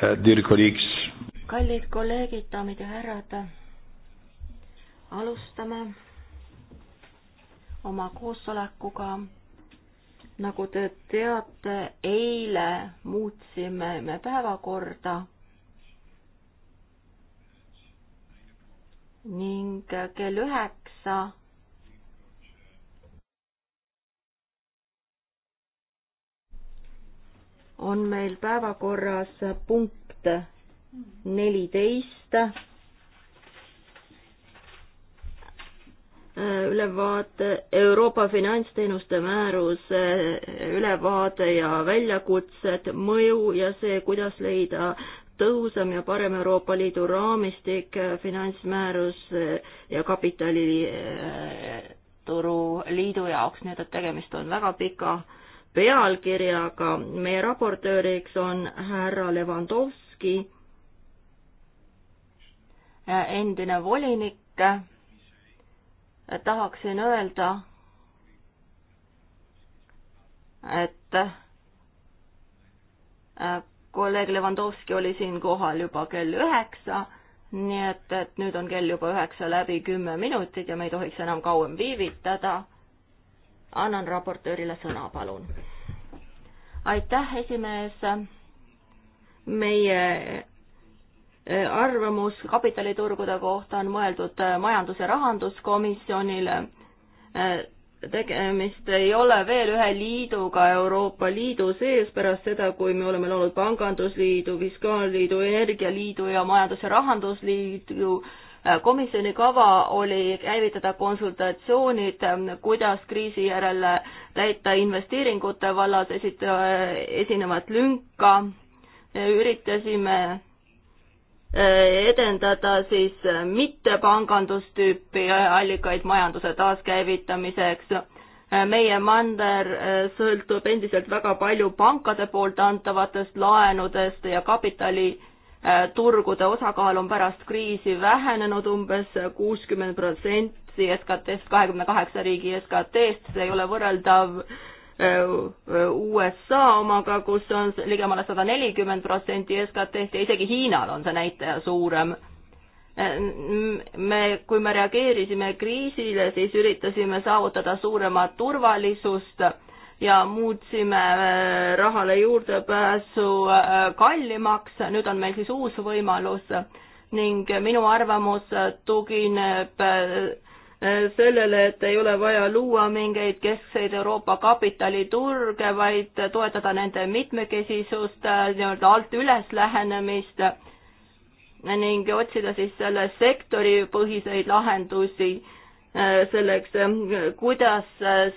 Uh, kallid kolleegid, daamid ja härrad, alustame oma koosolekuga. nagu te teate, eile muutsime me päevakorda ning kell üheksa on meil päevakorras punkt neliteist. ülevaate Euroopa finantsteenuste määruse ülevaade ja väljakutsed, mõju ja see, kuidas leida tõhusam ja parem Euroopa Liidu raamistik, finantsmäärus ja kapitalituru eh, liidu jaoks, nii et, et tegemist on väga pika äh, pealkirjaga. meie raportööriks on härra Levandovski, endine volinik. tahaksin öelda, et kolleeg Levandovski oli siin kohal juba kell üheksa, nii et, et nüüd on kell juba üheksa läbi kümme minutit ja me ei tohiks enam kauem viivitada annan raportöörile sõna, palun. aitäh, esimees. meie e, arvamus kapitaliturgude kohta on mõeldud e, majandus- ja rahanduskomisjonile. E, tegemist ei ole veel ühe liiduga Euroopa Liidu sees pärast seda, kui me oleme loonud Pangandusliidu, Fiskaalliidu, Energialiidu ja Majandus- ja Rahandusliidu komisjoni kava oli käivitada konsultatsioonid, ähm, kuidas kriisi järel täita investeeringute vallas esit-, äh, esinevat lünka, üritasime äh, edendada siis äh, mittepangandustüüpi allikaid majanduse taaskäivitamiseks. meie mander sõltub endiselt väga palju pankade poolt antavatest laenudest ja kapitali Äh, turgude osakaal on pärast kriisi vähenenud umbes kuuskümmend protsenti SKT-st, kahekümne kaheksa riigi SKT-st, see ei ole võrreldav äh, äh, USA omaga, kus on ligemale sada nelikümmend protsenti SKT-st ja isegi Hiinal on see näitaja suurem. me, kui me reageerisime kriisile, siis üritasime saavutada suuremat turvalisust ja muutsime äh, rahale juurdepääsu äh, kallimaks, nüüd on meil siis uus võimalus ning minu arvamus tugineb äh, sellele, et ei ole vaja luua mingeid keskseid Euroopa kapitaliturge, vaid toetada nende mitmekesisust, nii-öelda alt üles lähenemist ning otsida siis selle sektori põhiseid lahendusi selleks, kuidas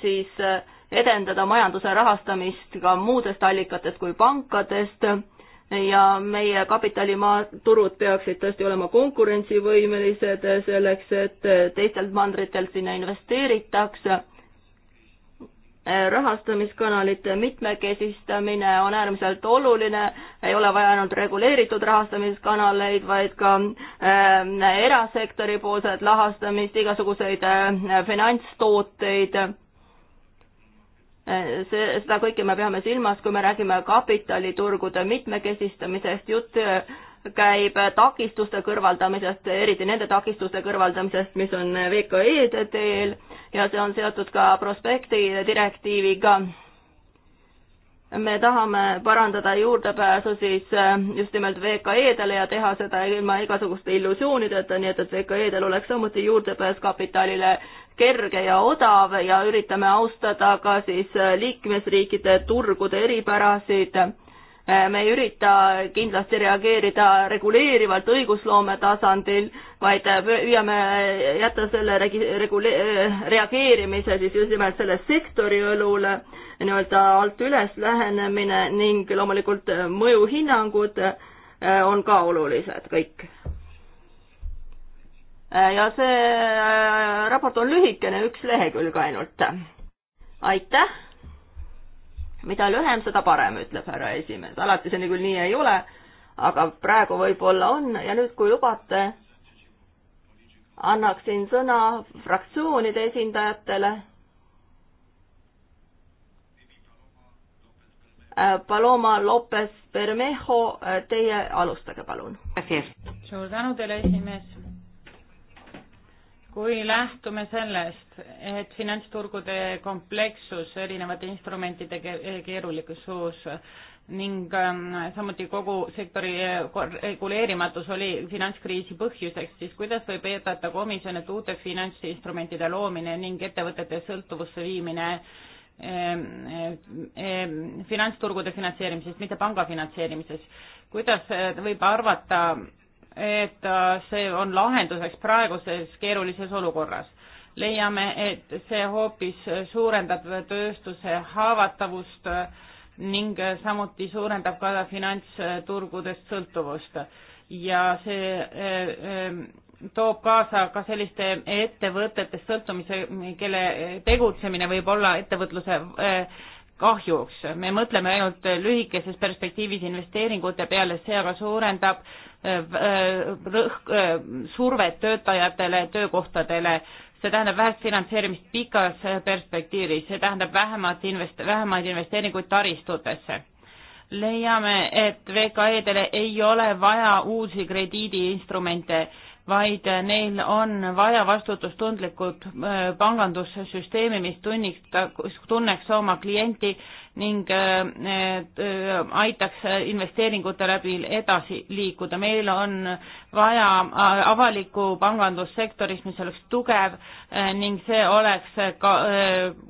siis äh, edendada majanduse rahastamist ka muudest allikatest kui pankadest ja meie kapitalimaaturud peaksid tõesti olema konkurentsivõimelised selleks, et teistelt mandritelt sinna investeeritaks. rahastamiskanalite mitmekesistamine on äärmiselt oluline, ei ole vaja ainult reguleeritud rahastamiskanaleid, vaid ka äh, erasektori poolset rahastamist, igasuguseid äh, finantstooteid see, seda kõike me peame silmas, kui me räägime kapitaliturgude mitmekesistamisest, jutt äh, käib takistuste kõrvaldamisest, eriti nende takistuste kõrvaldamisest, mis on VKE-de teel ja see on seotud ka prospekti direktiiviga. me tahame parandada juurdepääsu siis äh, just nimelt VKE-dele ja teha seda ilma igasuguste illusioonideta, nii et, et VKE-del oleks samuti juurdepääs kapitalile kerge ja odav ja üritame austada ka siis äh, liikmesriikide turgude eripärasid. Äh, me ei ürita kindlasti reageerida reguleerivalt õigusloome tasandil, vaid äh, püüame jätta selle regule-, reageerimise siis just nimelt selle sektori õlule, nii-öelda alt üles lähenemine ning loomulikult mõjuhinnangud on ka olulised kõik Äh, ja see äh, raport on lühikene, üks lehekülg ainult. aitäh! mida lühem, seda parem, ütleb härra esimees, alati see niikuinii nii ei ole, aga praegu võib-olla on ja nüüd, kui lubate, annaksin sõna fraktsioonide esindajatele. Äh, Paloma Lopez Bermejo, teie alustage palun. suur tänu teile, esimees kui lähtume sellest, et finantsturgude komplekssus, erinevate instrumentide keerulisus ning ähm, samuti kogu sektori äh, reguleerimatus oli finantskriisi põhjuseks, siis kuidas võib eeldada komisjon, et uute finantsinstrumentide loomine ning ettevõtete sõltuvusse viimine ähm, ähm, finantsturgude finantseerimises, mitte panga finantseerimises. kuidas äh, võib arvata, et äh, see on lahenduseks praeguses keerulises olukorras. leiame, et see hoopis suurendab tööstuse haavatavust äh, ning samuti suurendab ka finantsturgudest sõltuvust ja see äh, toob kaasa ka selliste ettevõtetest sõltumise, kelle tegutsemine võib olla ettevõtluse kahjuks. me mõtleme ainult lühikeses perspektiivis investeeringute peale, see aga suurendab rõhk, äh, survet töötajatele, töökohtadele, see tähendab vähest finantseerimist pikas perspektiivis, see tähendab vähemat invest-, vähemaid investeeringuid taristutesse. leiame, et VKE-dele ei ole vaja uusi krediidiinstrumente vaid neil on vaja vastutustundlikud äh, pangandussüsteemi, mis tunniks, tunneks oma klienti ning äh, äh, aitaks investeeringute läbi edasi liikuda. meil on vaja avalikku pangandussektorist, mis oleks tugev ning see oleks ka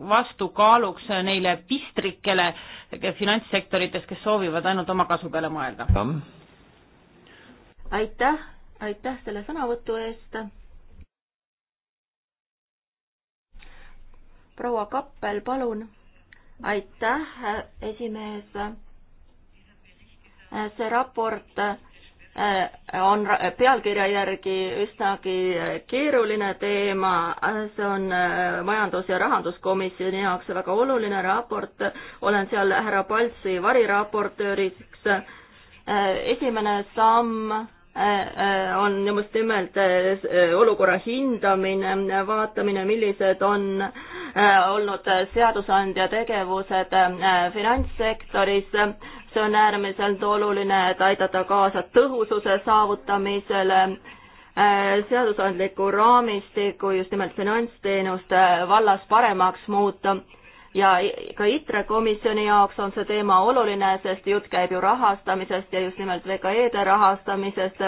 vastukaaluks neile pistrikele finantssektorites, kes soovivad ainult oma kasu peale mõelda. aitäh aitäh selle sõnavõtu eest. proua Kappel, palun. aitäh, esimees. see raport äh, on pealkirja järgi üsnagi keeruline teema, see on äh, majandus- ja rahanduskomisjoni jaoks väga oluline raport, olen seal härra Paltsi variraportööriks. Äh, esimene samm Äh, äh, on just nimelt äh, olukorra hindamine, vaatamine, millised on olnud seadusandja tegevused finantssektoris. see on äärmiselt oluline, et aidata kaasa tõhususe saavutamisele, seadusandliku raamistiku just nimelt finantsteenuste vallas paremaks muuta ja ka ITRE komisjoni jaoks on see teema oluline, sest jutt käib ju rahastamisest ja just nimelt VKE-de rahastamisest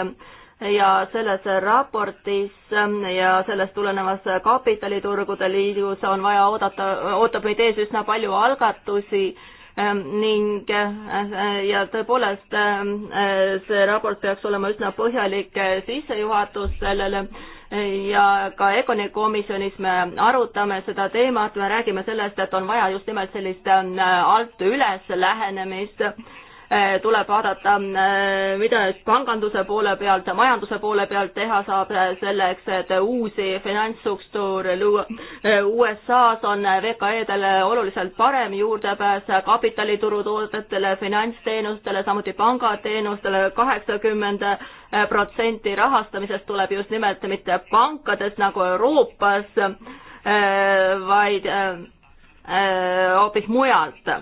ja selles raportis ja sellest tulenevas kapitaliturgude liidus on vaja oodata, ootab meid ees üsna palju algatusi ning ja tõepoolest see raport peaks olema üsna põhjalik sissejuhatus sellele ja ka Econi komisjonis me arutame seda teemat, me räägime sellest, et on vaja just nimelt sellist ähm, alt üles lähenemist Äh, tuleb vaadata, äh, mida nüüd panganduse poole pealt, majanduse poole pealt teha saab äh, selleks, et uusi finantsstruktuure luua. USA-s on VKE-dele oluliselt parem juurdepääs kapitalituru toodetele, finantsteenustele, samuti pangateenustele, kaheksakümmend protsenti rahastamisest tuleb just nimelt mitte pankadest nagu Euroopas, vaid hoopis mujalt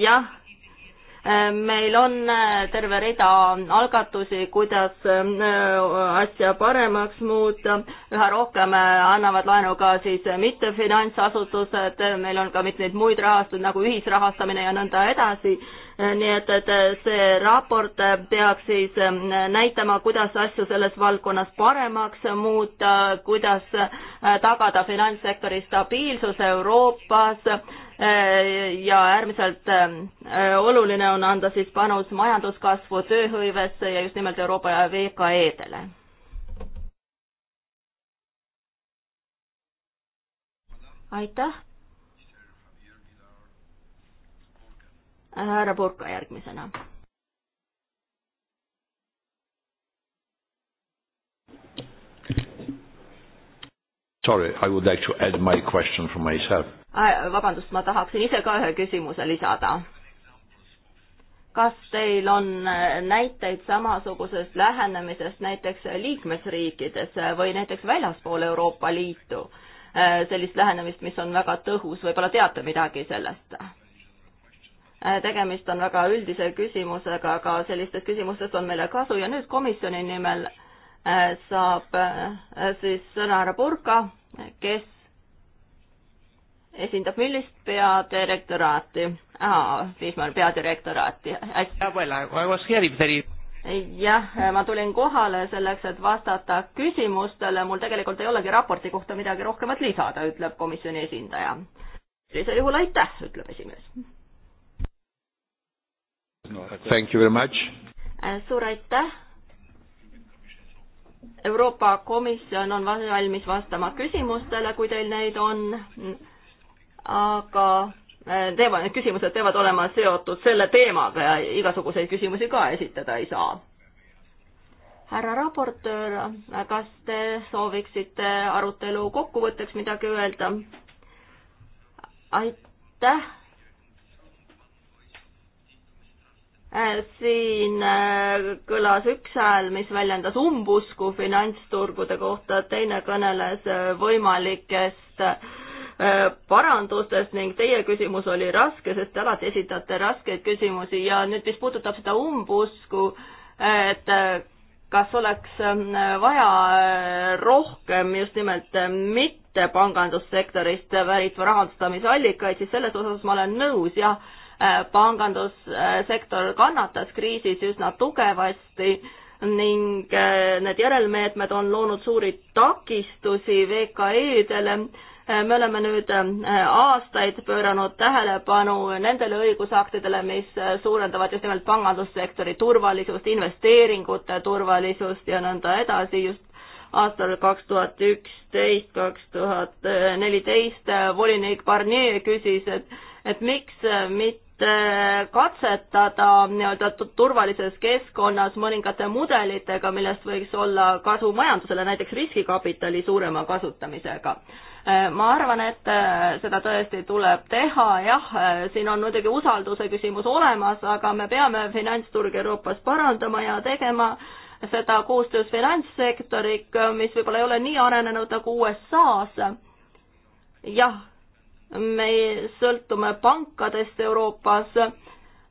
jah, meil on äh, terve rida algatusi, kuidas äh, asja paremaks muuta, üha rohkem äh, annavad laenu ka siis mittefinantsasutused, meil on ka mitmeid muid rahastuid nagu ühisrahastamine ja nõnda edasi, nii et, et see raport peaks siis näitama, kuidas asju selles valdkonnas paremaks muuta, kuidas tagada finantssektori stabiilsus Euroopas, Äh, ja äärmiselt ähm, äh, oluline on anda siis panus majanduskasvu, tööhõivesse ja just nimelt Euroopa VKE-dele. aitäh. härra Purka järgmisena. Sorry, I would like to add my question for myself vabandust, ma tahaksin ise ka ühe küsimuse lisada. kas teil on äh, näiteid samasugusest lähenemisest näiteks liikmesriikides või näiteks väljaspool Euroopa Liitu, äh, sellist lähenemist, mis on väga tõhus, võib-olla teate midagi sellest? Äh, tegemist on väga üldise küsimusega, aga sellistest küsimustest on meile kasu ja nüüd komisjoni nimel saab siis sõna härra Purka, kes esindab millist peadirektoraati? aa, Wismar peadirektoraati, hästi. jah, ma tulin kohale selleks, et vastata küsimustele, mul tegelikult ei olegi raporti kohta midagi rohkemat lisada, ütleb komisjoni esindaja. sellisel juhul aitäh, ütleb esimees. Thank you very much. Äh, suur aitäh Euroopa Komisjon on valmis vastama küsimustele, kui teil neid on aga äh, teema, need küsimused peavad olema seotud selle teemaga ja igasuguseid küsimusi ka esitada ei saa. härra raportöör, kas te sooviksite arutelu kokkuvõtteks midagi öelda? aitäh äh, siin äh, kõlas üks hääl, mis väljendas umbusku finantsturgude kohta, teine kõneles võimalikest Äh, parandustest ning teie küsimus oli raske, sest te alati esitate raskeid küsimusi ja nüüd, mis puudutab seda umbusku, et äh, kas oleks ähm, vaja äh, rohkem just nimelt mitte pangandussektorist pärit rahastamise allikaid, siis selles osas ma olen nõus, jah, pangandussektor kannatas kriisis üsna tugevasti ning need järelmeetmed on loonud suuri takistusi VKE-dele me oleme nüüd äh, aastaid pööranud tähelepanu nendele õigusaktidele, mis äh, suurendavad just nimelt pangandussektori turvalisust, investeeringute turvalisust ja nõnda edasi, just aastal kaks tuhat üksteist, kaks tuhat äh, neliteist volinik Barnier küsis, et, et miks mitte Äh, katsetada nii-öelda turvalises keskkonnas mõningate mudelitega, millest võiks olla kasu majandusele, näiteks riskikapitali suurema kasutamisega. Äh, ma arvan, et äh, seda tõesti tuleb teha, jah, siin on muidugi usalduse küsimus olemas, aga me peame finantsturge Euroopas parandama ja tegema seda koostöös finantssektoriga, mis võib-olla ei ole nii arenenud nagu USA-s jah, me sõltume pankadest Euroopas,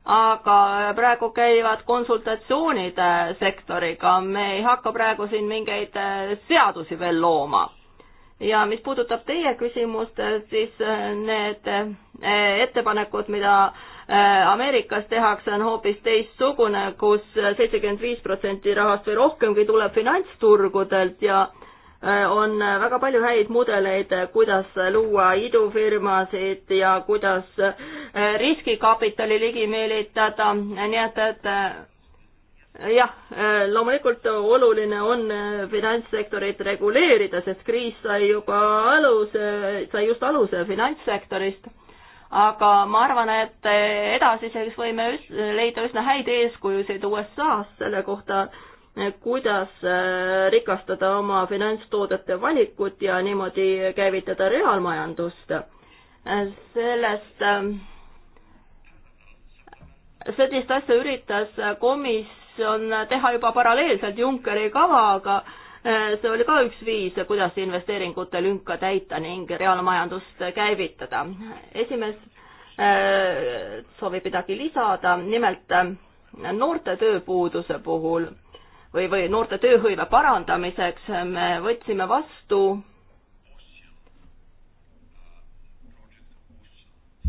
aga praegu käivad konsultatsioonid äh, sektoriga, me ei hakka praegu siin mingeid äh, seadusi veel looma. ja mis puudutab teie küsimust, äh, siis need ettepanekud, mida Ameerikas tehakse, on hoopis teistsugune kus, kus seitsekümmend viis protsenti rahast või rohkemgi tuleb finantsturgudelt ja äh, Äh, on väga palju häid mudeleid, kuidas luua idufirmasid ja kuidas äh, riskikapitali ligi meelitada, nii et, et äh, jah, loomulikult oluline on finantssektorit reguleerida, sest kriis sai juba aluse, sai just aluse finantssektorist aga ma arvan, et edasiseks võime leida üsna häid eeskujusid USA-st selle kohta, kuidas äh, rikastada oma finantstoodete valikut ja niimoodi käivitada reaalmajandust. Äh, sellest, äh, sellist asja üritas komisjon teha juba paralleelselt Junckeri kavaga, see oli ka üks viis, kuidas investeeringute lünka täita ning reaalmajandust käivitada. esimees soovib midagi lisada, nimelt noorte tööpuuduse puhul või, või noorte tööhõive parandamiseks me võtsime vastu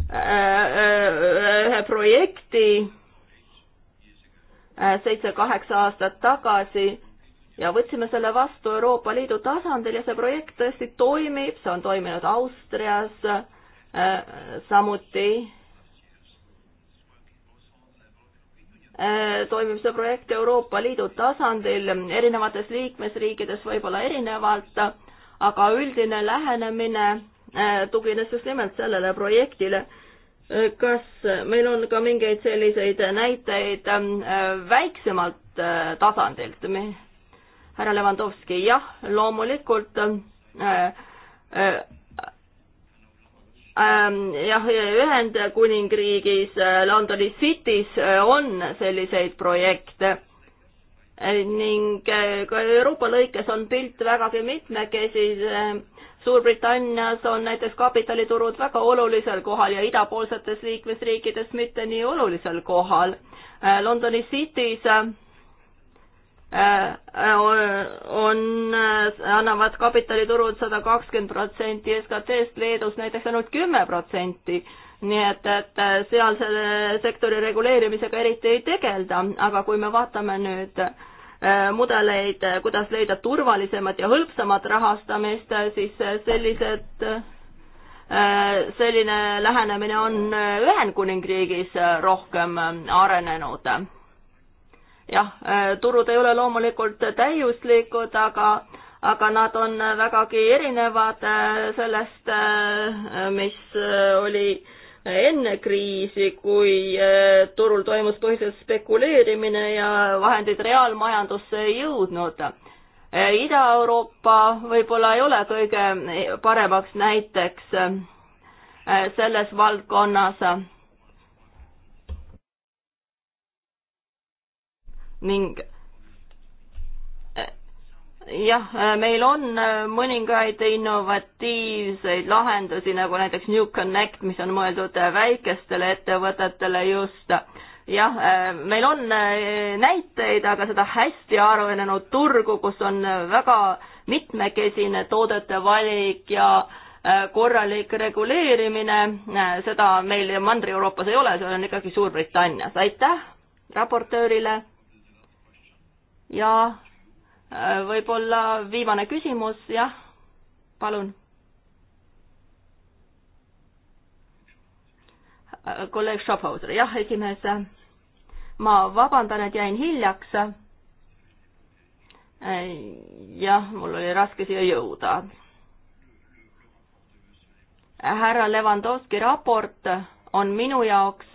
äh, äh, ühe projekti äh, seitse-kaheksa aastat tagasi ja võtsime selle vastu Euroopa Liidu tasandil ja see projekt tõesti toimib, see on toiminud Austrias samuti Äh, toimib see projekt Euroopa Liidu tasandil, erinevates liikmesriikides võib-olla erinevalt, aga üldine lähenemine äh, tugines just nimelt sellele projektile. Äh, kas meil on ka mingeid selliseid näiteid väiksemalt tasandilt? härra Levanovski, jah, loomulikult Ähm, jah, Ühendkuningriigis äh, Londoni City's äh, on selliseid projekte äh, ning ka Euroopa lõikes on pilt vägagi mitmekesisem. Suurbritannias on näiteks kapitaliturud väga olulisel kohal ja idapoolsetes liikmesriikides mitte nii olulisel kohal. Londoni City's on, annavad kapitaliturud sada kakskümmend protsenti SKT-st, Leedus näiteks ainult kümme protsenti. nii et, et seal selle sektori reguleerimisega eriti ei tegelda, aga kui me vaatame nüüd äh, mudeleid, kuidas leida turvalisemat ja hõlpsamat rahastamist, siis sellised äh, selline lähenemine on Ühendkuningriigis rohkem arenenud jah, äh, turud ei ole loomulikult täiuslikud, aga aga nad on vägagi erinevad äh, sellest, äh, mis oli enne kriisi, kui turul toimus põhiliselt spekuleerimine ja vahendid reaalmajandusse ei jõudnud. Ida-Euroopa võib-olla ei ole kõige paremaks näiteks selles valdkonnas ning jah, meil on äh, mõningaid innovatiivseid lahendusi, nagu näiteks New Connect, mis on mõeldud äh, väikestele ettevõtetele just. jah, äh, meil on näiteid, aga seda hästi arenenud turgu, kus on väga mitmekesine toodete valik ja korralik reguleerimine, seda meil Mandri-Euroopas ei ole, see on ikkagi Suurbritannias, aitäh raportöörile ja äh, võib-olla viimane küsimus, jah, palun. Äh, kolleeg Schaffhauser, jah, esimees, ma vabandan, et jäin hiljaks. Äh, jah, mul oli raske siia jõuda. härra Levandovski raport on minu jaoks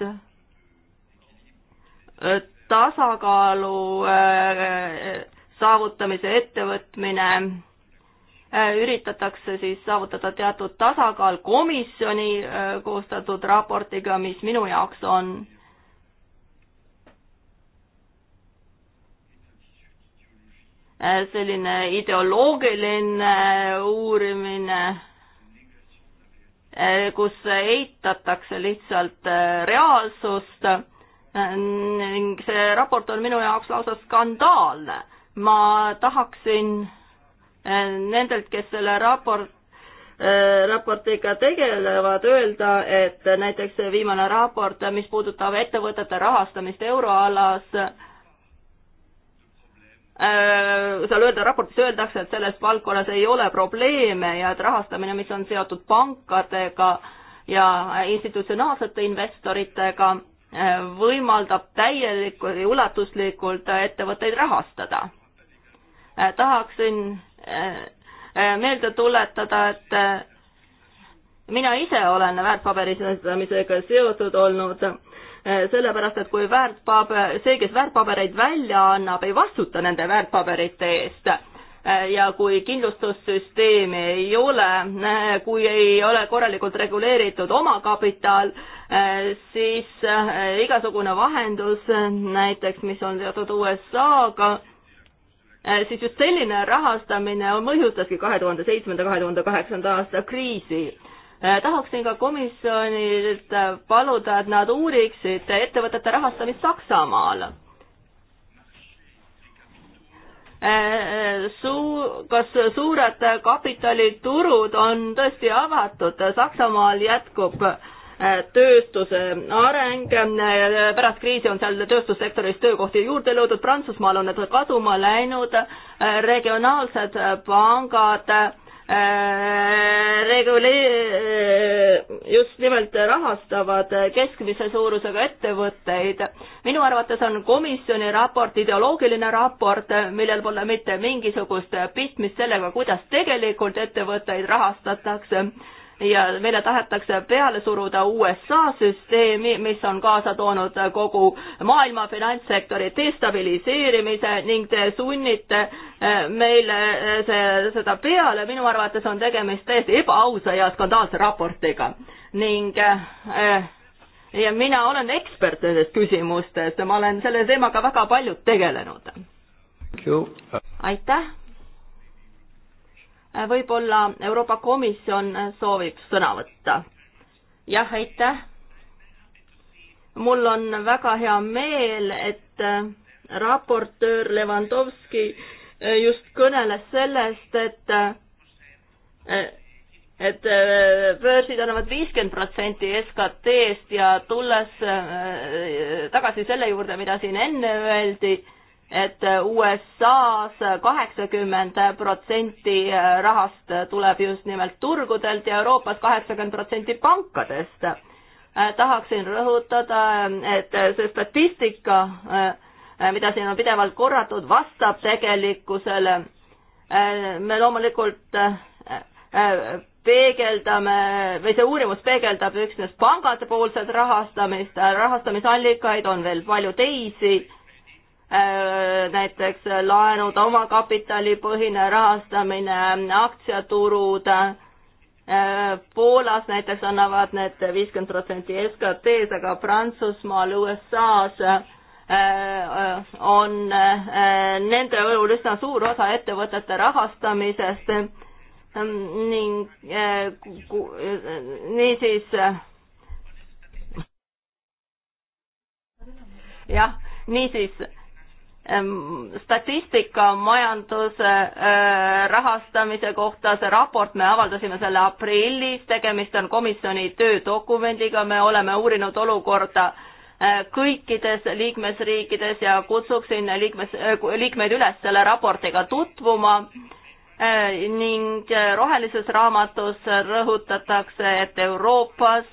tasakaalu äh, saavutamise ettevõtmine, äh, üritatakse siis saavutada teatud tasakaal komisjoni äh, koostatud raportiga, mis minu jaoks on selline ideoloogiline uurimine, kus eitatakse lihtsalt reaalsust ning see raport on minu jaoks lausa skandaalne. ma tahaksin eh, nendelt, kes selle raport, eh, raportiga tegelevad, öelda, et näiteks see viimane raport, mis puudutab ettevõtete rahastamist euroalas, eh, seal öelda, raportis öeldakse, et selles valdkonnas ei ole probleeme ja et rahastamine, mis on seotud pankadega ja institutsionaalsete investoritega, võimaldab täielikult ja ulatuslikult ettevõtteid rahastada. Äh, tahaksin äh, äh, meelde tuletada, et mina ise olen väärtpaberisõnastamisega seotud olnud, sellepärast et kui väärtpaber, see, kes väärtpabereid välja annab, ei vastuta nende väärtpaberite eest Äh, ja kui kindlustussüsteemi ei ole, äh, kui ei ole korralikult reguleeritud omakapital, äh, siis igasugune vahendus näiteks, mis on seotud USA-ga, siis just selline rahastamine mõjutaski kahe tuhande seitsmenda, kahe tuhande kaheksanda aasta kriisi. tahaksin ka komisjonilt paluda, et nad uuriksid ettevõtete rahastamist Saksamaal Äh, äh, suu-, kas suured kapitaliturud on tõesti avatud, Saksamaal jätkub äh, tööstuse areng, pärast kriisi on seal tööstussektoris töökohti juurde loodud, Prantsusmaal on need kaduma läinud, regionaalsed pangad Äh, regulee-, äh, just nimelt rahastavad keskmise suurusega ettevõtteid. minu arvates on komisjoni raport ideoloogiline raport, millel pole mitte mingisugust pistmist sellega, kuidas tegelikult ettevõtteid rahastatakse ja meile tahetakse peale suruda USA süsteemi, mis on kaasa toonud kogu maailma finantssektori destabiliseerimise ning te sunnite eh, meile eh, see, seda peale, minu arvates on tegemist täiesti ebaausa ja skandaalse raportiga ning eh, ja mina olen ekspert nendes küsimustes, ma olen selle teemaga väga palju tegelenud. aitäh võib-olla Euroopa Komisjon soovib sõna võtta. jah, aitäh. mul on väga hea meel, et äh, raportöör Levanovski äh, just kõneles sellest, et äh, et börsid annavad viiskümmend protsenti SKT-st ja tulles tagasi selle juurde, mida siin enne öeldi et USA-s kaheksakümmend protsenti rahast tuleb just nimelt turgudelt ja Euroopas kaheksakümmend protsenti pankadest. tahaksin rõhutada, et see statistika, mida siin on pidevalt korratud, vastab tegelikkusele. me loomulikult äh, peegeldame või see uurimus peegeldab üksnes pangade poolset rahastamist, rahastamisallikaid on veel palju teisi Äh, näiteks laenud, omakapitalipõhine rahastamine, aktsiaturud. Äh, Poolas näiteks annavad need viiskümmend protsenti SKT-s, aga Prantsusmaal, USA-s äh, on nende õlul üsna suur osa ettevõtete rahastamisest ähm, ning niisiis jah, niisiis Ehm, statistika majanduse äh, rahastamise kohta, see raport, me avaldasime selle aprillis, tegemist on komisjoni töödokumendiga, me oleme uurinud olukorda äh, kõikides liikmesriikides ja kutsuksin liikmes, äh, liikmeid üles selle raportiga tutvuma ning rohelises raamatus rõhutatakse, et Euroopas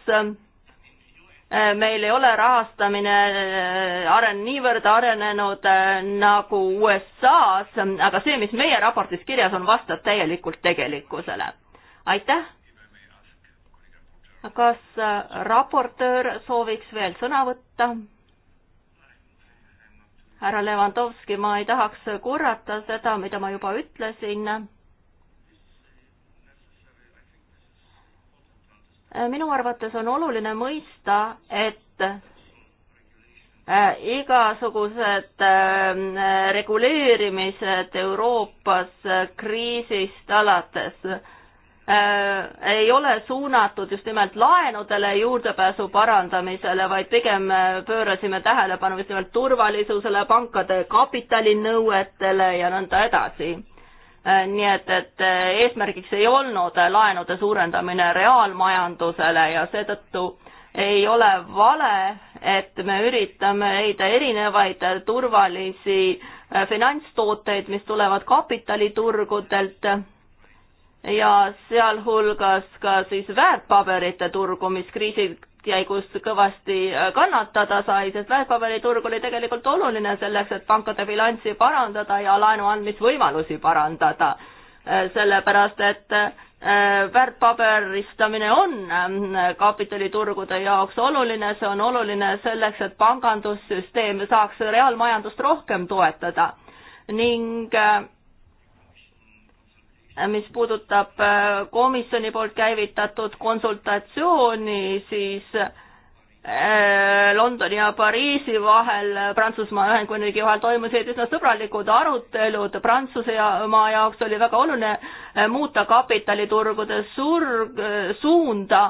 Äh, meil ei ole rahastamine äh, aren-, niivõrd arenenud äh, nagu USA-s, aga see, mis meie raportis kirjas on, vastab täielikult tegelikkusele. aitäh! kas raportöör sooviks veel sõna võtta? härra Levanovski, ma ei tahaks korrata seda, mida ma juba ütlesin minu arvates on oluline mõista, et äh, igasugused äh, reguleerimised Euroopas äh, kriisist alates ei ole suunatud just nimelt laenudele juurdepääsu parandamisele, vaid pigem pöörasime tähelepanu just nimelt turvalisusele, pankade kapitalinõuetele ja nõnda edasi Äh, nii et, et äh, eesmärgiks ei olnud laenude suurendamine reaalmajandusele ja seetõttu ei ole vale, et me üritame leida erinevaid turvalisi äh, finantstooteid, mis tulevad kapitaliturgudelt ja sealhulgas ka siis väärtpaberite turgu, mis kriisi käigus kõvasti äh, kannatada sai, sest väärtpaberiturg oli tegelikult oluline selleks, et pankade bilanssi parandada ja laenu andmisvõimalusi parandada. Äh, sellepärast, et äh, väärtpaberistamine on kapitaliturgude jaoks oluline, see on oluline selleks, et pangandussüsteem saaks reaalmajandust rohkem toetada ning mis puudutab äh, komisjoni poolt käivitatud konsultatsiooni, siis äh, Londoni ja Pariisi vahel, äh, Prantsusmaa Ühendkuningriigi vahel toimusid üsna sõbralikud arutelud, Prantsusmaa ja jaoks oli väga oluline muuta kapitaliturgude surg, suunda,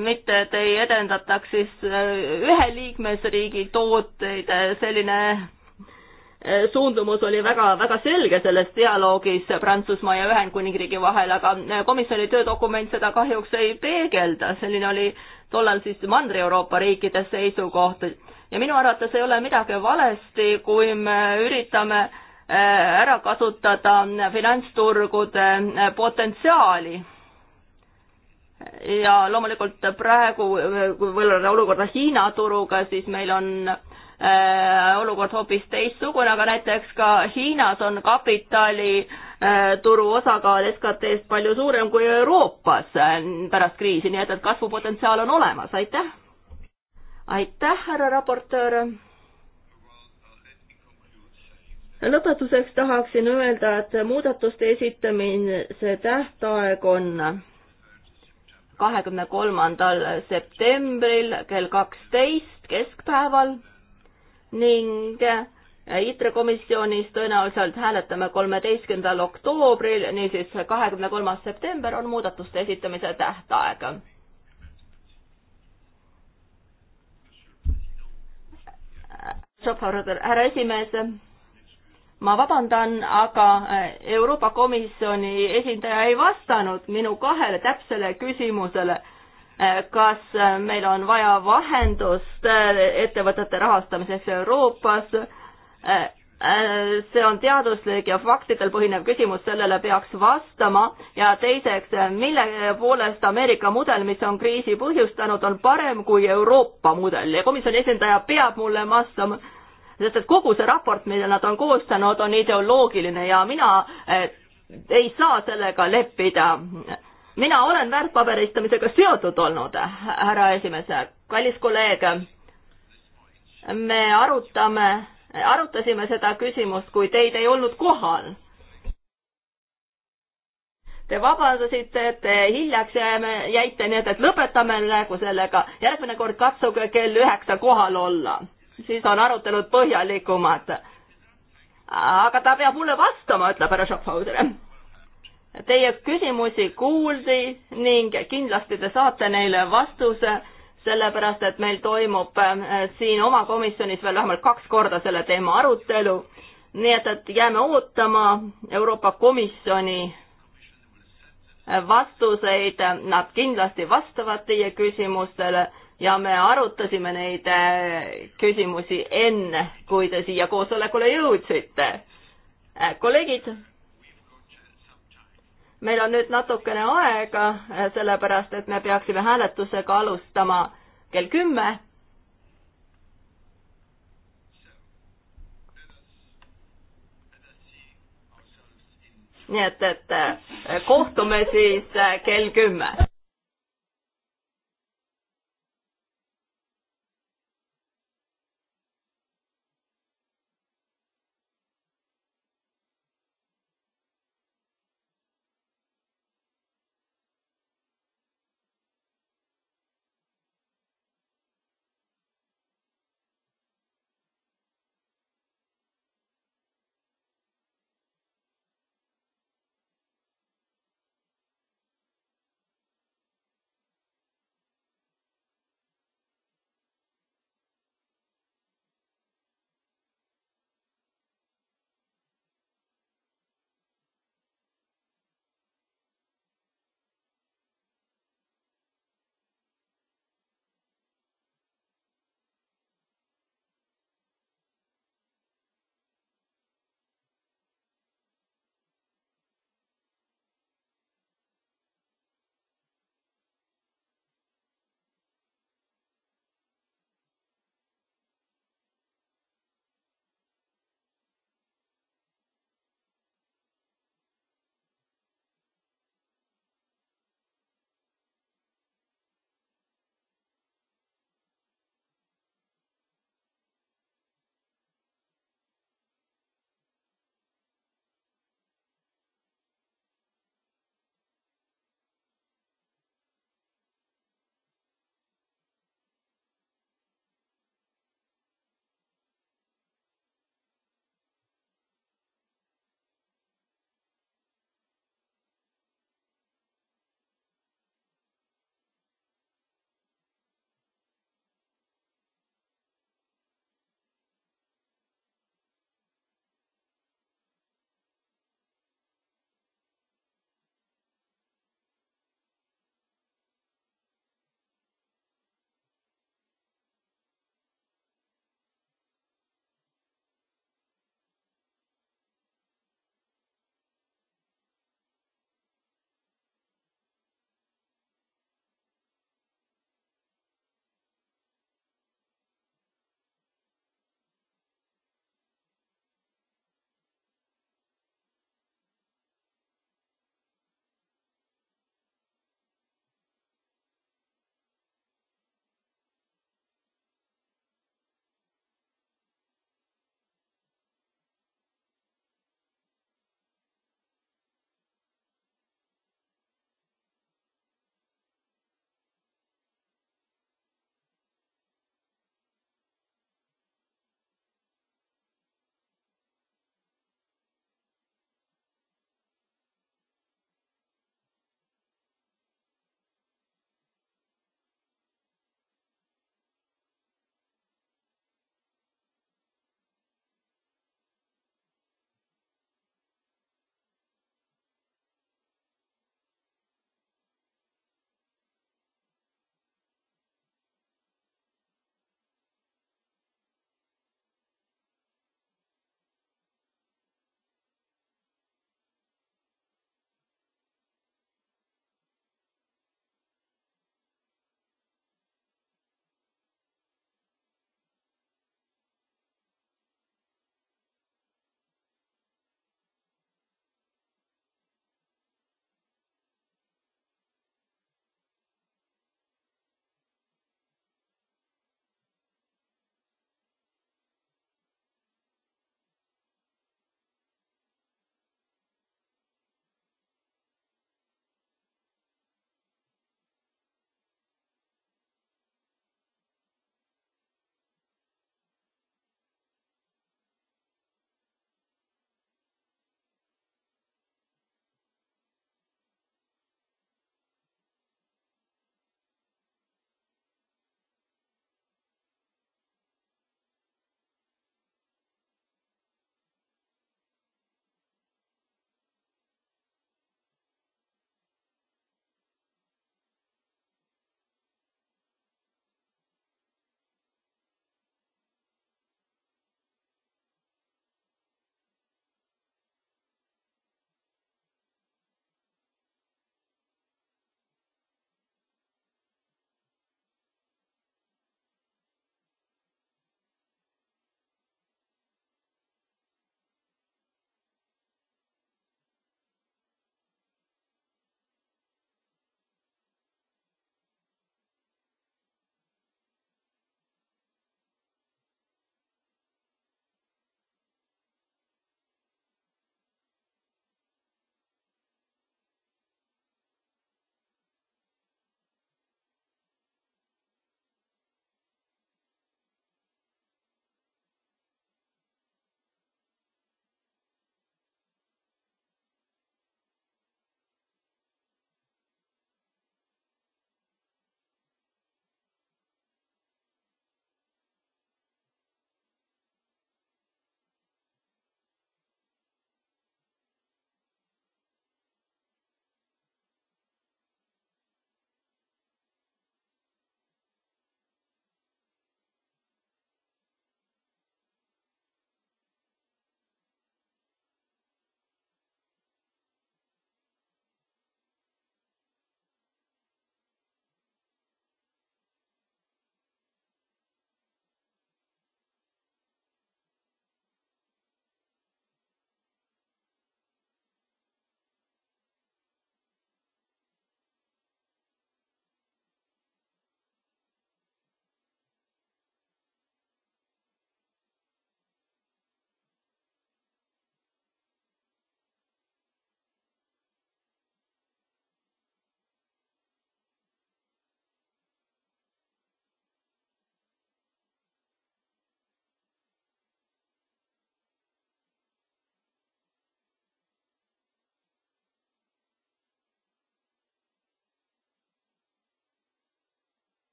mitte et ei edendataks siis ühe liikmesriigi tooteid, selline Eh, suundumus oli väga, väga selge selles dialoogis Prantsusmaa ja Ühendkuningriigi vahel, aga eh, komisjoni töödokument seda kahjuks ei peegelda, selline oli tollal siis Mandri-Euroopa riikide seisukoht. ja minu arvates ei ole midagi valesti, kui me üritame eh, ära kasutada finantsturgude potentsiaali ja loomulikult praegu, kui võrrelda olukorda Hiina turuga, siis meil on Äh, olukord hoopis teistsugune, aga näiteks ka Hiinas on kapitali äh, turu osakaal SKT-st palju suurem kui Euroopas äh, pärast kriisi, nii et, et kasvupotentsiaal on olemas, aitäh! aitäh, härra raportöör! lõpetuseks tahaksin öelda, et muudatuste esitamise tähtaeg on kahekümne kolmandal septembril kell kaksteist keskpäeval ning äh, ITRE komisjonis tõenäoliselt hääletame kolmeteistkümnendal oktoobril, niisiis kahekümne kolmas september on muudatuste esitamise tähtaeg. härra esimees, ma vabandan, aga äh, Euroopa Komisjoni esindaja ei vastanud minu kahele täpsele küsimusele kas äh, meil on vaja vahendust äh, ettevõtete rahastamiseks Euroopas. Äh, see on teaduslik ja faktidel põhinev küsimus, sellele peaks vastama ja teiseks, mille poolest Ameerika mudel, mis on kriisi põhjustanud, on parem kui Euroopa mudel ja komisjoni esindaja peab mulle vastama sest et kogu see raport, mille nad on koostanud, on ideoloogiline ja mina ei saa sellega leppida mina olen väärtpaberistamisega seotud olnud, härra esimees, kallis kolleeg. me arutame, arutasime seda küsimust, kui teid ei olnud kohal te vabandasite, et hiljaks jääme, jäite, nii et, et lõpetame praegu sellega, järgmine kord katsuge kell üheksa kohal olla, siis on arutelud põhjalikumad. aga ta peab mulle vastama, ütleb härra Schaffhauser Teie küsimusi kuuldi ning kindlasti te saate neile vastuse, sellepärast et meil toimub äh, siin oma komisjonis veel vähemalt kaks korda selle teema arutelu. nii et, et jääme ootama Euroopa Komisjoni äh, vastuseid, nad kindlasti vastavad teie küsimustele ja me arutasime neid äh, küsimusi enne, kui te siia koosolekule jõudsite. kolleegid meil on nüüd natukene aega, eh, sellepärast et me peaksime hääletusega alustama kell kümme. nii et, et eh, kohtume siis eh, kell kümme.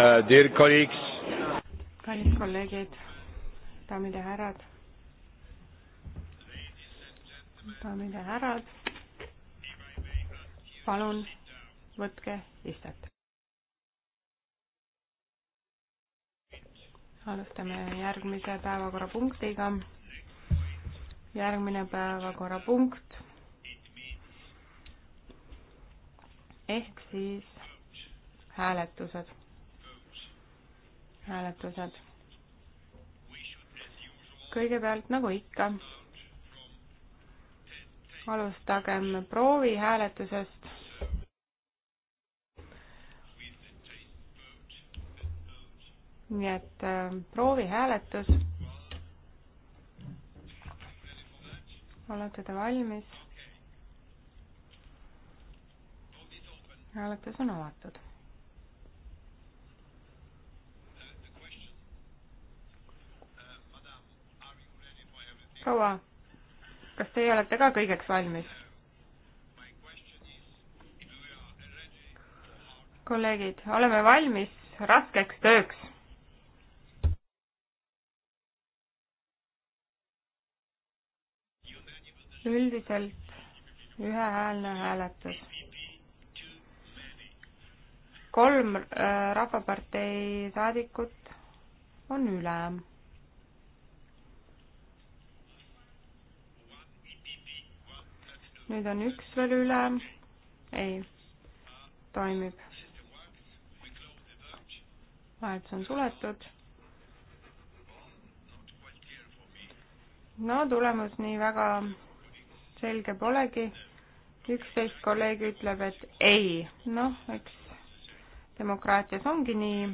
uh,. Dear colleagues. kallid kolleegid, daamid ja härrad. daamid ja härrad. palun võtke istet. alustame järgmise päevakorrapunktiga. järgmine päevakorrapunkt ehk siis hääletused hääletused. kõigepealt, nagu ikka, alustagem proovihääletusest. nii et äh, proovihääletus. olete te valmis? hääletus on avatud. proua, kas teie olete ka kõigeks valmis? kolleegid, oleme valmis raskeks tööks. üldiselt ühehäälne hääletus. kolm äh, Rahvapartei saadikut on ülem nüüd on üks veel üle. ei, toimib. vahetus on suletud. no tulemus nii väga selge polegi. üksteist kolleegi ütleb, et ei. noh, eks demokraatias ongi nii.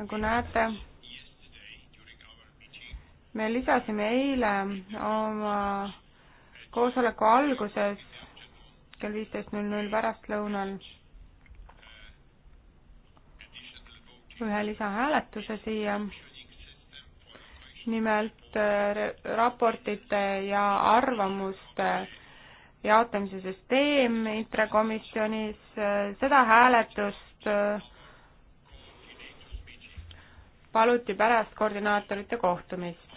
nagu näete me lisasime eile oma koosoleku alguses kell viisteist null null pärastlõunal ühe lisahääletuse siia. nimelt äh, raportite ja arvamuste jaotamise süsteem ITRE komisjonis, äh, seda hääletust äh, paluti pärast koordinaatorite kohtumist.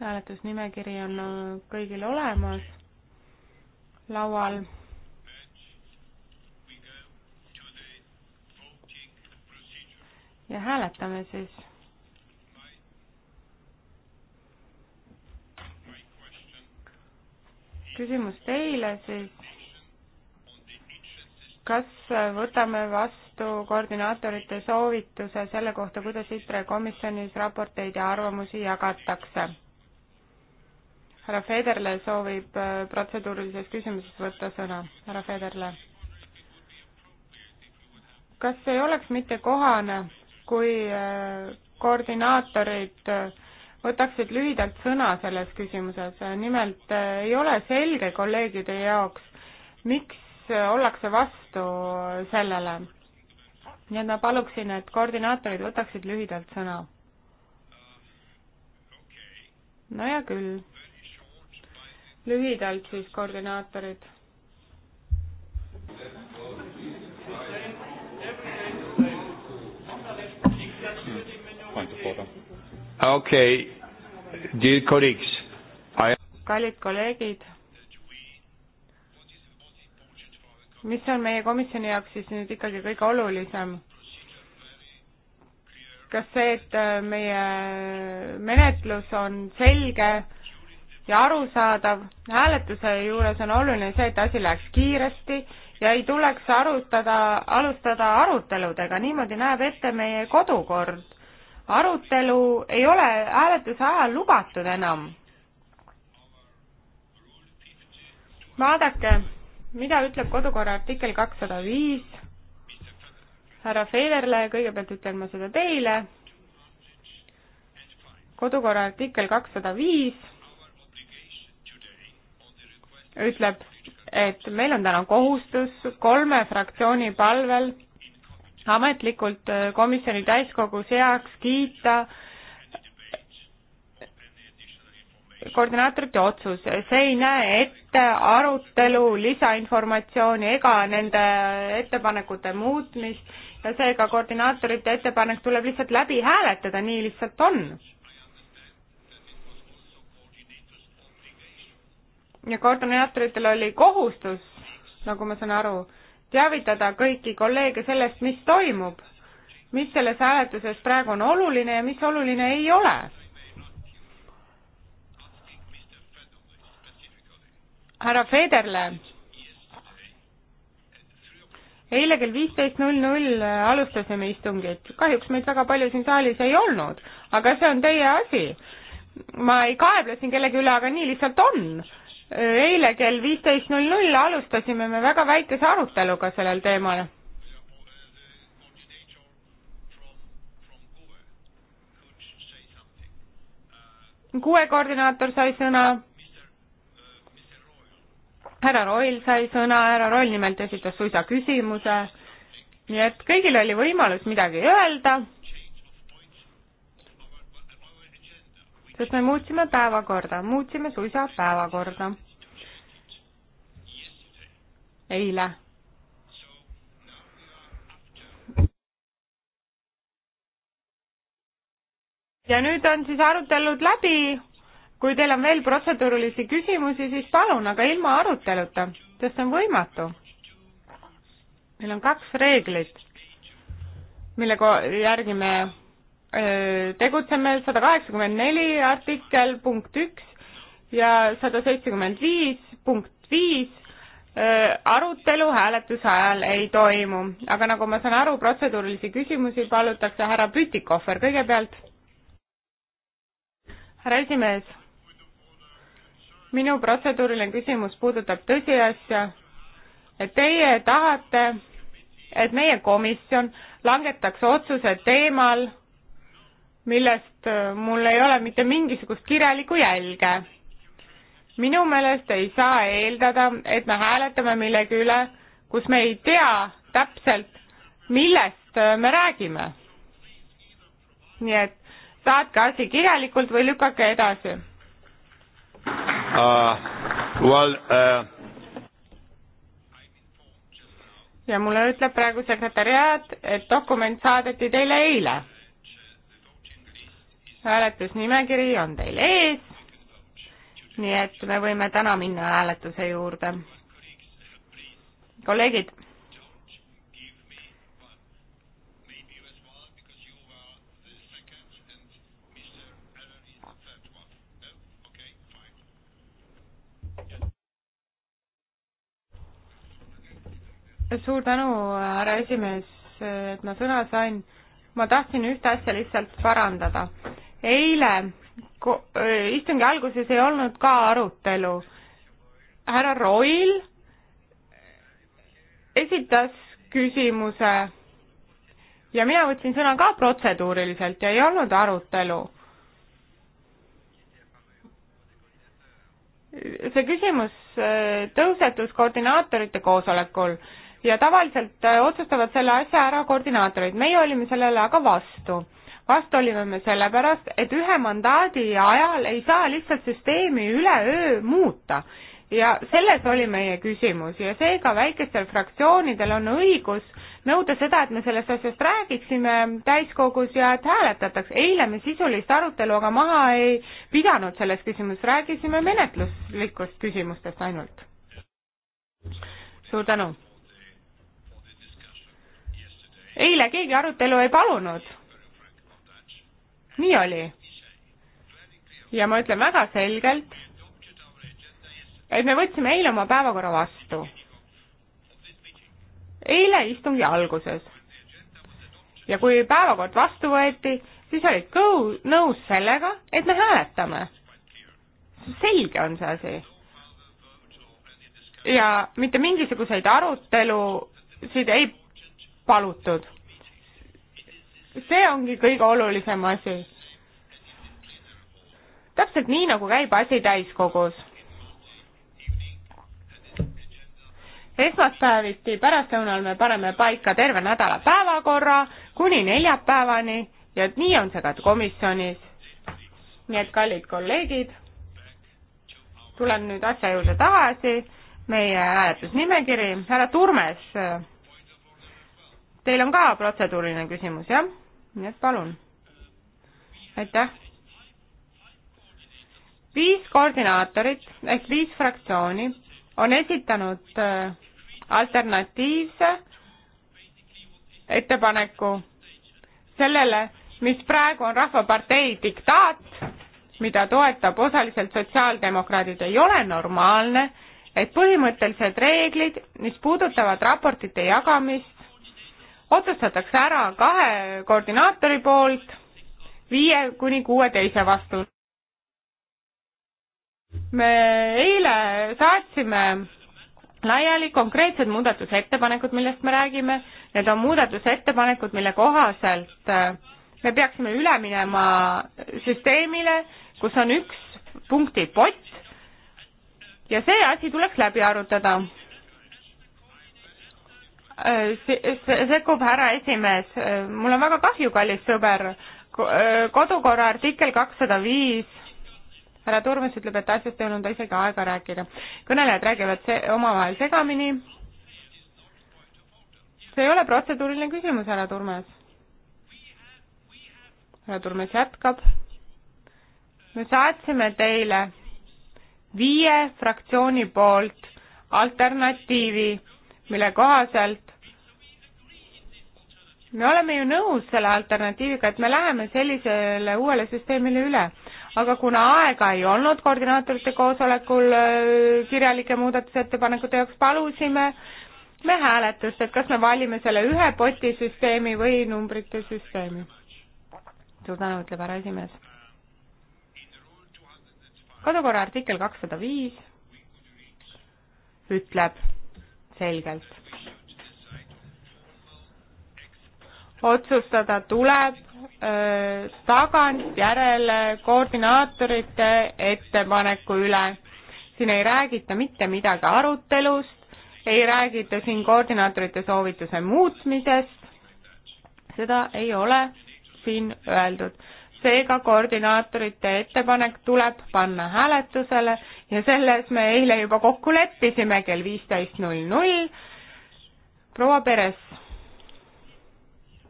hääletusnimekiri on äh, kõigil olemas laual. ja hääletame siis. küsimus teile siis. kas võtame vastu koordinaatorite soovituse selle kohta, kuidas ITRE komisjonis raporteid ja arvamusi jagatakse? härra Federle soovib äh, protseduurilises küsimuses võtta sõna. härra Federle. kas ei oleks mitte kohane, kui äh, koordinaatorid äh, võtaksid lühidalt sõna selles küsimuses, nimelt ei ole selge kolleegide jaoks, miks ollakse vastu sellele. nii et ma paluksin, et koordinaatorid võtaksid lühidalt sõna. no hea küll lühidalt siis koordinaatorid. okei okay., dear colleagues I.... kallid kolleegid, mis on meie komisjoni jaoks siis nüüd ikkagi kõige olulisem? kas see, et äh, meie menetlus on selge, ja arusaadav. hääletuse juures on oluline see, et asi läheks kiiresti ja ei tuleks arutada, alustada aruteludega, niimoodi näeb ette meie kodukord. arutelu ei ole hääletuse ajal lubatud enam. vaadake, mida ütleb kodukorra artikkel kakssada viis. härra Federle, kõigepealt ütlen ma seda teile. kodukorra artikkel kakssada viis ütleb, et meil on täna kohustus kolme fraktsiooni palvel ametlikult äh, komisjoni täiskogus heaks kiita koordinaatorite otsus, see ei näe ette arutelu, lisainformatsiooni ega nende ettepanekute muutmist ja seega koordinaatorite ettepanek tuleb lihtsalt läbi hääletada, nii lihtsalt on ja koordinaatoritel oli kohustus, nagu ma saan aru, teavitada kõiki kolleege sellest, mis toimub, mis selles hääletuses praegu on oluline ja mis oluline ei ole. härra Federle, eile kell viisteist null null alustasime istungit, kahjuks meid väga palju siin saalis ei olnud, aga see on teie asi. ma ei kaeble siin kellegi üle, aga nii lihtsalt on eile kell viisteist null null alustasime me väga väikese aruteluga sellel teemal. kuue koordinaator sai sõna, härra Roil sai sõna, härra Roil nimelt esitas suisa küsimuse, nii et kõigil oli võimalus midagi öelda sest me muutsime päevakorda, muutsime suisa päevakorda. eile. ja nüüd on siis arutelud läbi. kui teil on veel protseduurilisi küsimusi, siis palun, aga ilma aruteluta, sest see on võimatu. meil on kaks reeglit, mille järgi me tegutseme sada kaheksakümmend neli artikkel punkt üks ja sada seitsekümmend viis punkt viis arutelu hääletuse ajal ei toimu, aga nagu ma saan aru, protseduurilisi küsimusi palutakse härra Pütikohver kõigepealt. härra esimees, minu protseduuriline küsimus puudutab tõsiasja, et teie tahate, et meie komisjon langetaks otsuse teemal, millest äh, mul ei ole mitte mingisugust kirjalikku jälge. minu meelest ei saa eeldada, et me hääletame millegi üle, kus me ei tea täpselt, millest äh, me räägime. nii et saatke asi kirjalikult või lükake edasi uh,. Well, uh... ja mulle ütleb praegu sekretäriaat, et dokument saadeti teile eile hääletusnimekiri on teil ees, nii et me võime täna minna hääletuse juurde. kolleegid, suur tänu, härra esimees, et ma sõna sain. ma tahtsin ühte asja lihtsalt parandada eile äh, istungi alguses ei olnud ka arutelu. härra Roil esitas küsimuse ja mina võtsin sõna ka protseduuriliselt ja ei olnud arutelu. see küsimus äh, tõusetus koordinaatorite koosolekul ja tavaliselt äh, otsustavad selle asja ära koordinaatorid, meie olime sellele aga vastu vastu olime me sellepärast, et ühe mandaadi ajal ei saa lihtsalt süsteemi üleöö muuta ja selles oli meie küsimus ja seega väikestel fraktsioonidel on õigus nõuda seda, et me sellest asjast räägiksime täiskogus ja et hääletataks. eile me sisulist arutelu aga maha ei pidanud selles küsimuses, rääkisime menetluslikust küsimustest ainult. suur tänu. eile keegi arutelu ei palunud nii oli. ja ma ütlen väga selgelt, et me võtsime eile oma päevakorra vastu. eile istungi alguses. ja kui päevakord vastu võeti, siis olid kõu-, nõus sellega, et me hääletame. selge on see asi. ja mitte mingisuguseid arutelusid ei palutud see ongi kõige olulisem asi. täpselt nii, nagu käib asi täiskogus. esmaspäeviti pärastlõunal me paneme paika terve nädala päevakorra kuni neljapäevani ja et nii on see ka komisjonis. nii et kallid kolleegid, tulen nüüd asja juurde tagasi, meie hääletusnimekiri, härra Turmes, teil on ka protseduuriline küsimus, jah? nii et palun. aitäh. viis koordinaatorit ehk viis fraktsiooni on esitanud äh, alternatiivse ettepaneku sellele, mis praegu on Rahvapartei diktaat, mida toetab osaliselt sotsiaaldemokraadid, ei ole normaalne, et põhimõttelised reeglid, mis puudutavad raportite jagamist, otsustatakse ära kahe koordinaatori poolt viie kuni kuue teise vastu. me eile saatsime laiali konkreetsed muudatusettepanekud, millest me räägime. Need on muudatusettepanekud, mille kohaselt äh, me peaksime üle minema süsteemile, kus on üks punktipott ja see asi tuleks läbi arutada Äh, sekkub härra esimees, äh, mul on väga kahju, kallis sõber, äh, kodukorra artikkel kakssada viis, härra Turmes ütleb, et asjast ei olnud isegi aega rääkida. kõnelejad räägivad se-, omavahel segamini. see ei ole protseduuriline küsimus, härra Turmes. härra Turmes jätkab. me saatsime teile viie fraktsiooni poolt alternatiivi mille kohaselt me oleme ju nõus selle alternatiiviga, et me läheme sellisele uuele süsteemile üle, aga kuna aega ei olnud koordinaatorite koosolekul äh, kirjalike muudatusettepanekute jaoks, palusime me hääletust, et kas me valime selle ühe poti süsteemi või numbrite süsteemi. suur tänu, ütleb härra esimees. kodukorra artikkel kakssada viis ütleb selgelt. otsustada tuleb tagantjärele koordinaatorite ettepaneku üle. siin ei räägita mitte midagi arutelust, ei räägita siin koordinaatorite soovituse muutmisest, seda ei ole siin öeldud seega koordinaatorite ettepanek tuleb panna hääletusele ja selles me eile juba kokku leppisime kell viisteist null null. proua Peres.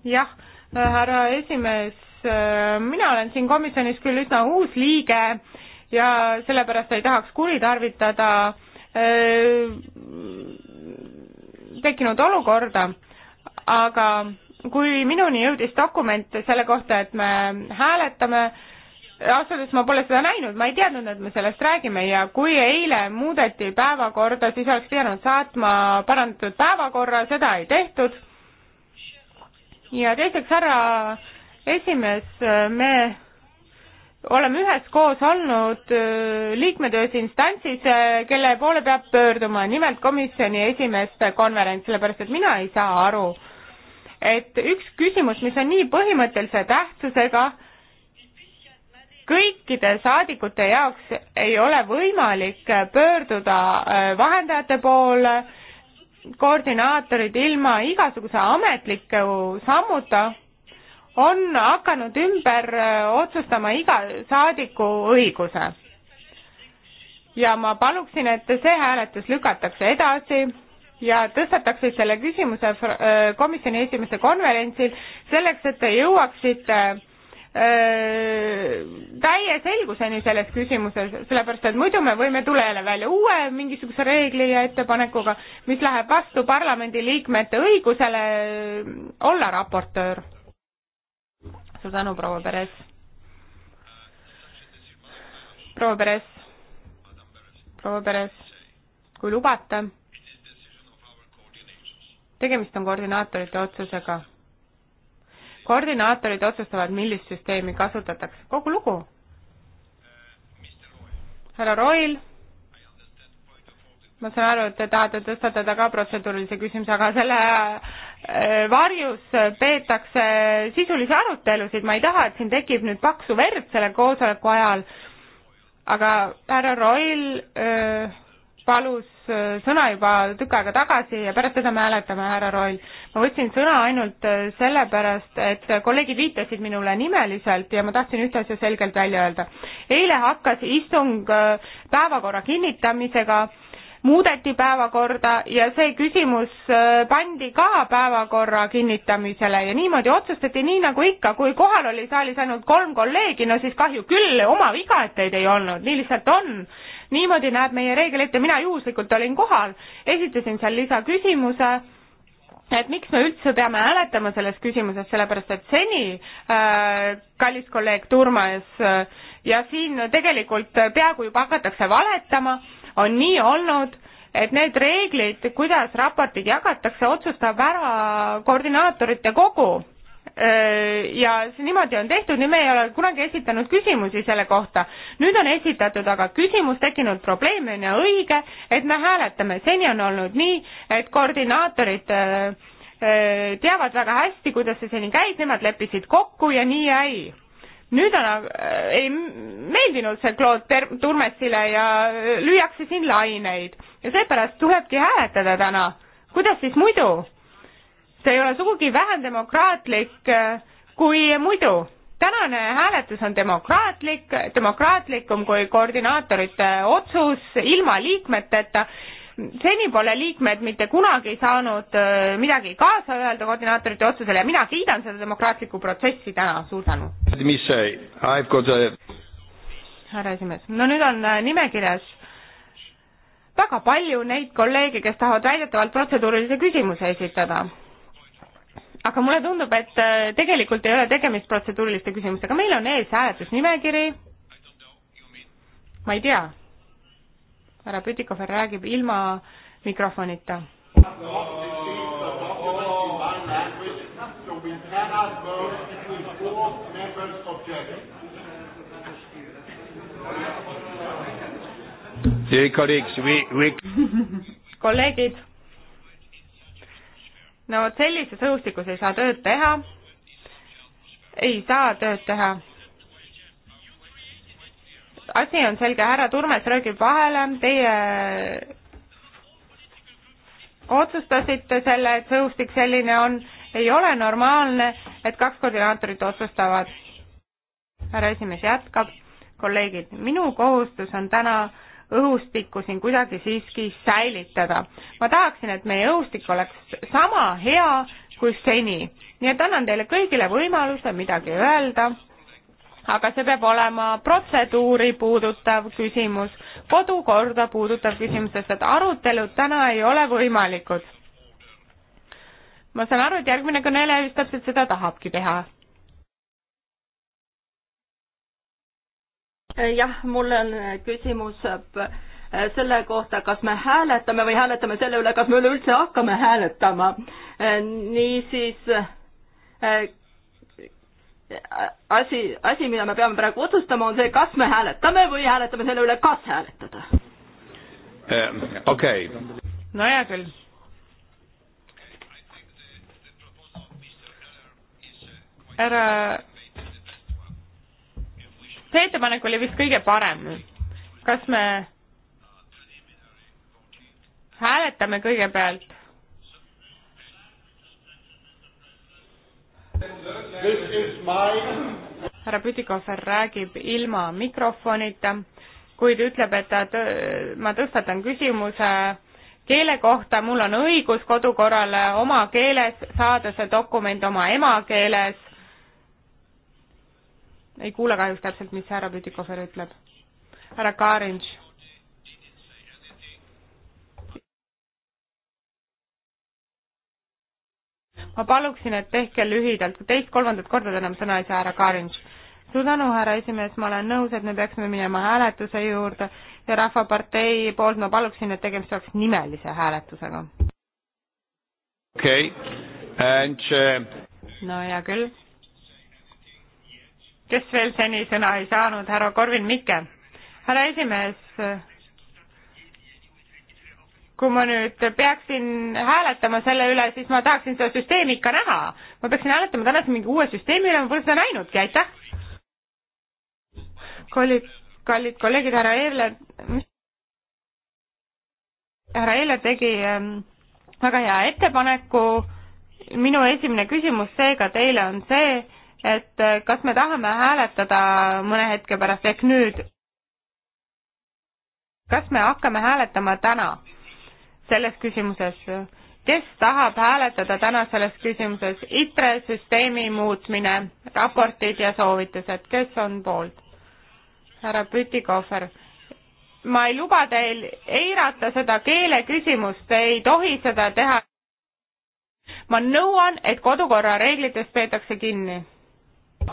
jah, härra esimees, mina olen siin komisjonis küll üsna uus liige ja sellepärast ei tahaks kuritarvitada eh, tekkinud olukorda, aga kui minuni jõudis dokument selle kohta, et me hääletame äh, ausalt öeldes ma pole seda näinud, ma ei teadnud, et me sellest räägime ja kui eile muudeti päevakorda, siis oleks pidanud saatma parandatud päevakorra, seda ei tehtud. ja teiseks, härra esimees, me oleme üheskoos olnud äh, liikmed ühes instantsis, äh, kelle poole peab pöörduma, nimelt komisjoni esimeeste konverents, sellepärast et mina ei saa aru, et üks küsimus, mis on nii põhimõttelise tähtsusega, kõikide saadikute jaoks ei ole võimalik pöörduda äh, vahendajate poole, koordinaatorid ilma igasuguse ametliku sammuta on hakanud ümber äh, otsustama iga saadiku õiguse. ja ma paluksin, et see hääletus lükatakse edasi ja tõstatakse selle küsimuse äh, komisjoni esimeeste konverentsil selleks, et te jõuaksite täie selguseni selles küsimuses, sellepärast et muidu me võime tulla jälle välja uue mingisuguse reegli ja ettepanekuga, mis läheb vastu parlamendiliikmete õigusele olla raportöör. suur tänu, proua Peres. proua Peres, proua Peres, kui lubate, tegemist on koordinaatorite otsusega koordinaatorid otsustavad, millist süsteemi kasutatakse, kogu lugu. härra Roil, ma saan aru, et te tahate tõstatada ka protseduurilise küsimuse, aga selle äh, varjus peetakse sisulisi arutelusid, ma ei taha, et siin tekib nüüd paksu verd selle koosoleku ajal, aga härra Roil öö, äh, palus äh, sõna juba tükk aega tagasi ja pärast seda me hääletame, härra Roil ma võtsin sõna ainult äh, sellepärast, et kolleegid viitasid minule nimeliselt ja ma tahtsin ühte asja selgelt välja öelda. eile hakkas istung äh, päevakorra kinnitamisega, muudeti päevakorda ja see küsimus äh, pandi ka päevakorra kinnitamisele ja niimoodi otsustati, nii nagu ikka, kui kohal oli saalis ainult kolm kolleegi, no siis kahju küll, oma viga, et teid ei olnud, nii lihtsalt on niimoodi näeb meie reegel ette, mina juhuslikult olin kohal, esitasin seal lisaküsimuse et miks me üldse peame hääletama selles küsimuses, sellepärast et seni äh, kallis kolleeg Turmas äh, ja siin tegelikult peaaegu juba hakatakse valetama, on nii olnud, et need reeglid, kuidas raportid jagatakse, otsustab ära koordinaatorite kogu Äh, ja see niimoodi on tehtud, nüüd me ei ole kunagi esitanud küsimusi selle kohta. nüüd on esitatud aga küsimus, tekkinud probleem on ja õige, et me hääletame, seni on olnud nii, et koordinaatorid äh, äh, teavad väga hästi, kuidas see seni käis, nemad leppisid kokku ja nii jäi nüüd on, ei meeldinud see Claude Turmesile ja lüüakse siin laineid ja seepärast tulebki hääletada täna. kuidas siis muidu? see ei ole sugugi vähem demokraatlik äh, kui muidu. tänane hääletus on demokraatlik, demokraatlikum kui koordinaatorite otsus ilma liikmeteta seni pole liikmed mitte kunagi saanud äh, midagi kaasa öelda koordinaatorite otsusele ja mina kiidan seda demokraatlikku protsessi täna, suur tänu. härra esimees, no nüüd on äh, nimekirjas väga palju neid kolleege, kes tahavad väidetavalt protseduurilise küsimuse esitada aga mulle tundub, et äh, tegelikult ei ole tegemist protseduuriliste küsimustega, meil on ees hääletusnimekiri. ma ei tea. härra Pütikofer räägib ilma mikrofonita. kolleegid no vot sellises õhustikus ei saa tööd teha, ei saa tööd teha. asi on selge, härra Turmes röögib vahele, teie otsustasite selle, et see õhustik selline on, ei ole normaalne, et kaks koordinaatorit otsustavad. härra esimees jätkab, kolleegid, minu kohustus on täna äh, õhustikku siin kuidagi siiski säilitada. ma tahaksin, et meie õhustik oleks sama hea kui seni, nii et annan teile kõigile võimaluse midagi öelda, aga see peab olema protseduuri puudutav küsimus, kodukorda puudutav küsimus, sest et arutelud täna ei ole võimalikud. ma saan aru, et järgmine kõneleja just täpselt seda tahabki teha Äh, jah, mul on äh, küsimus äh, selle kohta, kas me hääletame või hääletame selle üle, kas me üleüldse hakkame hääletama. niisiis asi, asi, mida me peame praegu otsustama, on see, kas me hääletame või hääletame selle üle, kas hääletada. okei. no hea küll härra see ettepanek oli vist kõige parem. kas me hääletame kõigepealt? härra Pütikofer räägib ilma mikrofonita, kuid ütleb, et ta tõ-, ma tõstatan küsimuse keele kohta, mul on õigus kodukorrale oma keeles saada see dokument oma emakeeles ei kuule kahjuks täpselt, mis härra Pütikofer ütleb. härra Karinš. ma paluksin, et tehke lühidalt, teist-kolmandat korda te enam sõna ei saa, härra Karinš. suur tänu, härra esimees, ma olen nõus, et me peaksime minema hääletuse juurde ja Rahvapartei poolt ma paluksin, et tegemist oleks nimelise hääletusega. okei okay., and uh... no hea küll kes veel seni sõna ei saanud, härra Korvin Mikke. härra esimees, kui ma nüüd peaksin hääletama selle üle, siis ma tahaksin seda süsteemi ikka näha. ma peaksin hääletama tänase mingi uue süsteemi üle, ma pole seda näinudki, aitäh. kallid, kallid kolleegid, härra Eerle, härra Eerle tegi ähm, väga hea ettepaneku. minu esimene küsimus seega teile on see, et äh, kas me tahame hääletada mõne hetke pärast ehk nüüd. kas me hakkame hääletama täna selles küsimuses? kes tahab hääletada täna selles küsimuses? ITRE süsteemi muutmine, raportid ja soovitused, kes on poolt? härra Pütikohver ma ei luba teil eirata seda keeleküsimust, te ei tohi seda teha. ma nõuan, et kodukorra reeglitest peetakse kinni. We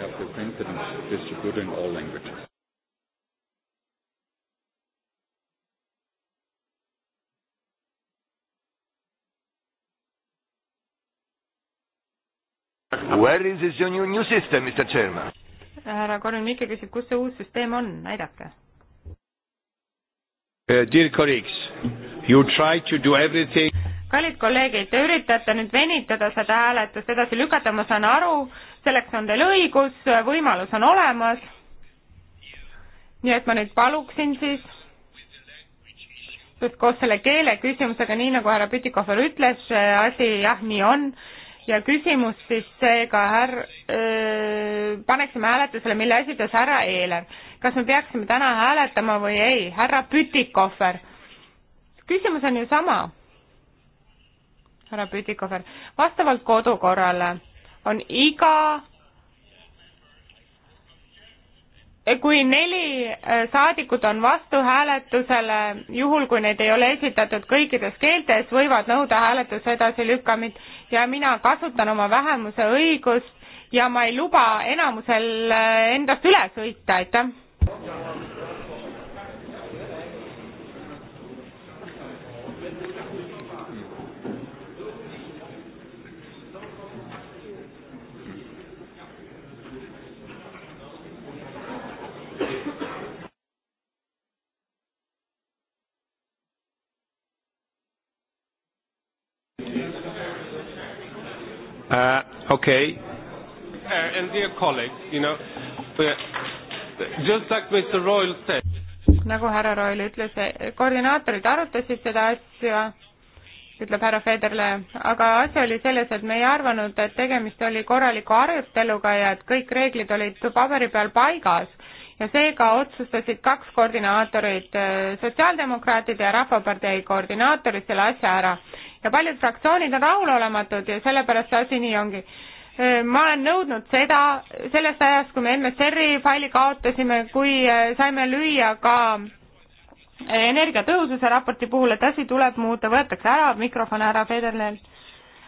have to print and distribute in all languages. Where is this your new, new system, Mr Chairman? härra Korvin Mikke küsib, kus see uus süsteem on, näidake Uh, dear colleagues, you try to do everything kallid kolleegid, te üritate nüüd venitada seda hääletust edasi lükata, ma saan aru, selleks on teil õigus, võimalus on olemas. nii et ma nüüd paluksin siis, sest koos selle keele küsimusega, nii nagu härra Pütikofer ütles, see asi jah, nii on ja küsimus siis seega härra, paneksime hääletusele, mille esitas härra Eeler. kas me peaksime täna hääletama või ei, härra Pütikohver? küsimus on ju sama, härra Pütikohver. vastavalt kodukorrale on iga e, kui neli e, saadikut on vastu hääletusele, juhul kui neid ei ole esitatud kõikides keeltes, võivad nõuda hääletuse edasilükkamist ja mina kasutan oma vähemuse õigust ja ma ei luba enamusel eh, endast üle sõita, aitäh. Uh, okay. Uh, and dear colleagues, you know, just like Mr. Royal said. nagu härra Royal ütles, koordinaatorid arutasid seda asja, ütleb härra Federle, aga asi oli selles, et me ei arvanud, et tegemist oli korraliku aruteluga ja et kõik reeglid olid paberi peal paigas ja seega otsustasid kaks koordinaatorit, sotsiaaldemokraatide ja Rahvapartei koordinaatorid selle asja ära ja paljud fraktsioonid on rahulolematud ja sellepärast see asi nii ongi äh, ma olen nõudnud seda sellest ajast, kui me MSR-i faili kaotasime, kui äh, saime lüüa ka äh, energiatõhususe raporti puhul, et asi tuleb muuta, võetakse ära mikrofon härra Federlel,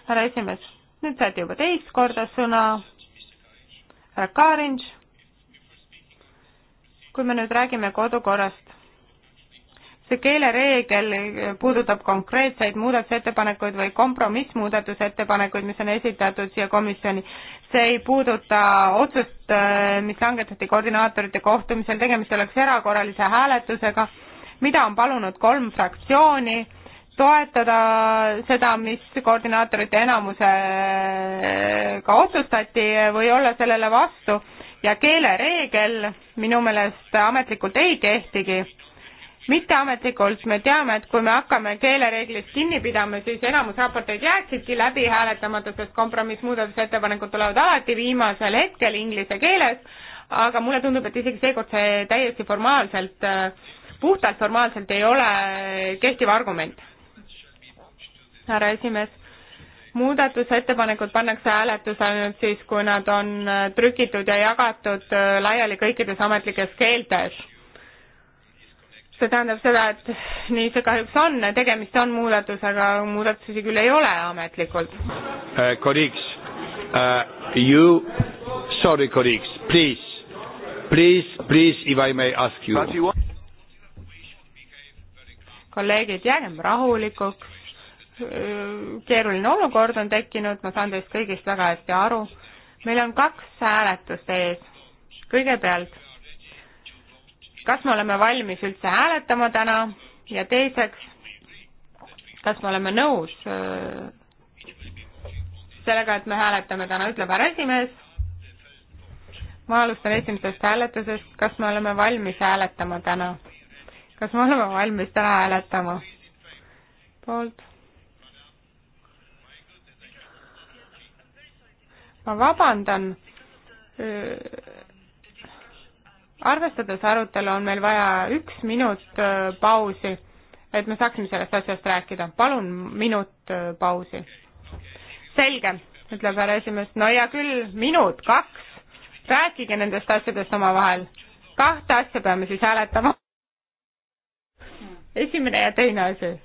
härra esimees. nüüd saite juba teist korda sõna, härra Karinš. kui me nüüd räägime kodukorrast, see keelereegel puudutab konkreetseid muudatusettepanekuid või kompromissmuudatusettepanekuid, mis on esitatud siia komisjoni. see ei puuduta otsust, äh, mis langetati koordinaatorite kohtumisel, tegemist oleks erakorralise hääletusega, mida on palunud kolm fraktsiooni, toetada seda, mis koordinaatorite enamusega äh, otsustati äh, või olla sellele vastu ja keelereegel minu meelest ametlikult ei kehtigi mitteametlikult me teame, et kui me hakkame keelereeglist kinni pidama, siis enamus raporteid jääksidki läbi hääletamata, sest kompromissmuudatusettepanekud tulevad alati viimasel hetkel inglise keeles, aga mulle tundub, et isegi seekord see täiesti formaalselt, äh, puhtalt formaalselt ei ole kehtiv argument. härra esimees, muudatusettepanekud pannakse hääletusele nüüd siis, kui nad on äh, trükitud ja jagatud äh, laiali kõikides ametlikes keeltes see tähendab seda, et nii see kahjuks on, tegemist on muudatusega, muudatusi küll ei ole ametlikult uh,. Colleagues uh,, you, sorry colleagues, please, please, please if I may ask you. kolleegid, jäägem rahulikuks. keeruline olukord on tekkinud, ma saan teist kõigist väga hästi aru. meil on kaks hääletust ees. kõigepealt kas me oleme valmis üldse hääletama täna ja teiseks, kas me oleme nõus äh, sellega, et me hääletame täna, ütleb härra esimees. ma alustan esimesest hääletusest, kas me oleme valmis hääletama täna? kas me oleme valmis täna hääletama? poolt. ma vabandan äh, arvestades arutelu, on meil vaja üks minut äh, pausi, et me saaksime sellest asjast rääkida. palun minut äh, pausi. selge, ütleb härra esimees. no hea küll, minut, kaks. rääkige nendest asjadest omavahel. kahte asja peame siis hääletama. esimene ja teine asi.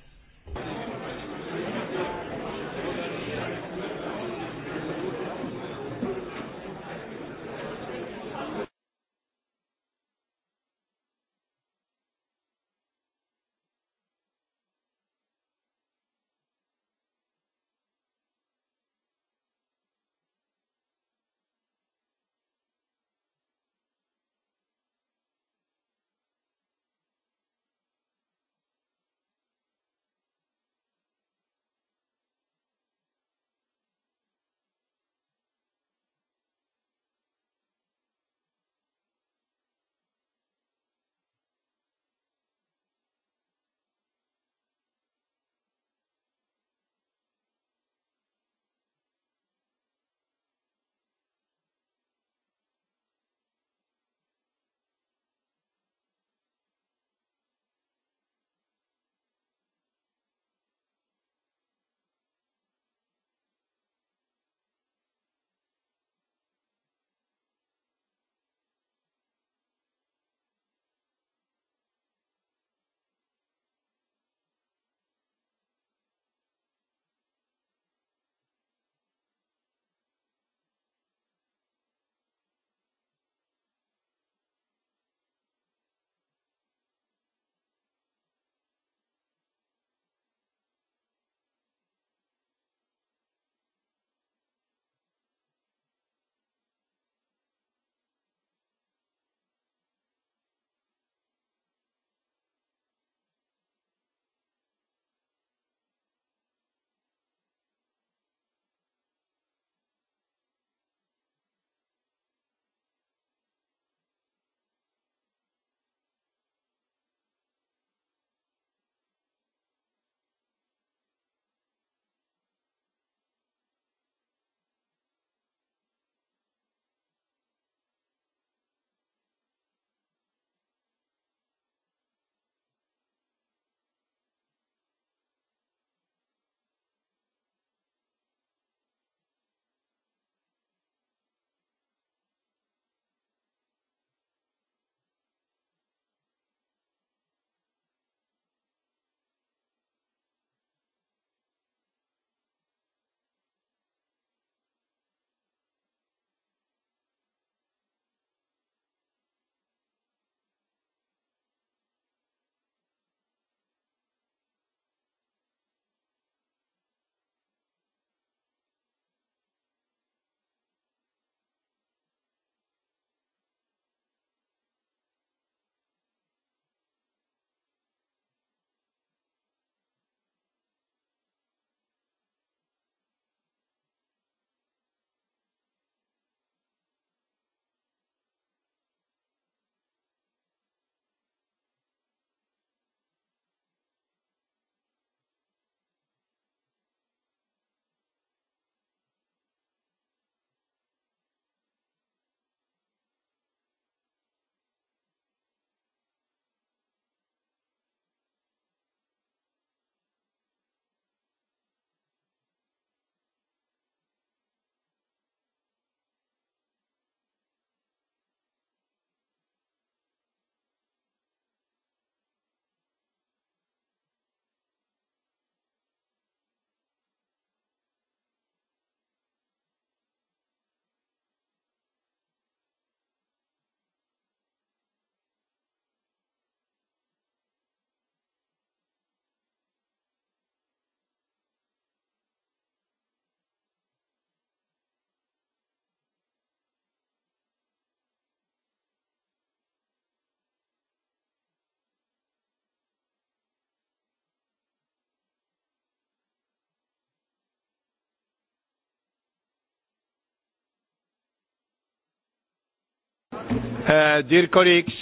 Uh, dear colleagues.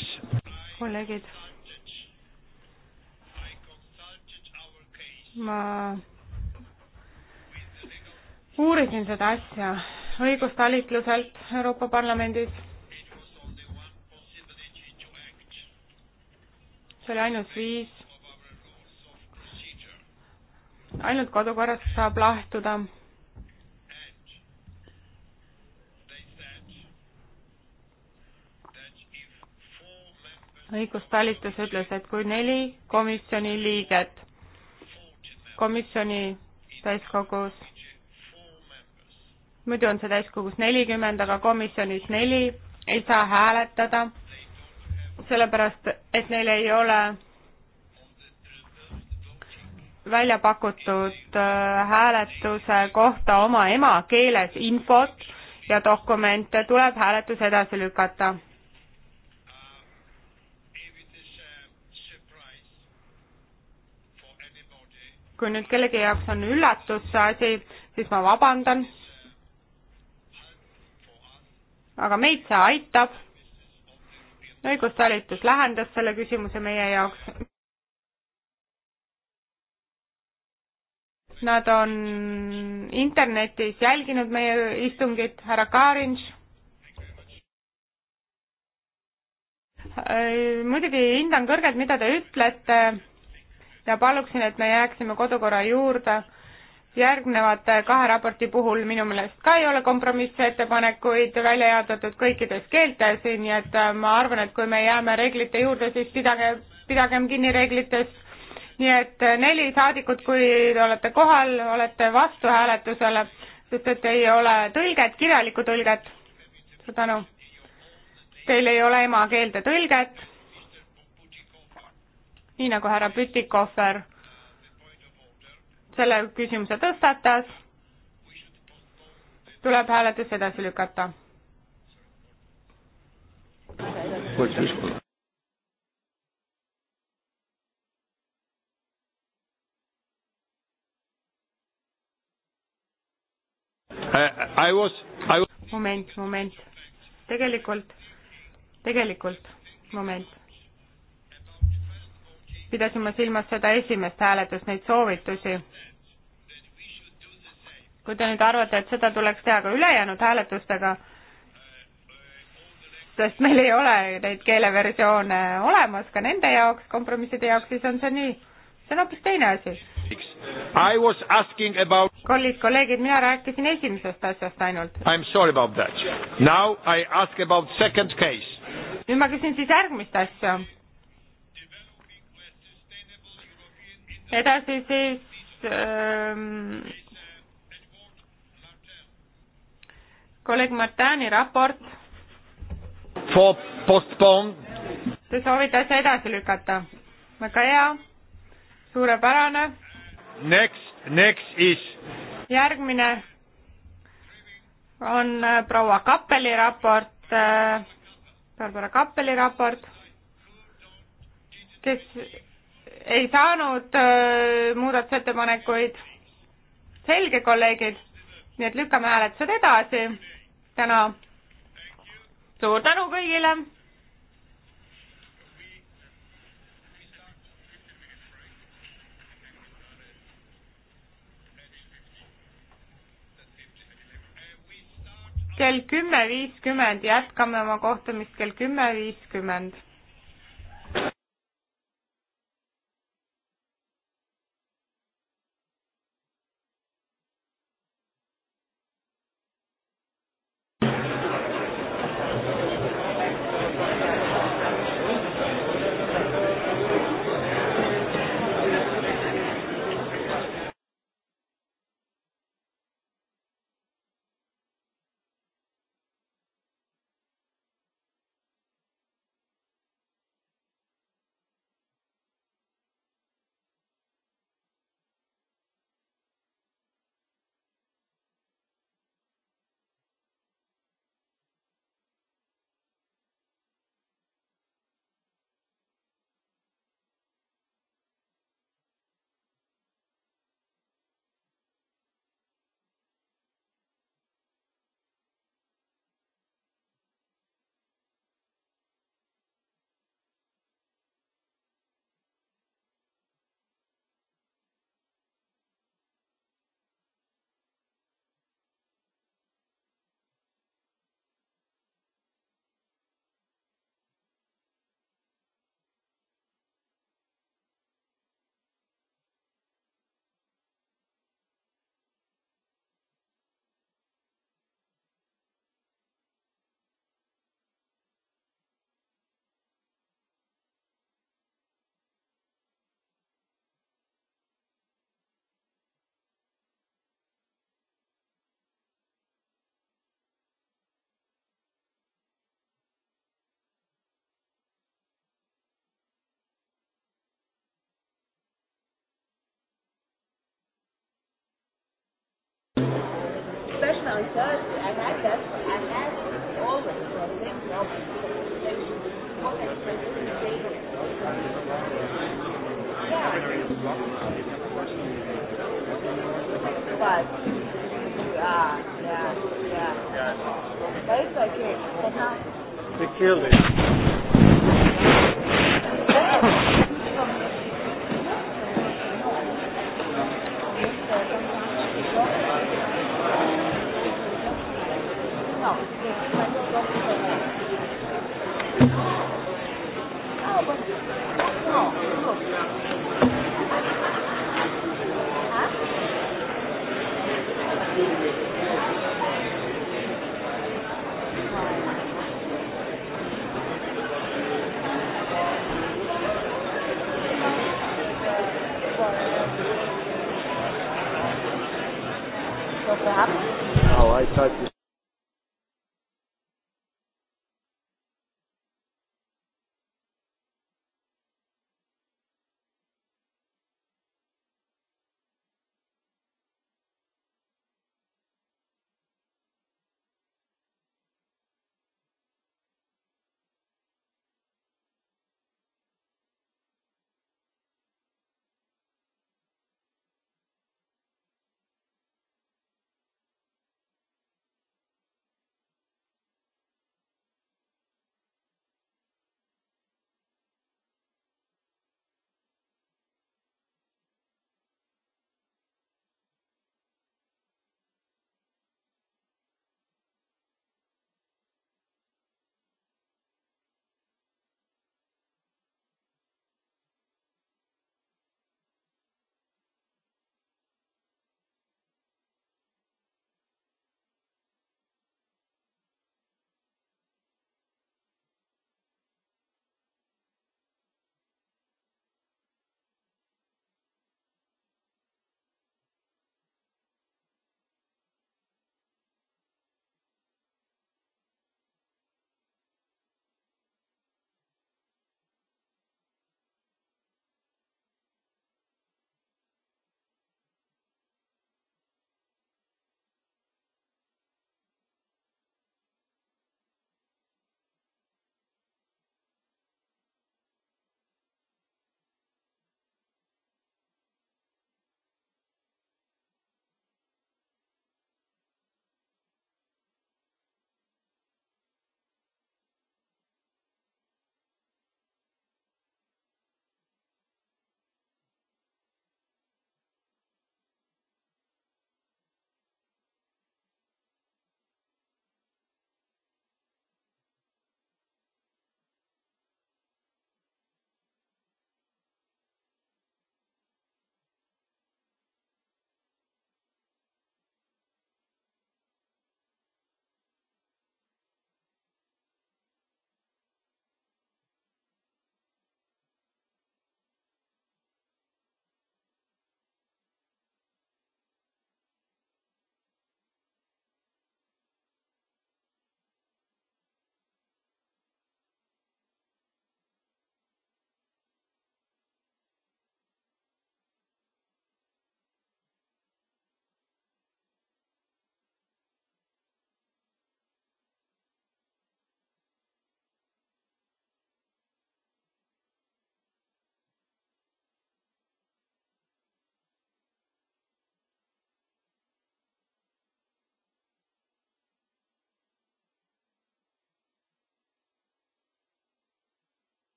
kolleegid. ma uurisin seda asja õigustalitluselt Euroopa Parlamendis. see oli ainus viis, ainult kodukorrast saab lahtuda õigustalitus ütles, et kui neli komisjoni liiget komisjoni täiskogus, muidu on see täiskogus nelikümmend, aga komisjonis neli, ei saa hääletada, sellepärast et neil ei ole välja pakutud äh, hääletuse kohta oma emakeeles infot ja dokumente tuleb hääletus edasi lükata kui nüüd kellegi jaoks on üllatus see asi, siis ma vabandan. aga meid see aitab. õigustalitus lähendas selle küsimuse meie jaoks. Nad on internetis jälginud meie istungit, härra Karinš. Äh, muidugi hindan kõrgelt, mida te ütlete ja paluksin, et me jääksime kodukorra juurde järgnevate kahe raporti puhul minu meelest ka ei ole kompromisse ettepanekuid välja jaotatud kõikides keeltes, nii et äh, ma arvan, et kui me jääme reeglite juurde, siis pidage, pidagem kinni reeglitest. nii et äh, neli saadikut, kui te olete kohal, olete vastu hääletusele, sest et ei ole tõlget, kirjalikku tõlget. suur tänu. Teil ei ole emakeelde tõlget nii nagu härra Pütikohver selle küsimuse tõstatas, tuleb hääletus edasi lükata. moment, moment, tegelikult, tegelikult, moment pidasin ma silmas seda esimest hääletust, neid soovitusi. kui te nüüd arvate, et seda tuleks teha ka ülejäänud hääletustega, sest meil ei ole neid keeleversioone olemas ka nende jaoks, kompromisside jaoks, siis on see nii. see on hoopis teine asi. About... kallid kolleegid, mina rääkisin esimesest asjast ainult. I am sorry about that. Now I ask about second case. nüüd ma küsin siis järgmist asja edasi siis ähm, kolleeg Martani raport. Te soovite asja edasi lükata. väga hea, suurepärane. Next, next is. järgmine on äh, proua Kappeli raport äh,, Barbara Kappeli raport, kes ei saanud äh, muudatusettepanekuid. selge, kolleegid, nii et lükkame hääletused edasi täna. suur tänu kõigile. kell kümme viiskümmend jätkame oma kohtumist kell kümme viiskümmend does, and that does, and that always a big problem. But, yeah, yeah, yeah. But it's okay. They killed it.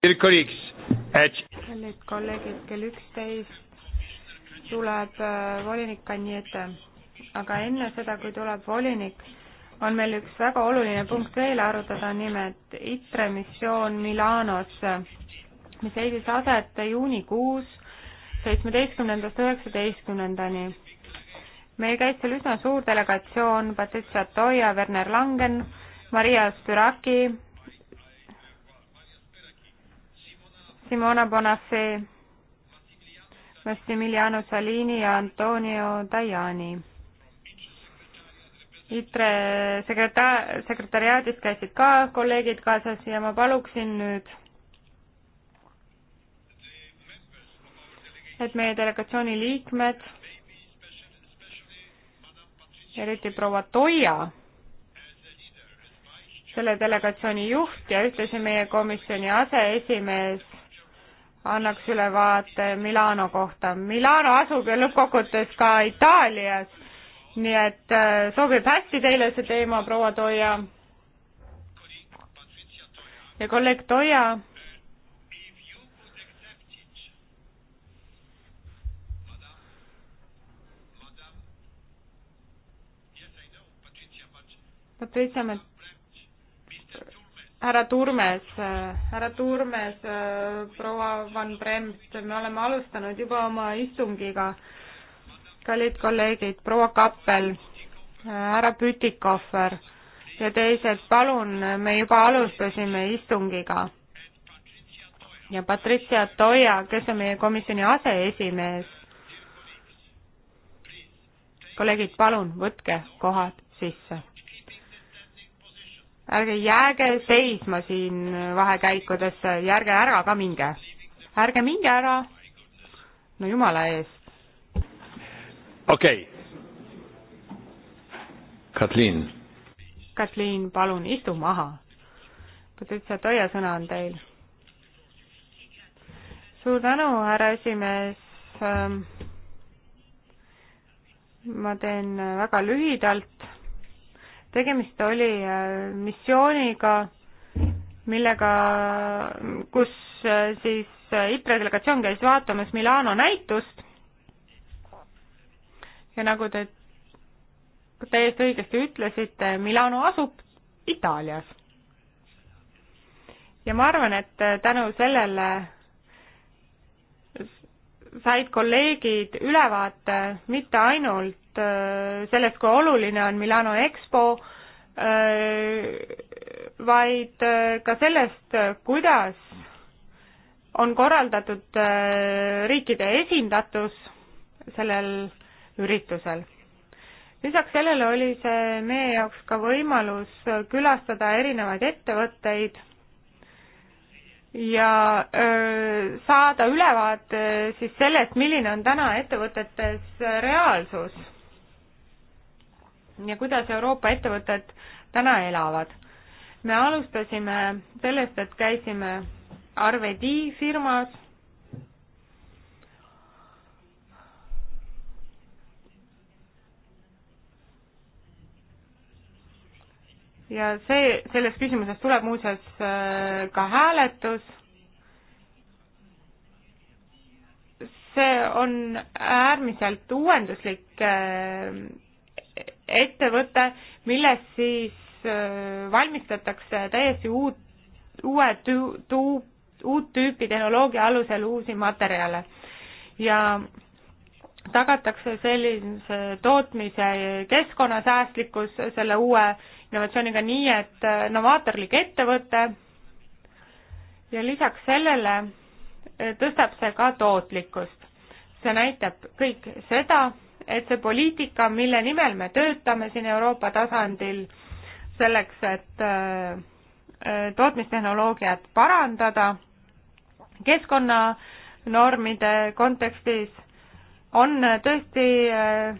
kallid kolleegid, kell üksteist tuleb äh, volinik Kanjete, aga enne seda, kui tuleb volinik, on meil üks väga oluline punkt veel arutada, nimelt ITRE missioon Milanos, mis leidis aset juunikuus seitsmeteistkümnendast üheksateistkümnendani. meil käis seal üsna suur delegatsioon, Patricia Toia, Werner Langen, Maria Spüraki, Simona Bonafé, Massimiliano Salini ja Antonio Tajani. ITRE sekretär, sekretariaadis käisid ka kolleegid kaasas ja ma paluksin nüüd, et meie delegatsiooni liikmed, eriti proua Toia, selle delegatsiooni juht ja ühtlasi meie komisjoni aseesimees annaks ülevaate Milano kohta. Milano asub ju lõppkokkuvõttes ka Itaalias, nii et äh, sobib hästi teile see teema, proua Toia. ja kolleeg Toia. Patricia, ma härra Turmes, härra Turmes, proua Van Bremst, me oleme alustanud juba oma istungiga. kallid kolleegid, proua Kappel, härra Pütikohver ja teised, palun, me juba alustasime istungiga. ja Patricia Toia, kes on meie komisjoni aseesimees. kolleegid, palun võtke kohad sisse ärge jääge seisma siin vahekäikudesse ja ärge ära ka minge. ärge minge ära. no jumala eest. okei okay.. Katliin. Katliin, palun istu maha. kas üldse Toia sõna on teil? suur tänu, härra esimees. Ehm, ma teen väga lühidalt tegemist oli äh, missiooniga, millega, kus äh, siis äh, IPRE delegatsioon käis vaatamas Milano näitust ja nagu te täiesti õigesti ütlesite, Milano asub Itaalias. ja ma arvan, et tänu sellele said kolleegid ülevaate mitte ainult Äh, sellest, kui oluline on Milano EXPO, äh, vaid äh, ka sellest, kuidas on korraldatud riikide esindatus sellel üritusel. lisaks sellele oli see meie jaoks ka võimalus külastada erinevaid ettevõtteid ja öö, saada ülevaate siis sellest, milline on täna ettevõtetes reaalsus ja kuidas Euroopa ettevõtted täna elavad. me alustasime sellest, et käisime Arvedi firmas, ja see, selles küsimuses tuleb muuseas äh, ka hääletus see on äärmiselt uuenduslik äh, ettevõte, milles siis äh, valmistatakse täiesti uut, uue tu-, tu-, uut tüüpi tehnoloogia alusel uusi materjale. ja tagatakse sellise tootmise keskkonnasäästlikkus selle uue innovatsiooniga nii, et äh, novaatorlik ettevõte ja lisaks sellele äh, tõstab see ka tootlikkust. see näitab kõik seda, et see poliitika, mille nimel me töötame siin Euroopa tasandil selleks, et äh, äh, tootmistehnoloogiat parandada keskkonnanormide kontekstis, on tõesti äh,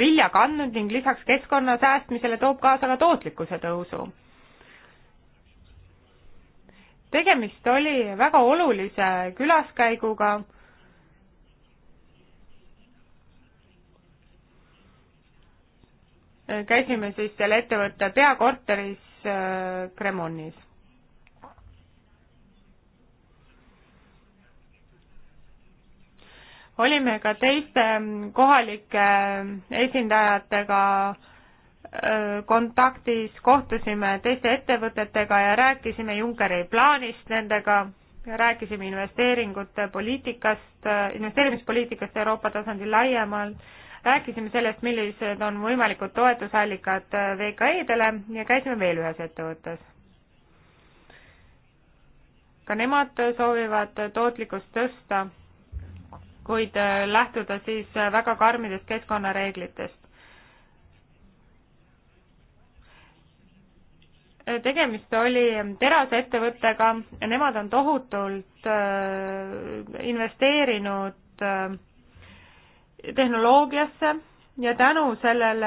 vilja kandnud ning lisaks keskkonna säästmisele toob kaasa ka tootlikkuse tõusu. tegemist oli väga olulise külaskäiguga käisime siis selle ettevõtte peakorteris äh, Cremonis. olime ka teiste mm, kohalike esindajatega äh, kontaktis, kohtusime teiste ettevõtetega ja rääkisime Junckeri plaanist nendega ja rääkisime investeeringute poliitikast, äh, investeerimispoliitikast Euroopa tasandil laiemalt rääkisime sellest, millised on võimalikud toetusallikad äh, VKE-dele ja käisime veel ühes ettevõttes. ka nemad soovivad tootlikkust tõsta, kuid äh, lähtuda siis äh, väga karmidest keskkonnareeglitest. tegemist oli teraseettevõttega ja nemad on tohutult investeerinud tehnoloogiasse ja tänu sellele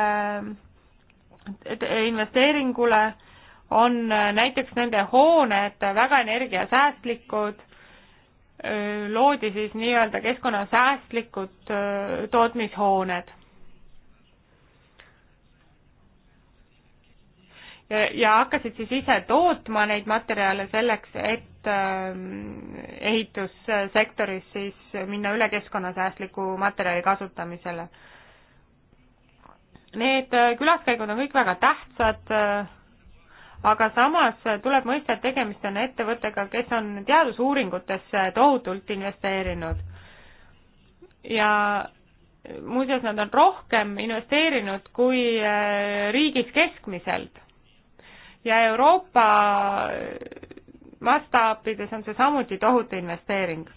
investeeringule on näiteks nende hooned väga energiasäästlikud, loodi siis nii-öelda keskkonnasäästlikud äh, tootmishooned ja, ja hakkasid siis ise tootma neid materjale selleks, et ähm, ehitussektoris siis minna üle keskkonnasäästliku materjali kasutamisele. Need äh, külaskäigud on kõik väga tähtsad, äh, aga samas tuleb mõista, et tegemist on ettevõttega, kes on teadusuuringutesse tohutult investeerinud. ja muuseas, nad on rohkem investeerinud kui äh, riigis keskmiselt ja Euroopa mastaapides on see samuti tohutu investeering.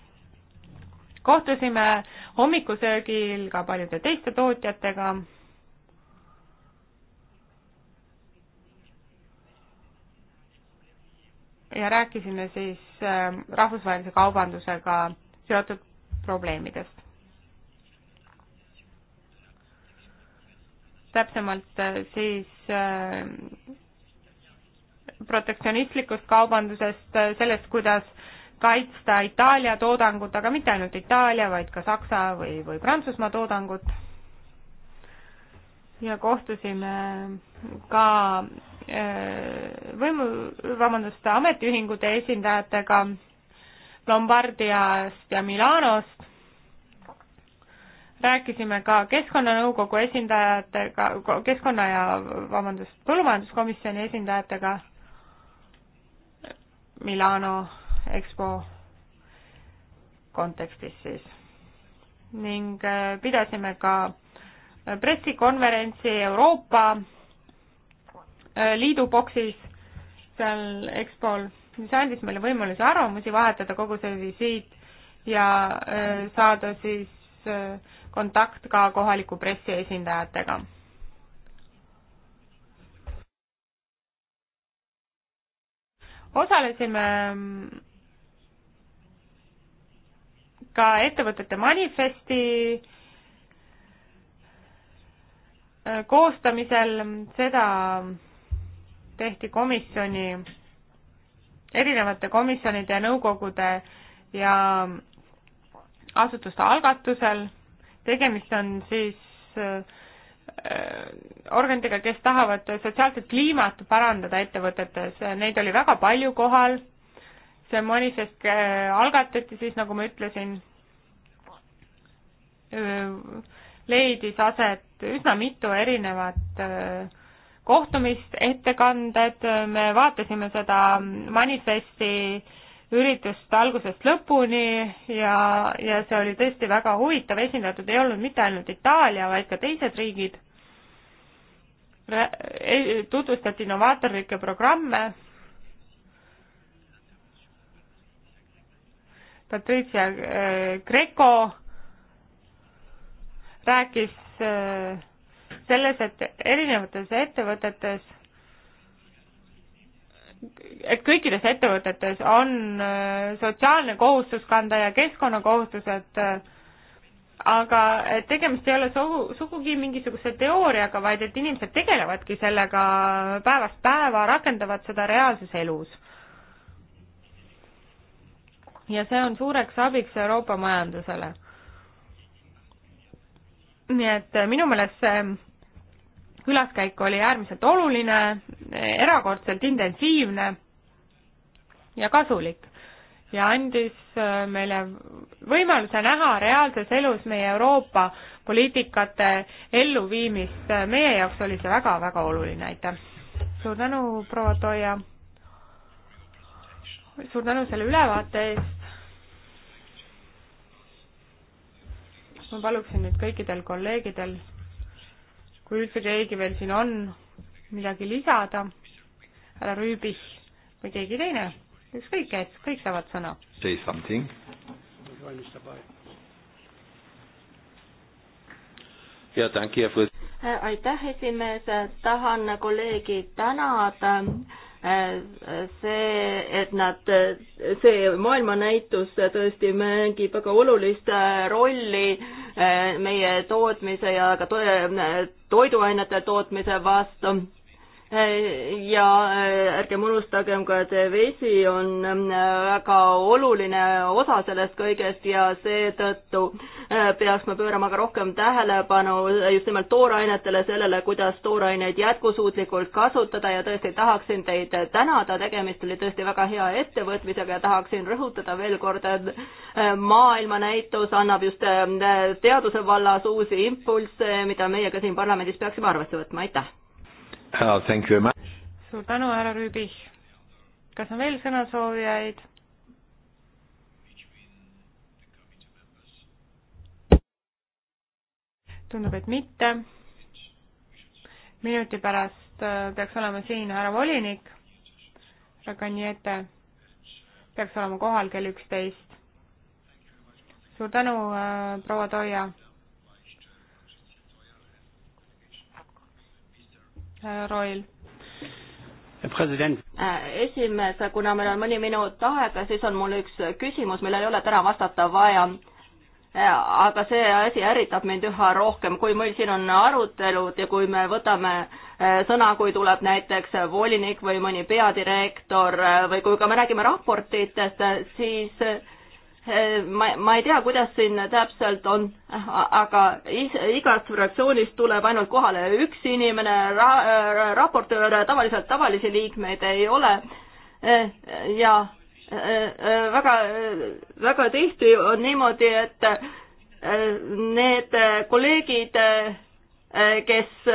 kohtusime hommikusöögil ka paljude teiste tootjatega ja rääkisime siis ähm, rahvusvahelise kaubandusega seotud probleemidest. täpsemalt äh, siis ähm, protektsionistlikust kaubandusest, sellest, kuidas kaitsta Itaalia toodangut, aga mitte ainult Itaalia, vaid ka Saksa või, või Prantsusmaa toodangut. ja kohtusime ka äh, võimu, vabandust, ametiühingute esindajatega Lombardiast ja Milanost rääkisime ka Keskkonnanõukogu esindajatega, keskkonna ja vabandust, põllumajanduskomisjoni esindajatega Milano EXPO kontekstis siis. ning äh, pidasime ka äh, pressikonverentsi Euroopa äh, Liidu boksis seal EXPO-l, mis andis meile võimaluse arvamusi vahetada kogu see visiit ja saada siis kontakt ka kohaliku pressi esindajatega osalesime ka ettevõtete manifesti äh, koostamisel, seda tehti komisjoni, erinevate komisjonide ja nõukogude ja asutuste algatusel, tegemist on siis äh, Äh, organitega, kes tahavad sotsiaalset kliimat parandada ettevõtetes, neid oli väga palju kohal, see manifest äh, algatati siis, nagu ma ütlesin, äh, leidis aset üsna mitu erinevat kohtumist, ettekanded, me vaatasime seda manifesti äh, üritust algusest lõpuni ja, ja see oli tõesti väga huvitav, esindatud ei olnud mitte ainult Itaalia, vaid ka teised riigid. tutvustati innovaatorlikke programme. Patricia äh, Greco rääkis äh, selles, et erinevates ettevõtetes et kõikides ettevõtetes on äh, sotsiaalne kohustus kanda ja keskkonnakohustused, äh, aga et tegemist ei ole sugu, sugugi mingisuguse teooriaga, vaid et inimesed tegelevadki sellega päevast päeva, rakendavad seda reaalses elus. ja see on suureks abiks Euroopa majandusele. nii et äh, minu meelest see külaskäik oli äärmiselt oluline, erakordselt intensiivne ja kasulik ja andis äh, meile võimaluse näha reaalses elus meie Euroopa poliitikate elluviimist. meie jaoks oli see väga-väga oluline, aitäh. suur tänu, proua Toia. suur tänu selle ülevaate eest. ma paluksin nüüd kõikidel kolleegidel kui üldse keegi veel siin on midagi lisada, härra Rüübis või keegi teine, ükskõik kes, kõik saavad sõna. Say something. ja tänki ja aitäh, esimees, tahan kolleegi tänada ta see, et nad, see maailmanäitus tõesti mängib väga olulist rolli eh, meie tootmise ja ka eh, toiduainete tootmise vastu ja äh, ärgem unustagem ka, et vesi on äh, väga oluline osa sellest kõigest ja seetõttu äh, peaks me pöörama ka rohkem tähelepanu just nimelt toorainetele, sellele, kuidas tooraineid jätkusuutlikult kasutada ja tõesti tahaksin teid tänada, tegemist oli tõesti väga hea ettevõtmisega ja tahaksin rõhutada veel kord, et maailmanäitus annab just teaduse vallas uusi impulsse, mida meie ka siin parlamendis peaksime arvesse võtma, aitäh! oh,. suur tänu, härra Rüübih. kas on veel sõnasoovijaid? tundub, et mitte. minuti pärast äh, peaks olema siin härra volinik, härra Kaniete peaks olema kohal kell üksteist. suur tänu, äh, proua Toia roll? president. Äh, esimees, kuna meil on mõni minut aega, siis on mul üks küsimus, millel ei ole täna vastata vaja. Äh, aga see asi ärritab mind üha rohkem, kui meil siin on arutelud ja kui me võtame äh, sõna, kui tuleb näiteks volinik või mõni peadirektor või kui ka me räägime raportitest, siis Eh, ma, ma ei tea, kuidas siin täpselt on, aga is, igast fraktsioonist tuleb ainult kohale üks inimene ra,, eh, raportöör, tavaliselt tavalisi liikmeid ei ole eh, ja väga, väga tihti on niimoodi, et need kolleegid, kes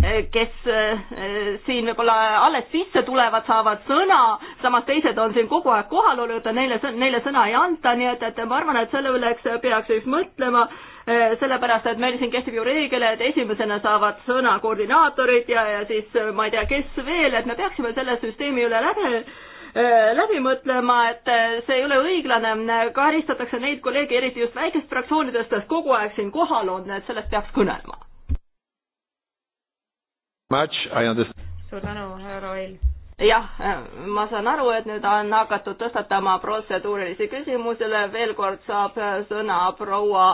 Eh, kes eh, siin võib-olla alles sisse tulevad, saavad sõna, samas teised on siin kogu aeg kohal olnud ja neile, neile sõna ei anta, nii et, et ma arvan, et selle üle peaks siis mõtlema, eh, sellepärast et meil siin kehtib ju reegel, et esimesena saavad sõna koordinaatorid ja, ja siis ma ei tea, kes veel, et me peaksime selle süsteemi üle läbi läbi mõtlema, et see ei ole õiglane, karistatakse neid kolleege, eriti just väikest fraktsioonidest, kes kogu aeg siin kohal on, et sellest peaks kõnelema suur tänu, härra Oil jah, ma saan aru, et nüüd on hakatud tõstatama protseduurilisi küsimusele, veel kord saab sõna proua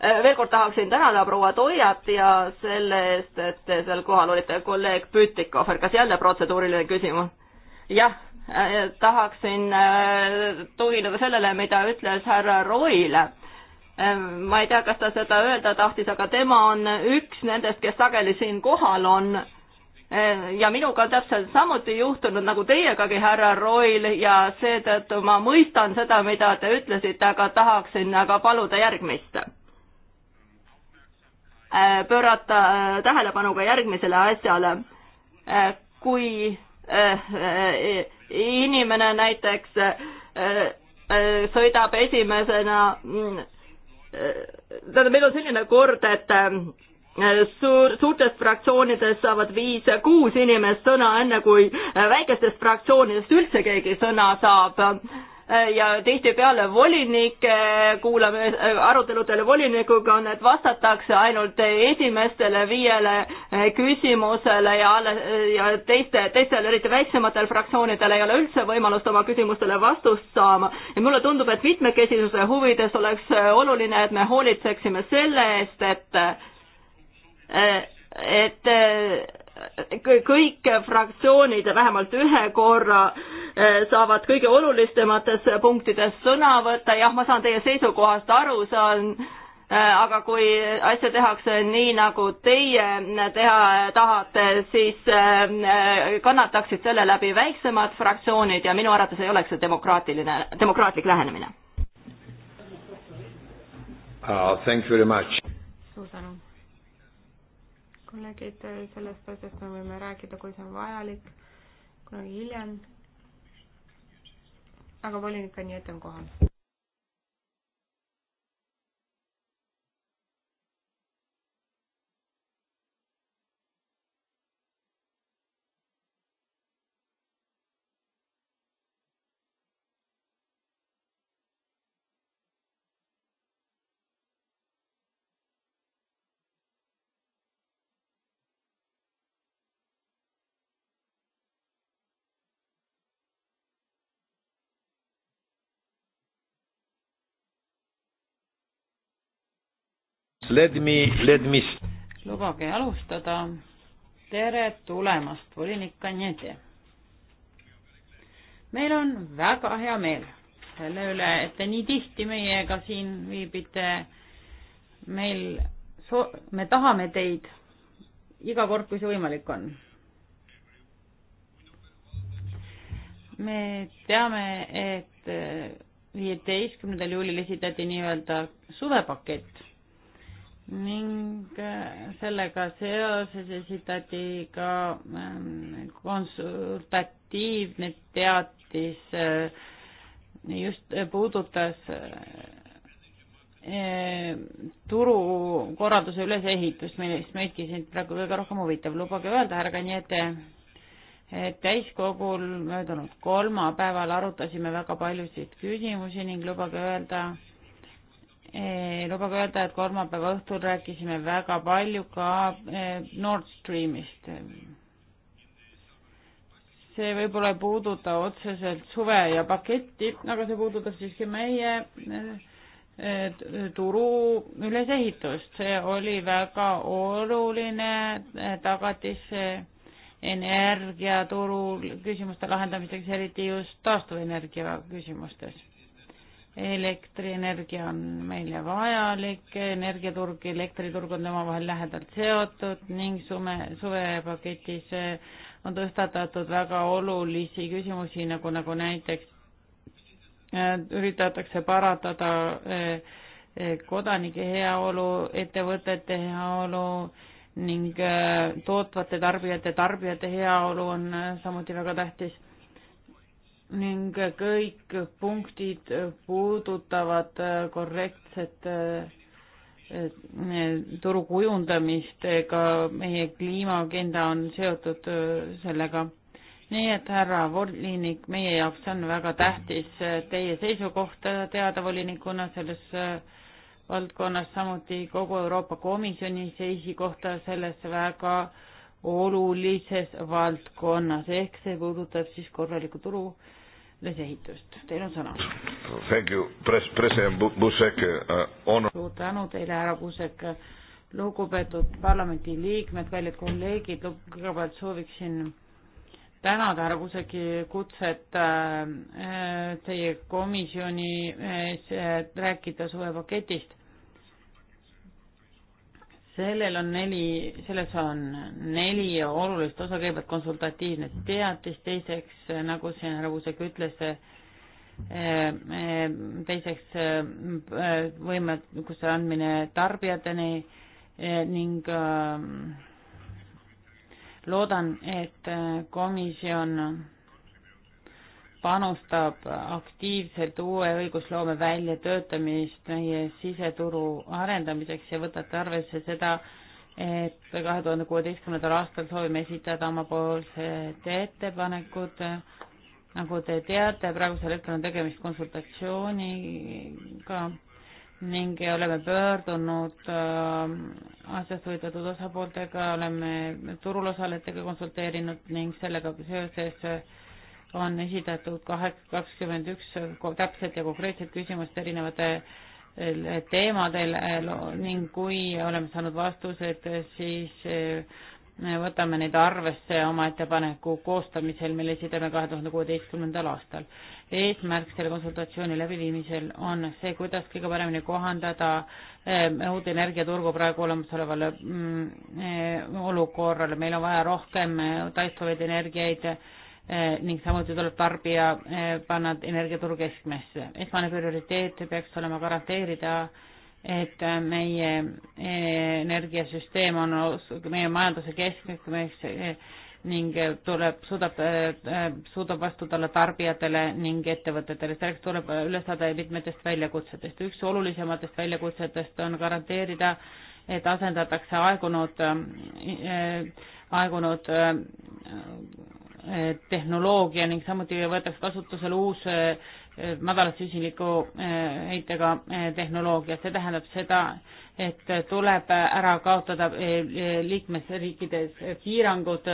veel kord tahaksin tänada proua Toijat ja selle eest, et te seal kohal olite, kolleeg Pütikofer, kas jälle protseduuriline küsimus? jah, eh, tahaksin eh, tugineda sellele, mida ütles härra Roil. Ähm, ma ei tea, kas ta seda öelda tahtis, aga tema on üks nendest, kes sageli siin kohal on. Ähm, ja minuga on täpselt samuti juhtunud nagu teiegagi, härra Roil, ja seetõttu ma mõistan seda, mida te ütlesite, aga tahaksin aga paluda järgmist. Äh, pöörata äh, tähelepanu ka järgmisele asjale. Äh, kui inimene näiteks sõidab esimesena mm, tähendab, meil on selline kord, et äh, suur, suurtest fraktsioonidest saavad viis-kuus inimest sõna, enne kui äh, väikestest fraktsioonidest üldse keegi sõna saab ja tihtipeale volinike kuulame, aruteludel volinikuga on, et vastatakse ainult esimestele viiele küsimusele ja alles, ja teiste, teistel, eriti väiksematel fraktsioonidel ei ole üldse võimalust oma küsimustele vastust saama. ja mulle tundub, et mitmekesisuse huvides oleks oluline, et me hoolitseksime selle eest, et et kõik fraktsioonid vähemalt ühe korra äh, saavad kõige olulisemates punktides sõna võtta, jah, ma saan teie seisukohast aru, saan äh, aga kui asja tehakse nii, nagu teie äh, teha tahate, siis kannataksid selle läbi väiksemad fraktsioonid ja minu arvates ei oleks see demokraatiline, demokraatlik lähenemine uh,. Thank you very much. suur tänu kolleegid, sellest asjast me võime rääkida, kui see on vajalik, kunagi hiljem. aga volinik on nii ette on kohal. Let me, let me. lubage alustada. tere tulemast, volinik Kanjete. meil on väga hea meel selle üle, et te nii tihti meiega siin viibite. meil so-, me tahame teid iga kord, kui see võimalik on. me teame, et viieteistkümnendal juulil esitati nii-öelda suvepakett ning äh, sellega seoses esitati ka ähm, konsultatiivne teatis, äh, just puudutas äh, turukorralduse ülesehitust, millest meidki sind praegu kõige rohkem huvitab. lubage öelda, härra Kanjete, et täiskogul möödunud kolmapäeval arutasime väga paljusid küsimusi ning lubage öelda, Eh, lubage öelda, et kolmapäeva õhtul rääkisime väga palju ka eh, Nord Streamist. see võib-olla ei puuduta otseselt suve ja paketti, aga see puudutab siiski meie eh, turu ülesehitust, see oli väga oluline tagatis energiaturu küsimuste lahendamiseks, eriti just taastuvenergia küsimustes elektrienergia on meile vajalik, energiaturg, elektriturg on omavahel lähedalt seotud ning sume, suvepaketis eh, on tõstatatud väga olulisi küsimusi, nagu, nagu näiteks eh, üritatakse parandada eh, kodanike heaolu, ettevõtete heaolu ning tootvate tarbijate, tarbijate heaolu on samuti väga tähtis ning kõik punktid puudutavad korrektset eh, turu kujundamist, ega meie kliimaagenda on seotud eh, sellega. nii et härra volinik, meie jaoks on väga tähtis eh, teie seisukohta teada volinikuna selles valdkonnas, samuti kogu Euroopa Komisjoni seisukohta selles väga olulises valdkonnas, ehk see puudutab siis korralikku turu äh, ülesehitust. Teil on sõna. Thank you Pres, president Buzek uh, on. suur tänu teile, härra Buzek. lugupeetud parlamendi liikmed, kallid kolleegid, kõigepealt sooviksin tänada härra Buzeki kutset äh, äh, teie komisjoni ees äh, rääkida suvepaketist sellel on neli, selles on neli olulist osa, kõigepealt konsultatiivne teatis, teiseks, nagu siin härra Uusek ütles, eh, eh, teiseks eh, võimekuse andmine tarbijateni ning loodan, et komisjon panustab aktiivselt uue õigusloome väljatöötamist meie siseturu arendamiseks ja võtate arvesse seda, et kahe tuhande kuueteistkümnendal aastal soovime esitada omapoolsed ettepanekud. nagu te teate, praegusel hetkel on tegemist konsultatsiooniga ning oleme pöördunud äh, asjast huvitatud osapooltega, oleme turul osalejatega konsulteerinud ning sellega seoses äh, on esitatud kakskümmend üks täpset ja konkreetset küsimust erinevate eh, teemadel eh, ning kui oleme saanud vastused, siis eh, võtame neid arvesse oma ettepaneku koostamisel, mille esitame kahe tuhande kuueteistkümnendal aastal. eesmärk selle konsultatsiooni läbiviimisel on see, kuidas kõige paremini kohandada uut energiaturgu praegu olemasolevale mm, olukorrale, meil on vaja rohkem taistuvaid energiaid Eh, ning samuti tuleb tarbija eh, panna energiaturu keskmesse. esmane prioriteet peaks olema garanteerida, et eh, meie energiasüsteem on meie majanduse keskmeks ning tuleb, suudab, suudab vastu tulla tarbijatele ning ettevõtetele. selleks tuleb üle saada mitmetest väljakutsetest. üks olulisematest väljakutsetest on garanteerida, et asendatakse aegunud, aegunud tehnoloogia ning samuti võetakse kasutusele uus eh, madala süsiniku eh, heitega eh, tehnoloogia. see tähendab seda, et tuleb ära kaotada liikmesriikides piirangud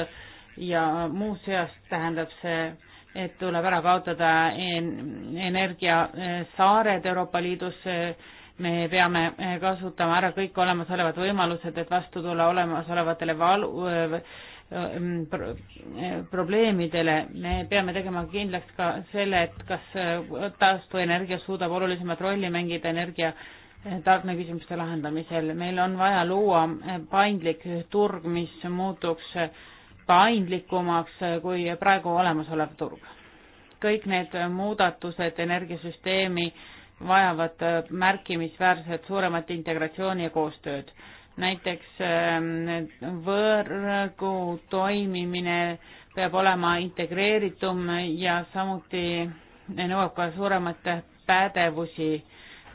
ja muuseas tähendab see, et tuleb ära kaotada energiasaared Euroopa Liidus. me peame kasutama ära kõik olemasolevad võimalused, et vastu tulla olemasolevatele valu probleemidele. me peame tegema kindlaks ka selle, et kas äh, taastuvenergia suudab olulisemat rolli mängida energia äh, tarneküsimuste lahendamisel. meil on vaja luua äh, paindlik turg, mis muutuks paindlikumaks kui praegu olemasolev turg. kõik need muudatused energiasüsteemi vajavad märkimisväärselt suuremat integratsiooni ja koostööd näiteks ähm, võrgu toimimine peab olema integreeritum ja samuti nõuab ka suuremate pädevusi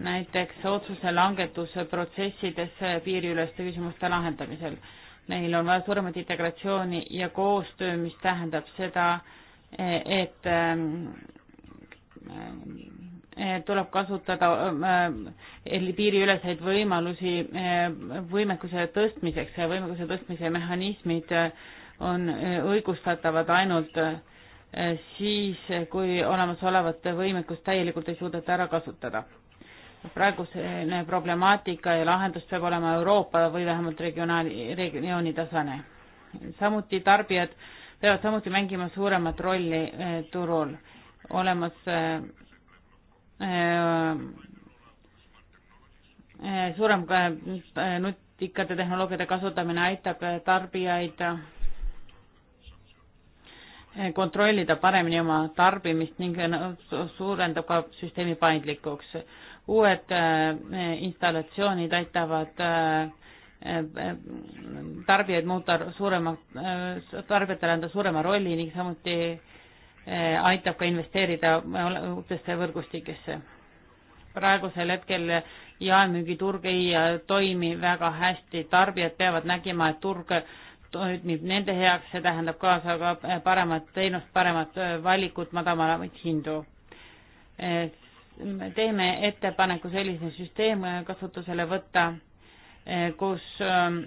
näiteks otsuse langetuse protsessides piiriüleste küsimuste lahendamisel. Neil on vaja suuremat integratsiooni ja koostöö, mis tähendab seda, et ähm, tuleb kasutada äh, äh, piiriüleseid võimalusi äh, võimekuse tõstmiseks ja võimekuse tõstmise mehhanismid on õigustatavad ainult siis, kui olemasolevat võimekust täielikult ei suudeta ära kasutada. praegune problemaatika ja lahendus peab olema Euroopa või vähemalt regionaal, regiooni tasane. samuti tarbijad peavad samuti mängima suuremat rolli turul, olemas Äh, äh, suurem äh, nutikate tehnoloogiate kasutamine aitab tarbijaid kontrollida paremini oma tarbimist ning suurendab ka süsteemi paindlikuks. uued installatsioonid aitavad tarbijaid muuta suurema, tarbijatele anda suurema rolli ning samuti Eh, aitab ka investeerida uutesse võrgustikesse. praegusel hetkel jaemüügiturg ei äh, toimi väga hästi, tarbijad peavad nägema, et turg toimib nende heaks, see tähendab kaasa ka paremat teenust, paremat äh, valikut, madalamaid hindu. Eh, teeme ettepaneku sellise süsteemi kasutusele võtta, eh, kus ähm,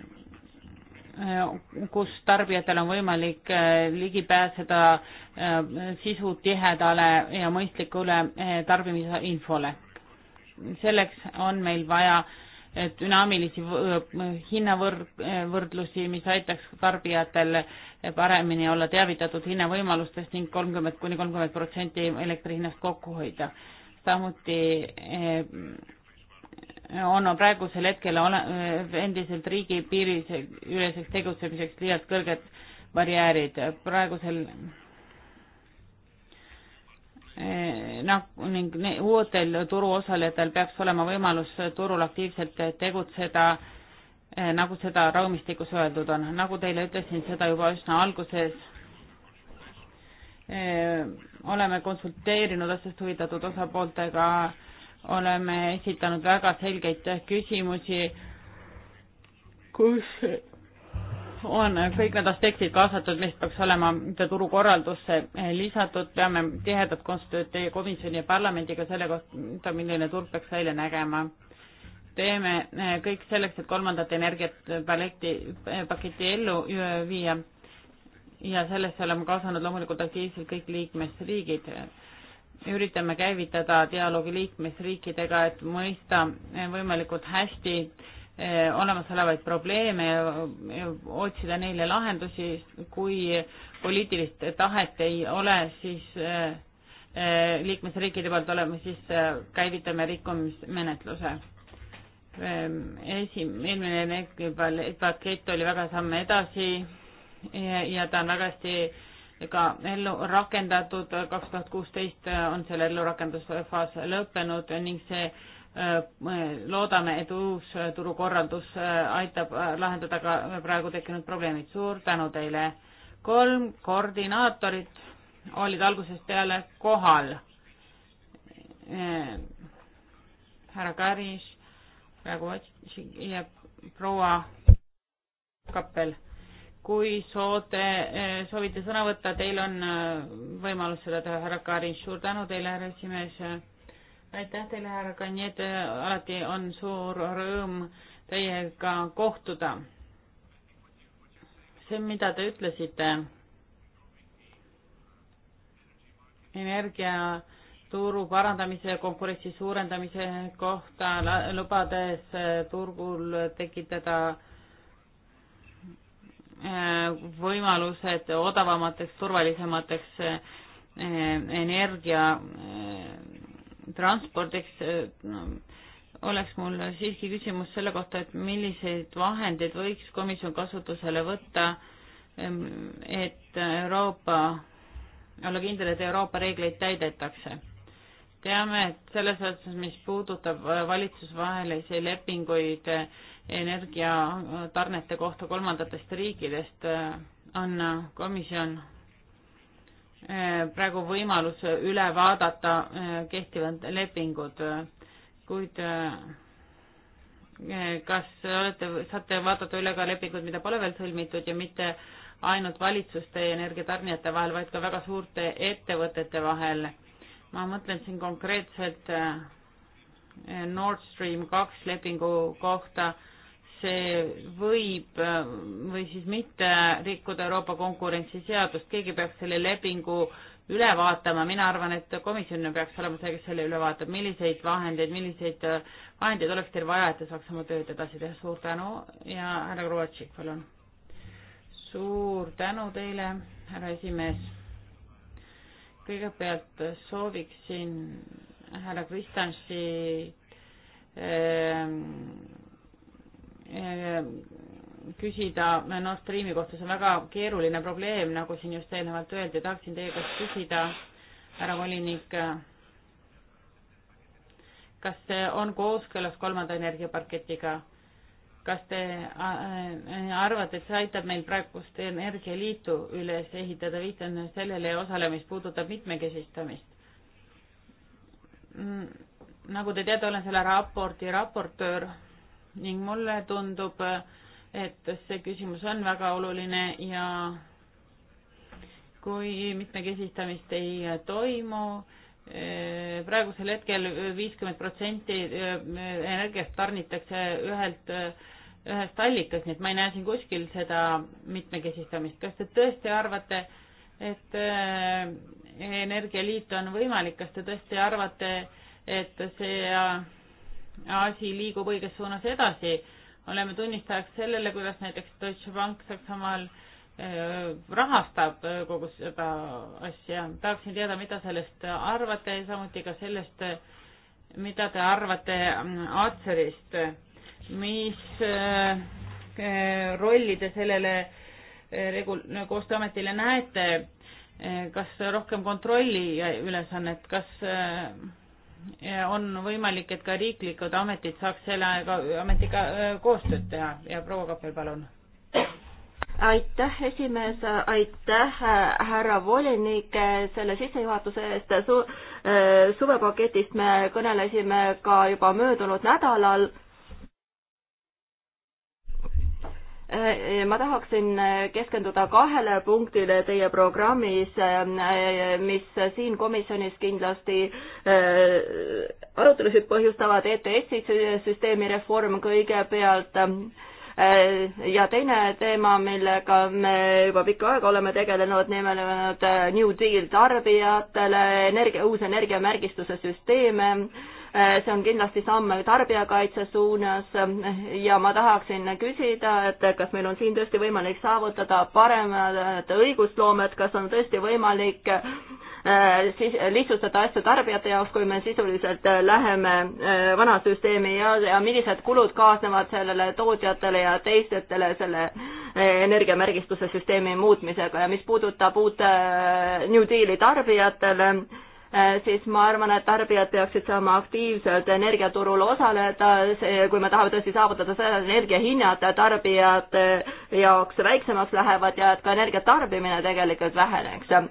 Äh, kus tarbijatel on võimalik äh, ligi pääseda äh, sisu tihedale ja mõistlikule tarbimisinfole. selleks on meil vaja dünaamilisi hinnavõrdlusi, mis aitaks tarbijatel paremini olla teavitatud hinnavõimalustest ning kolmkümmend kuni kolmkümmend protsenti elektri hinnast kokku hoida. samuti on praegusel hetkel endiselt riigi piiris üleseks tegutsemiseks liialt kõrged barjäärid. praegusel eh, noh, ning uutel turuosalejatel peaks olema võimalus turul aktiivselt tegutseda, eh, nagu seda raamistikus öeldud on. nagu teile ütlesin seda juba üsna alguses, eh, oleme konsulteerinud asjast huvitatud osapooltega oleme esitanud väga selgeid küsimusi, kus on kõik need aspektid kaasatud, mis peaks olema turukorraldusse eh, lisatud, peame tihedat koostööd teie komisjoni ja parlamendiga selle kohta, milline turg peaks välja nägema. teeme eh, kõik selleks, et kolmandat energiat paleti, eh, paketi ellu viia ja sellesse oleme kaasanud loomulikult aktiivselt kõik liikmesriigid üritame käivitada dialoogi liikmesriikidega, et mõista eh, võimalikult hästi eh, olemasolevaid probleeme ja otsida neile lahendusi, kui poliitilist tahet ei ole, siis eh, liikmesriikide poolt oleme, siis käivitame rikkumismenetluse. Ehm, Esim-, eelmine pakett oli väga samm edasi ja, ja ta on väga hästi ka ellu rakendatud, äh, kaks tuhat kuusteist äh, on selle ellurakendusfaas lõppenud ning see äh, loodame, et uus turukorraldus aitab lahendada ka praegu tekkinud probleemid. suur tänu teile. kolm koordinaatorit olid algusest peale kohal. härra Karis, praegu ja proua Kappel kui soote, eh, soovite sõna võtta, teil on eh, võimalus seda teha, härra Karin, suur tänu teile, härra esimees. aitäh teile, härra Kanjet, alati on suur rõõm teiega kohtuda. see, mida te ütlesite energiaturu parandamise ja konkurentsi suurendamise kohta, lubades eh, turgul tekitada Äh, võimalused odavamateks, turvalisemateks äh, energia äh, transpordiks no, oleks mul siiski küsimus selle kohta, et milliseid vahendeid võiks komisjon kasutusele võtta, ähm, et Euroopa, olla kindel, et Euroopa reegleid täidetakse. teame, et selles osas, mis puudutab valitsusvahelisi lepinguid, energiatarnete kohta kolmandatest riikidest äh, on äh, komisjon äh, praegu võimalus üle vaadata kehtivad lepingud, kuid kas olete, saate vaadata üle ka lepingud, mida pole veel sõlmitud ja mitte ainult valitsuste ja energiatarnijate vahel, vaid ka väga suurte ettevõtete vahel. ma mõtlen siin konkreetselt Nord Stream kaks lepingu kohta see võib või siis mitte rikkuda Euroopa konkurentsiseadust, keegi peaks selle lepingu üle vaatama, mina arvan, et komisjon peaks olema see, kes selle üle vaatab, milliseid vahendeid, milliseid vahendeid oleks teil vaja, et te saaks oma tööd edasi teha, suur tänu ja härra Kruvatšik, palun. suur tänu teile, härra esimees. kõigepealt sooviksin härra Kristansi äh, Äh, küsida Nord Streami kohta, see on väga keeruline probleem, nagu siin just eelnevalt öeldi, tahaksin teie käest küsida, härra volinik, kas see on kooskõlas kolmanda energiapaketiga? kas te äh, äh, arvate, et see aitab meil praegust energialiitu üles ehitada, viitan sellele osale, mis puudutab mitmekesistamist? Mm, nagu te teate, olen selle raporti raportöör ning mulle tundub, et see küsimus on väga oluline ja kui mitmekesistamist ei toimu, eh, praegusel hetkel viiskümmend protsenti eh, energiast tarnitakse ühelt, eh, ühest allikast, nii et ma ei näe siin kuskil seda mitmekesistamist. kas te tõesti arvate, et energialiit on võimalik, kas te tõesti arvate, et see asi liigub õiges suunas edasi. oleme tunnistajaks sellele, kuidas näiteks Deutsche Bank Saksamaal äh, rahastab äh, kogu seda asja. tahaksin teada, mida sellest arvate ja samuti ka sellest, mida te arvate mm, Atserist, mis äh, rolli te sellele regul-, koostööametile näete, kas rohkem kontrolli ülesannet, kas on võimalik, et ka riiklikud ametid saaks selle ametiga äh, koostööd teha ja proua Kappel, palun. aitäh, esimees, aitäh, härra volinik, selle sissejuhatuse eest Su. Äh, suvepaketist me kõnelesime ka juba möödunud nädalal Äh, ma tahaksin äh, keskenduda kahele punktile teie programmis, äh, mis siin komisjonis kindlasti arutelusid põhjustavad, ETS-i süsteemi reform kõigepealt ja teine teema, millega me juba pikka aega oleme tegelenud, nimelt New Deal tarbijatele, energia, uus energiamärgistuse süsteem Äh, see on kindlasti samm tarbijakaitse suunas ja ma tahaksin küsida, et kas meil on siin tõesti võimalik saavutada paremat õigusloomet, kas on tõesti võimalik äh, siis lihtsustada asju tarbijate jaoks, kui me sisuliselt äh, läheme vana süsteemi ja, ja millised kulud kaasnevad sellele tootjatele ja teistele selle energiamärgistuse süsteemi muutmisega ja mis puudutab uut New Deali tarbijatele, Äh, siis ma arvan, et tarbijad peaksid saama aktiivselt energiaturul osaleda, see, kui me tahame tõesti saavutada selle energiahinnad tarbijate jaoks väiksemaks lähevad ja et ka energia tarbimine tegelikult väheneks äh,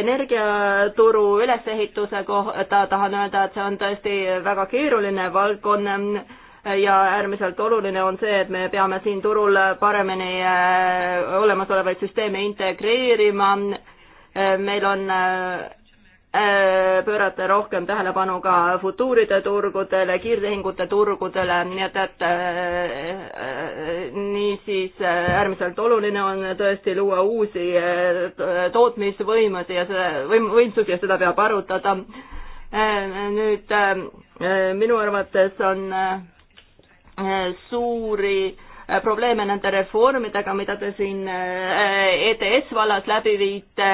energiaturu ülesehituse kohta tahan öelda, et see on tõesti väga keeruline valdkond ja äärmiselt oluline on see, et me peame siin turul paremini äh, olemasolevaid süsteeme integreerima. meil on Äh, pöörata rohkem tähelepanu ka futuuride turgudele, kiirtehingute turgudele, nii et, et äh, äh, niisiis äärmiselt oluline on tõesti luua uusi tootmisvõimusi ja see võim-, võimsusi ja seda peab arutada. nüüd minu arvates on suuri probleeme nende reformidega, mida te siin ETS vallas läbi viite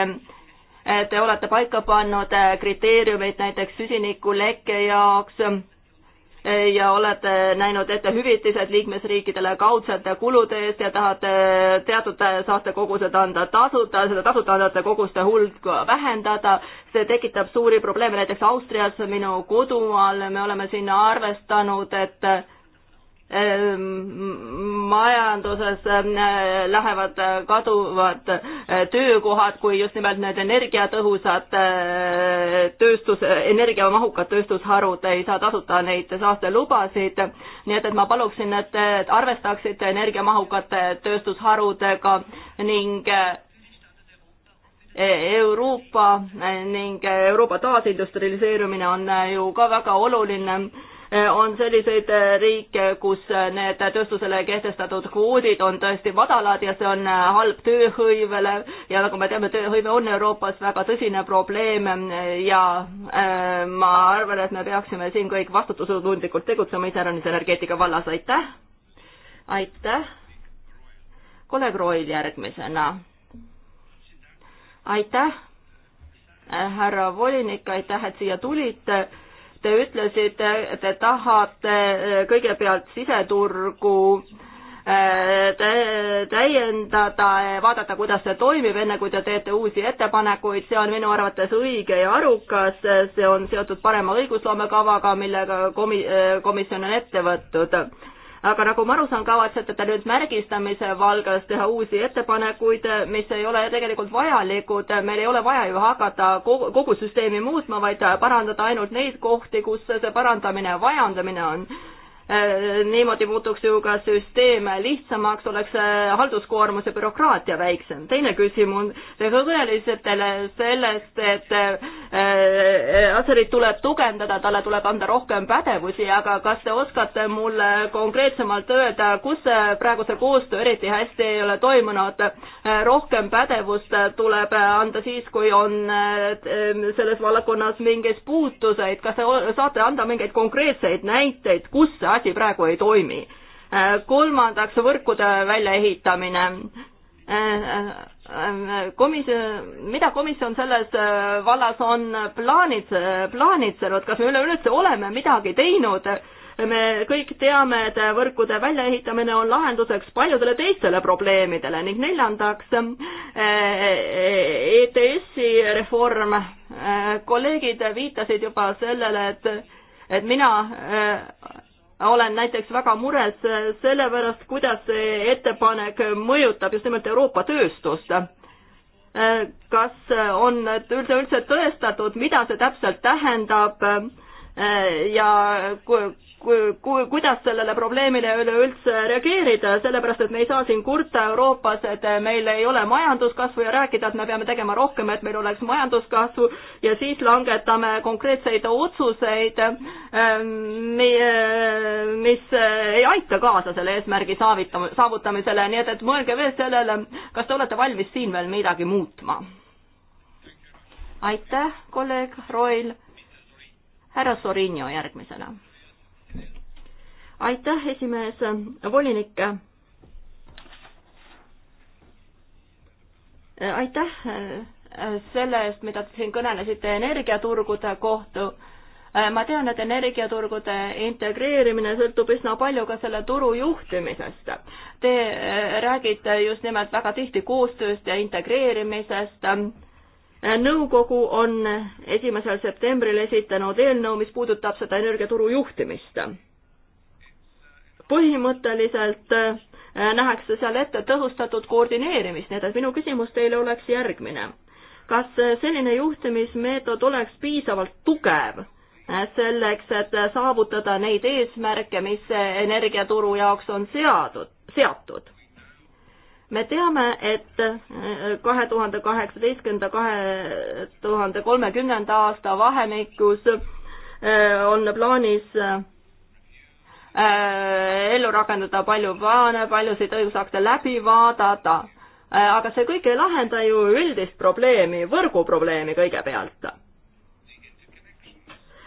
Te olete paika pannud eh, kriteeriumid näiteks süsinikulekke jaoks eh, ja olete näinud ette hüvitised liikmesriikidele kaudsete kulude eest ja tahate teatud saatekogused anda tasuta, seda tasuta andvate koguste hulka vähendada. see tekitab suuri probleeme näiteks Austrias, minu kodumaal, me oleme sinna arvestanud, et Ehm, majanduses ehm, lähevad, kaduvad eh, töökohad, kui just nimelt need energiatõhusad eh, tööstus, energiamahukad tööstusharud ei saa tasuta neid saastelubasid. nii et, et ma paluksin, et arvestaksite energiamahukate tööstusharudega ning eh, Euroopa ning Euroopa taasindustrialiseerumine on ju ka väga oluline on selliseid äh, riike, kus äh, need tööstusele kehtestatud kvoodid on tõesti madalad ja see on äh, halb tööhõivele ja nagu me teame, tööhõive on Euroopas väga tõsine probleem ja ma arvan, et me peaksime siin kõik vastutustundlikult tegutsema, iseäranis energeetika vallas, aitäh! aitäh! kolleeg Roil järgmisena. aitäh, härra volinik, aitäh, et siia tulite Te ütlesite, et te tahate äh, kõigepealt siseturgu äh, täiendada, vaadata, kuidas see toimib, enne kui te teete uusi ettepanekuid, see on minu arvates õige ja arukas, see on seotud parema õigusloomekavaga, millega komi-, äh, komisjon on ette võtnud aga nagu ma aru saan, kavatsete te nüüd märgistamise valges teha uusi ettepanekuid, mis ei ole tegelikult vajalikud, meil ei ole vaja ju hakata kogu, kogu süsteemi muutma, vaid parandada ainult neid kohti, kus see parandamine ja vajandamine on Äh, niimoodi muutuks ju ka süsteem lihtsamaks, oleks äh, halduskoormus ja bürokraatia väiksem. teine küsimus, te kõnelisitele sellest, et äh, Aserit tuleb tugevdada, talle tuleb anda rohkem pädevusi, aga kas te oskate mulle konkreetsemalt öelda, kus praegu see koostöö eriti hästi ei ole toimunud? rohkem pädevust tuleb anda siis, kui on selles vallakonnas mingeid puutuseid, kas te saate anda mingeid konkreetseid näiteid, kus see asi praegu ei toimi. Äh, kolmandaks, võrkude väljaehitamine. Äh, äh, komisjon, mida komisjon selles vallas on plaanid, plaanitsenud, kas me üleüldse oleme midagi teinud? me kõik teame, et võrkude väljaehitamine on lahenduseks paljudele teistele probleemidele ning neljandaks ETS-i reform. kolleegid viitasid juba sellele, et, et mina olen näiteks väga mures selle pärast, kuidas see ettepanek mõjutab just nimelt Euroopa tööstust. kas on üldse, üldse tõestatud, mida see täpselt tähendab ja ku-, kuidas sellele probleemile üleüldse reageerida, sellepärast et me ei saa siin kurta Euroopas, et meil ei ole majanduskasvu ja rääkida, et me peame tegema rohkem, et meil oleks majanduskasvu ja siis langetame konkreetseid otsuseid, ähm, mis ei aita kaasa selle eesmärgi saavitama, saavutamisele, nii et, et mõelge veel sellele, kas te olete valmis siin veel midagi muutma? aitäh, kolleeg Roil. härra Sorinio järgmisena aitäh, esimees, volinik. aitäh äh, selle eest, mida te siin kõnelesite energiaturgude kohta. Äh, ma tean, et energiaturgude integreerimine sõltub üsna palju ka selle turu juhtimisest. Te äh, räägite just nimelt väga tihti koostööst ja integreerimisest nõukogu on esimesel septembril esitanud eelnõu, mis puudutab seda energiaturu juhtimist põhimõtteliselt äh, nähakse seal ette tõhustatud koordineerimist, nii et minu küsimus teile oleks järgmine. kas äh, selline juhtimismeetod oleks piisavalt tugev äh, selleks, et saavutada neid eesmärke, mis energiaturu jaoks on seadud, seatud? me teame, et kahe tuhande kaheksateistkümnenda, kahe tuhande kolmekümnenda aasta vahemikus on plaanis Äh, ellu rakendada palju plaane, paljusid õigusakte läbi vaadata, äh, aga see kõik ei lahenda ju üldist probleemi, võrguprobleemi kõigepealt.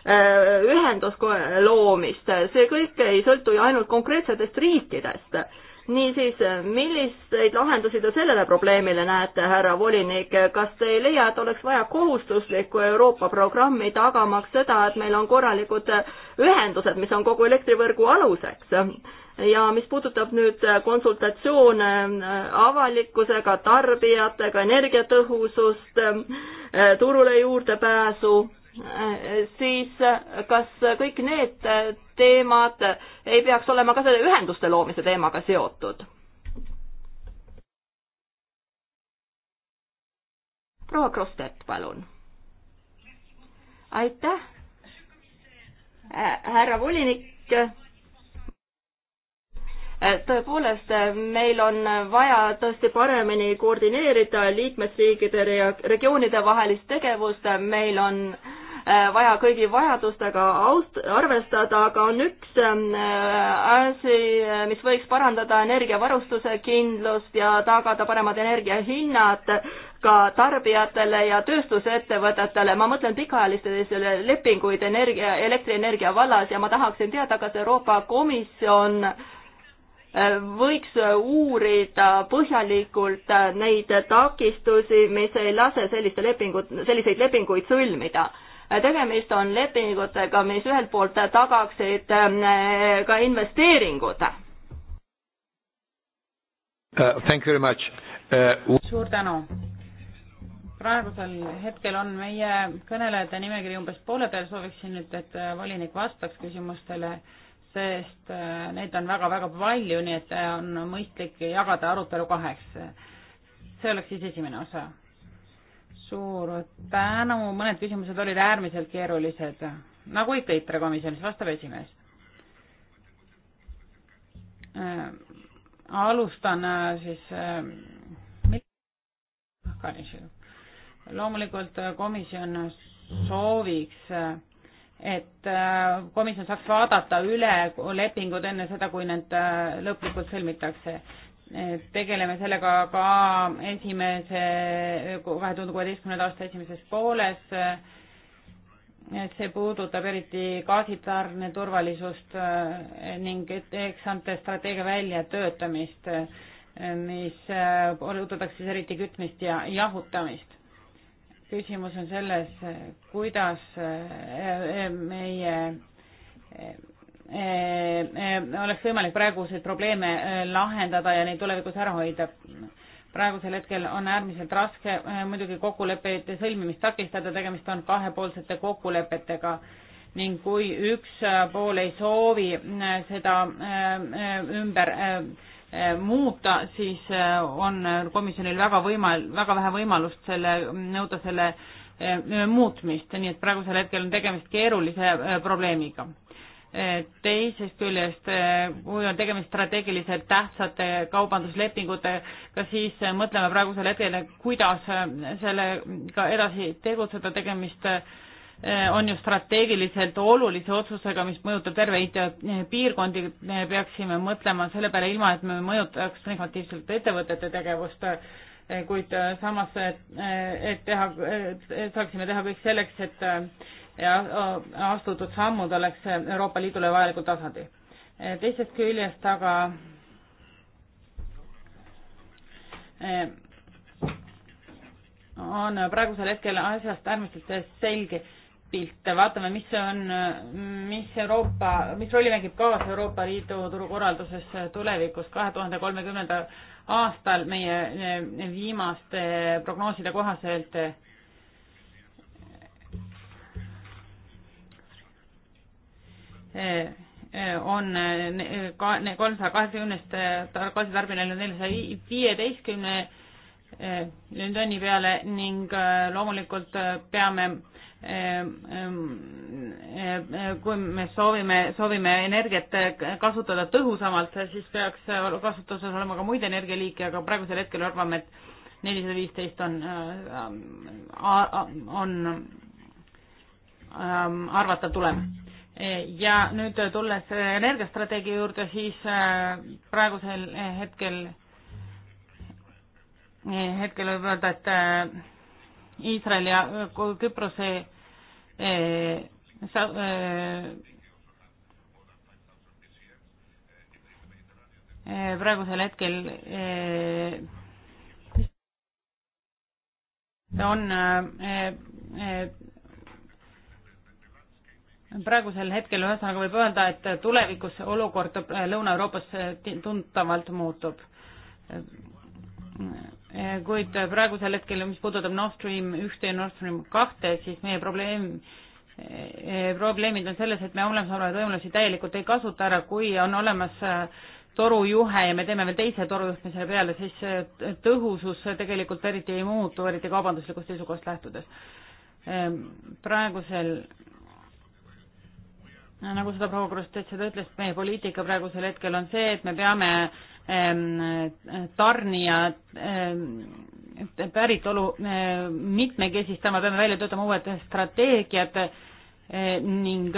Äh, ühenduse loomist, see kõik ei sõltu ju ainult konkreetsetest riikidest niisiis, milliseid lahendusi te sellele probleemile näete, härra volinik, kas te ei leia, et oleks vaja kohustuslikku Euroopa programmi tagamaks seda, et meil on korralikud ühendused, mis on kogu elektrivõrgu aluseks? ja mis puudutab nüüd konsultatsioone avalikkusega, tarbijatega, energiatõhusust, turule juurdepääsu siis kas kõik need teemad ei peaks olema ka selle ühenduste loomise teemaga seotud? proua Krossett, palun. aitäh, härra volinik tõepoolest, meil on vaja tõesti paremini koordineerida liikmesriikide ja regioonide vahelist tegevust, meil on äh, Äh, vaja kõigi vajadustega aust-, arvestada, aga on üks ähm, äh, asi, äh, mis võiks parandada energiavarustuse kindlust ja tagada paremad energiahinnad ka tarbijatele ja tööstusettevõtetele. ma mõtlen pikaajalistele lepinguid energia, elektrienergia vallas ja ma tahaksin teada, kas Euroopa Komisjon võiks uurida põhjalikult neid takistusi, mis ei lase selliste lepingut, selliseid lepinguid sõlmida tegemist on lepingutega, mis ühelt poolt tagaksid äh, ka investeeringud. Uh, thank you very much uh,. suur tänu. praegusel hetkel on meie kõnelejate nimekiri umbes poole peal, sooviksin nüüd, et äh, volinik vastaks küsimustele, sest äh, neid on väga-väga palju, nii et on mõistlik jagada arutelu kaheks. see oleks siis esimene osa suur tänu, mõned küsimused olid äärmiselt keerulised, nagu ikka ITRE komisjonis, vastab esimees äh,. alustan äh, siis äh,, loomulikult äh, komisjon sooviks äh, et äh, komisjon saaks vaadata üle lepingud enne seda, kui need äh, lõplikult sõlmitakse tegeleme sellega ka esimese, kahe tuhande kuueteistkümnenda aasta esimeses pooles. see puudutab eriti gaasitarne turvalisust eh, ning eksante strateegia väljatöötamist, eh, mis eh, puudutab siis eriti kütmist ja jahutamist. küsimus on selles, kuidas meie Eh, eh, oleks võimalik praeguseid probleeme eh, lahendada ja neid tulevikus ära hoida. praegusel hetkel on äärmiselt raske muidugi kokkulepete sõlmimist takistada, tegemist on kahepoolsete kokkulepetega ning kui üks pool ei soovi seda ümber muuta, siis on komisjonil väga võimal-, väga vähe võimalust selle, nõuda selle muutmist, nii et praegusel hetkel on tegemist keerulise probleemiga teisest küljest, eh, kui on tegemist strateegiliselt tähtsate kaubanduslepingutega, siis mõtleme praegusel hetkel, kuidas eh, sellega edasi tegutseda, tegemist eh, on ju strateegiliselt olulise otsusega, mis mõjutab terveid piirkondi, me peaksime mõtlema selle peale, ilma et me mõjutaks negatiivselt ettevõtete tegevust, kuid samas, et teha, saaksime teha kõik selleks, et ja astutud sammud oleks Euroopa Liidule vajalikul tasandil. Eh, teisest küljest aga eh, on praegusel hetkel asjast äärmiselt selge pilt, vaatame, mis on, mis Euroopa, mis rolli mängib gaas Euroopa Liidu turukorralduses tulevikus kahe tuhande kolmekümnenda aastal meie eh, viimaste prognooside kohaselt Äh, äh, on äh, kolmesaja kaheksakümnest gaasitarbimine läinud nelisaja viieteistkümne tonni peale ning loomulikult peame ähm, kui me soovime, soovime energiat kasutada tõhusamalt, siis peaks kasutuses olema ka muid energialiike, aga praegusel hetkel arvame, et nelisada viisteist on, on ähm, arvatav tulem ja nüüd äh, tulles äh, energiastrateegia juurde, siis äh, praegusel hetkel, hetkel võib öelda, et Iisrael ja Küprose praegusel hetkel on praegusel hetkel ühesõnaga võib öelda, et tulevikus olukord äh, Lõuna-Euroopas äh, tuntavalt muutub. Äh, kuid praegusel hetkel, mis puudutab Nord Stream ühte ja Nord Stream kahte, siis meie probleem probleemid on selles, et me olemasolevaid võimalusi täielikult ei kasuta ära, kui on olemas torujuhe ja me teeme veel teise torujuhtme selle peale, siis tõhusus tegelikult eriti ei muutu, eriti kaubanduslikust seisukohast lähtudes. praegusel nagu seda proua Krustet seda ütles, meie poliitika praegusel hetkel on see, et me peame ehm, tarnija ehm, päritolu ehm, mitmekesistama, peame välja töötama uued strateegiad ning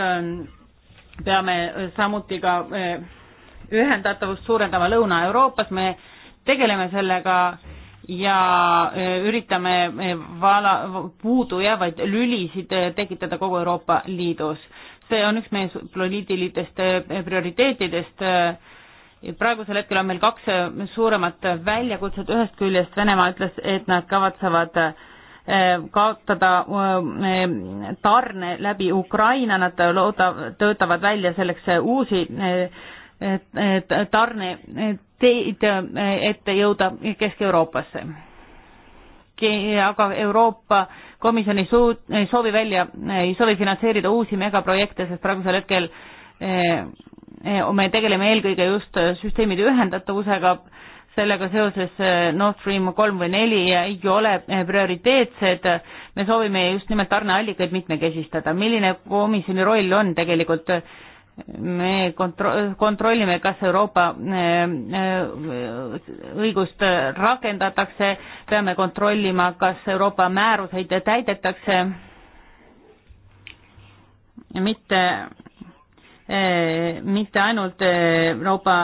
peame samuti ka ühendatavust suurendama Lõuna-Euroopas, me tegeleme sellega ja üritame vala, puudujäävaid lülisid tekitada kogu Euroopa Liidus see on üks meie poliitilistest eh, prioriteetidest. Eh, praegusel hetkel on meil kaks eh, suuremat väljakutset, ühest küljest Venemaa ütles, et nad kavatsevad kaotada tarne läbi Ukraina, nad looda-, töötavad välja selleks uusi tarneteid, et jõuda Kesk-Euroopasse. aga Euroopa komisjon ei suu-, ei soovi välja, ei soovi finantseerida uusi megaprojekte, sest praegusel hetkel eh, eh, me tegeleme eelkõige just süsteemide ühendatavusega, sellega seoses eh, Nord Stream kolm või neli ei ole prioriteetsed, me soovime just nimelt tarneallikaid mitmekesistada. milline komisjoni roll on tegelikult äh, me kontro-, kontrollime, kas Euroopa äh, äh, õigust rakendatakse, peame kontrollima, kas Euroopa määruseid täidetakse, mitte, äh, mitte ainult Euroopa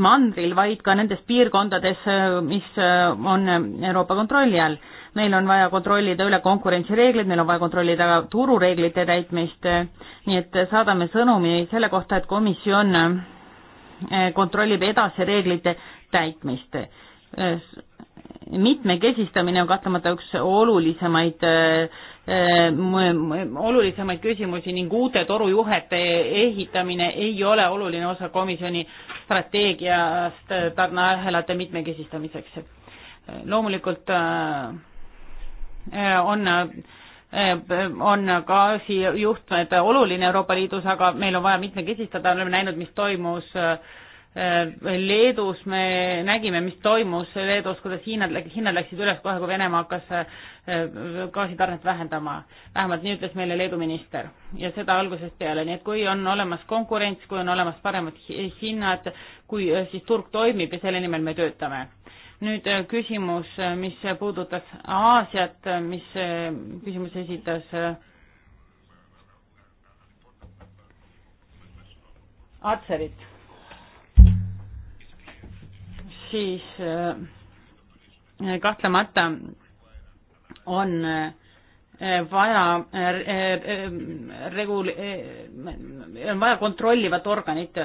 mandril, vaid ka nendes piirkondades, mis on Euroopa kontrolli all meil on vaja kontrollida üle konkurentsireeglid, meil on vaja kontrollida turureeglite täitmist, nii et saadame sõnumi selle kohta, et komisjon eh, kontrollib edasi reeglite täitmist. Eh, mitmekesistamine on kahtlemata üks olulisemaid eh, olulisemaid küsimusi ning uute torujuhete ehitamine ei ole oluline osa komisjoni strateegiast tarneahelate mitmekesistamiseks. loomulikult äh, Äh, on äh, on gaasijuhtmed oluline Euroopa Liidus, aga meil on vaja mitmekesistada, oleme näinud, mis toimus äh, Leedus, me nägime, mis toimus Leedus, kuidas hinnad, hinnad läksid üles kohe, kui Venemaa hakkas gaasitarnet vähendama. vähemalt nii ütles meile Leedu minister ja seda algusest peale, nii et kui on olemas konkurents, kui on olemas paremad hinnad, kui siis turg toimib ja selle nimel me töötame nüüd äh, küsimus, äh, mis puudutas Aasiat, äh, mis küsimus esitas Atserit, siis kahtlemata on vaja regul-, on vaja kontrollivat organit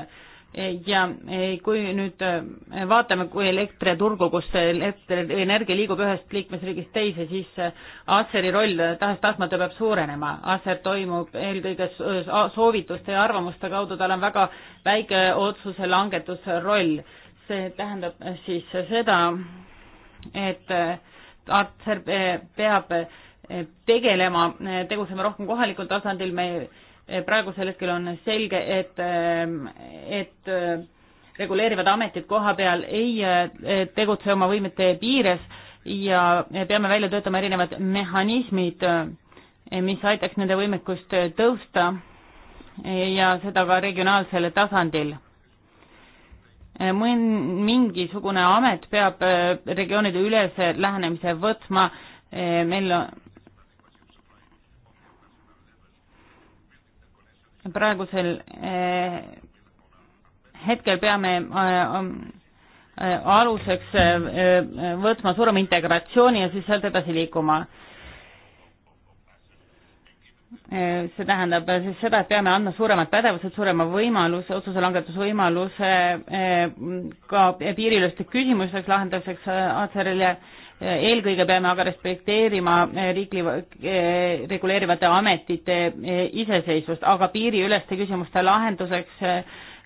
ja eh, kui nüüd eh, vaatame, kui elektriturgu, kus elektrienergia liigub ühest liikmesriigist teise, siis eh, Aceri roll tahes-tahtmata peab suurenema. Acer toimub eelkõige soovituste ja arvamuste kaudu, tal on väga väike otsuse langetusroll. see tähendab siis seda, et Acer peab tegelema, tegutsema rohkem kohalikul tasandil, me Eh, praegusel hetkel on selge, et, eh, et eh, reguleerivad ametid koha peal ei tegutse oma võimete piires ja peame välja töötama erinevad mehhanismid, mis aitaks nende võimekust tõusta ja seda ka regionaalsel tasandil. mõn-, mingisugune amet peab regioonide ülese lähenemise võtma, meil on praegusel eh, hetkel peame eh, eh, aluseks võtma suurema integratsiooni ja siis sealt edasi liikuma. see tähendab siis seda, et peame andma suuremad pädevused, suurema võimaluse, otsuse langetusvõimaluse ka piiriüleste küsimusteks lahendamiseks ACR-ile eelkõige peame aga respekteerima eh, riikli eh, reguleerivate ametite eh, iseseisvust, aga piiriüleste küsimuste lahenduseks,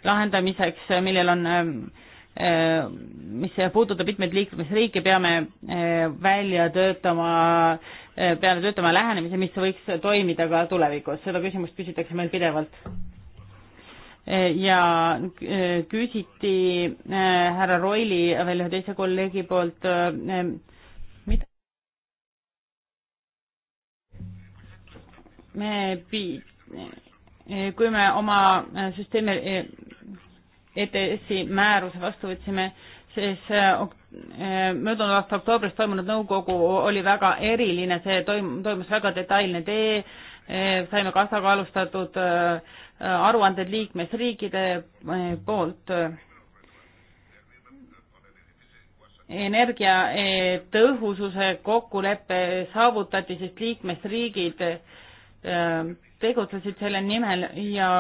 lahendamiseks, millel on mis puudutab mitmeid liikmesriike, peame välja töötama, peame töötama lähenemise, mis võiks toimida ka tulevikus, seda küsimust küsitakse meil pidevalt. ja küsiti härra Roili veel ühe teise kolleegi poolt äh, me pi-, kui me oma süsteemi ETS-i e määruse vastu võtsime, siis e, e, möödunud aasta oktoobris toimunud nõukogu oli väga eriline, see toim-, toimus väga detailne tee, saime tasakaalustatud aruanded liikmesriikide poolt. energiatõhususe kokkulepe saavutati, sest liikmesriigid Äh, tegutsesid selle nimel ja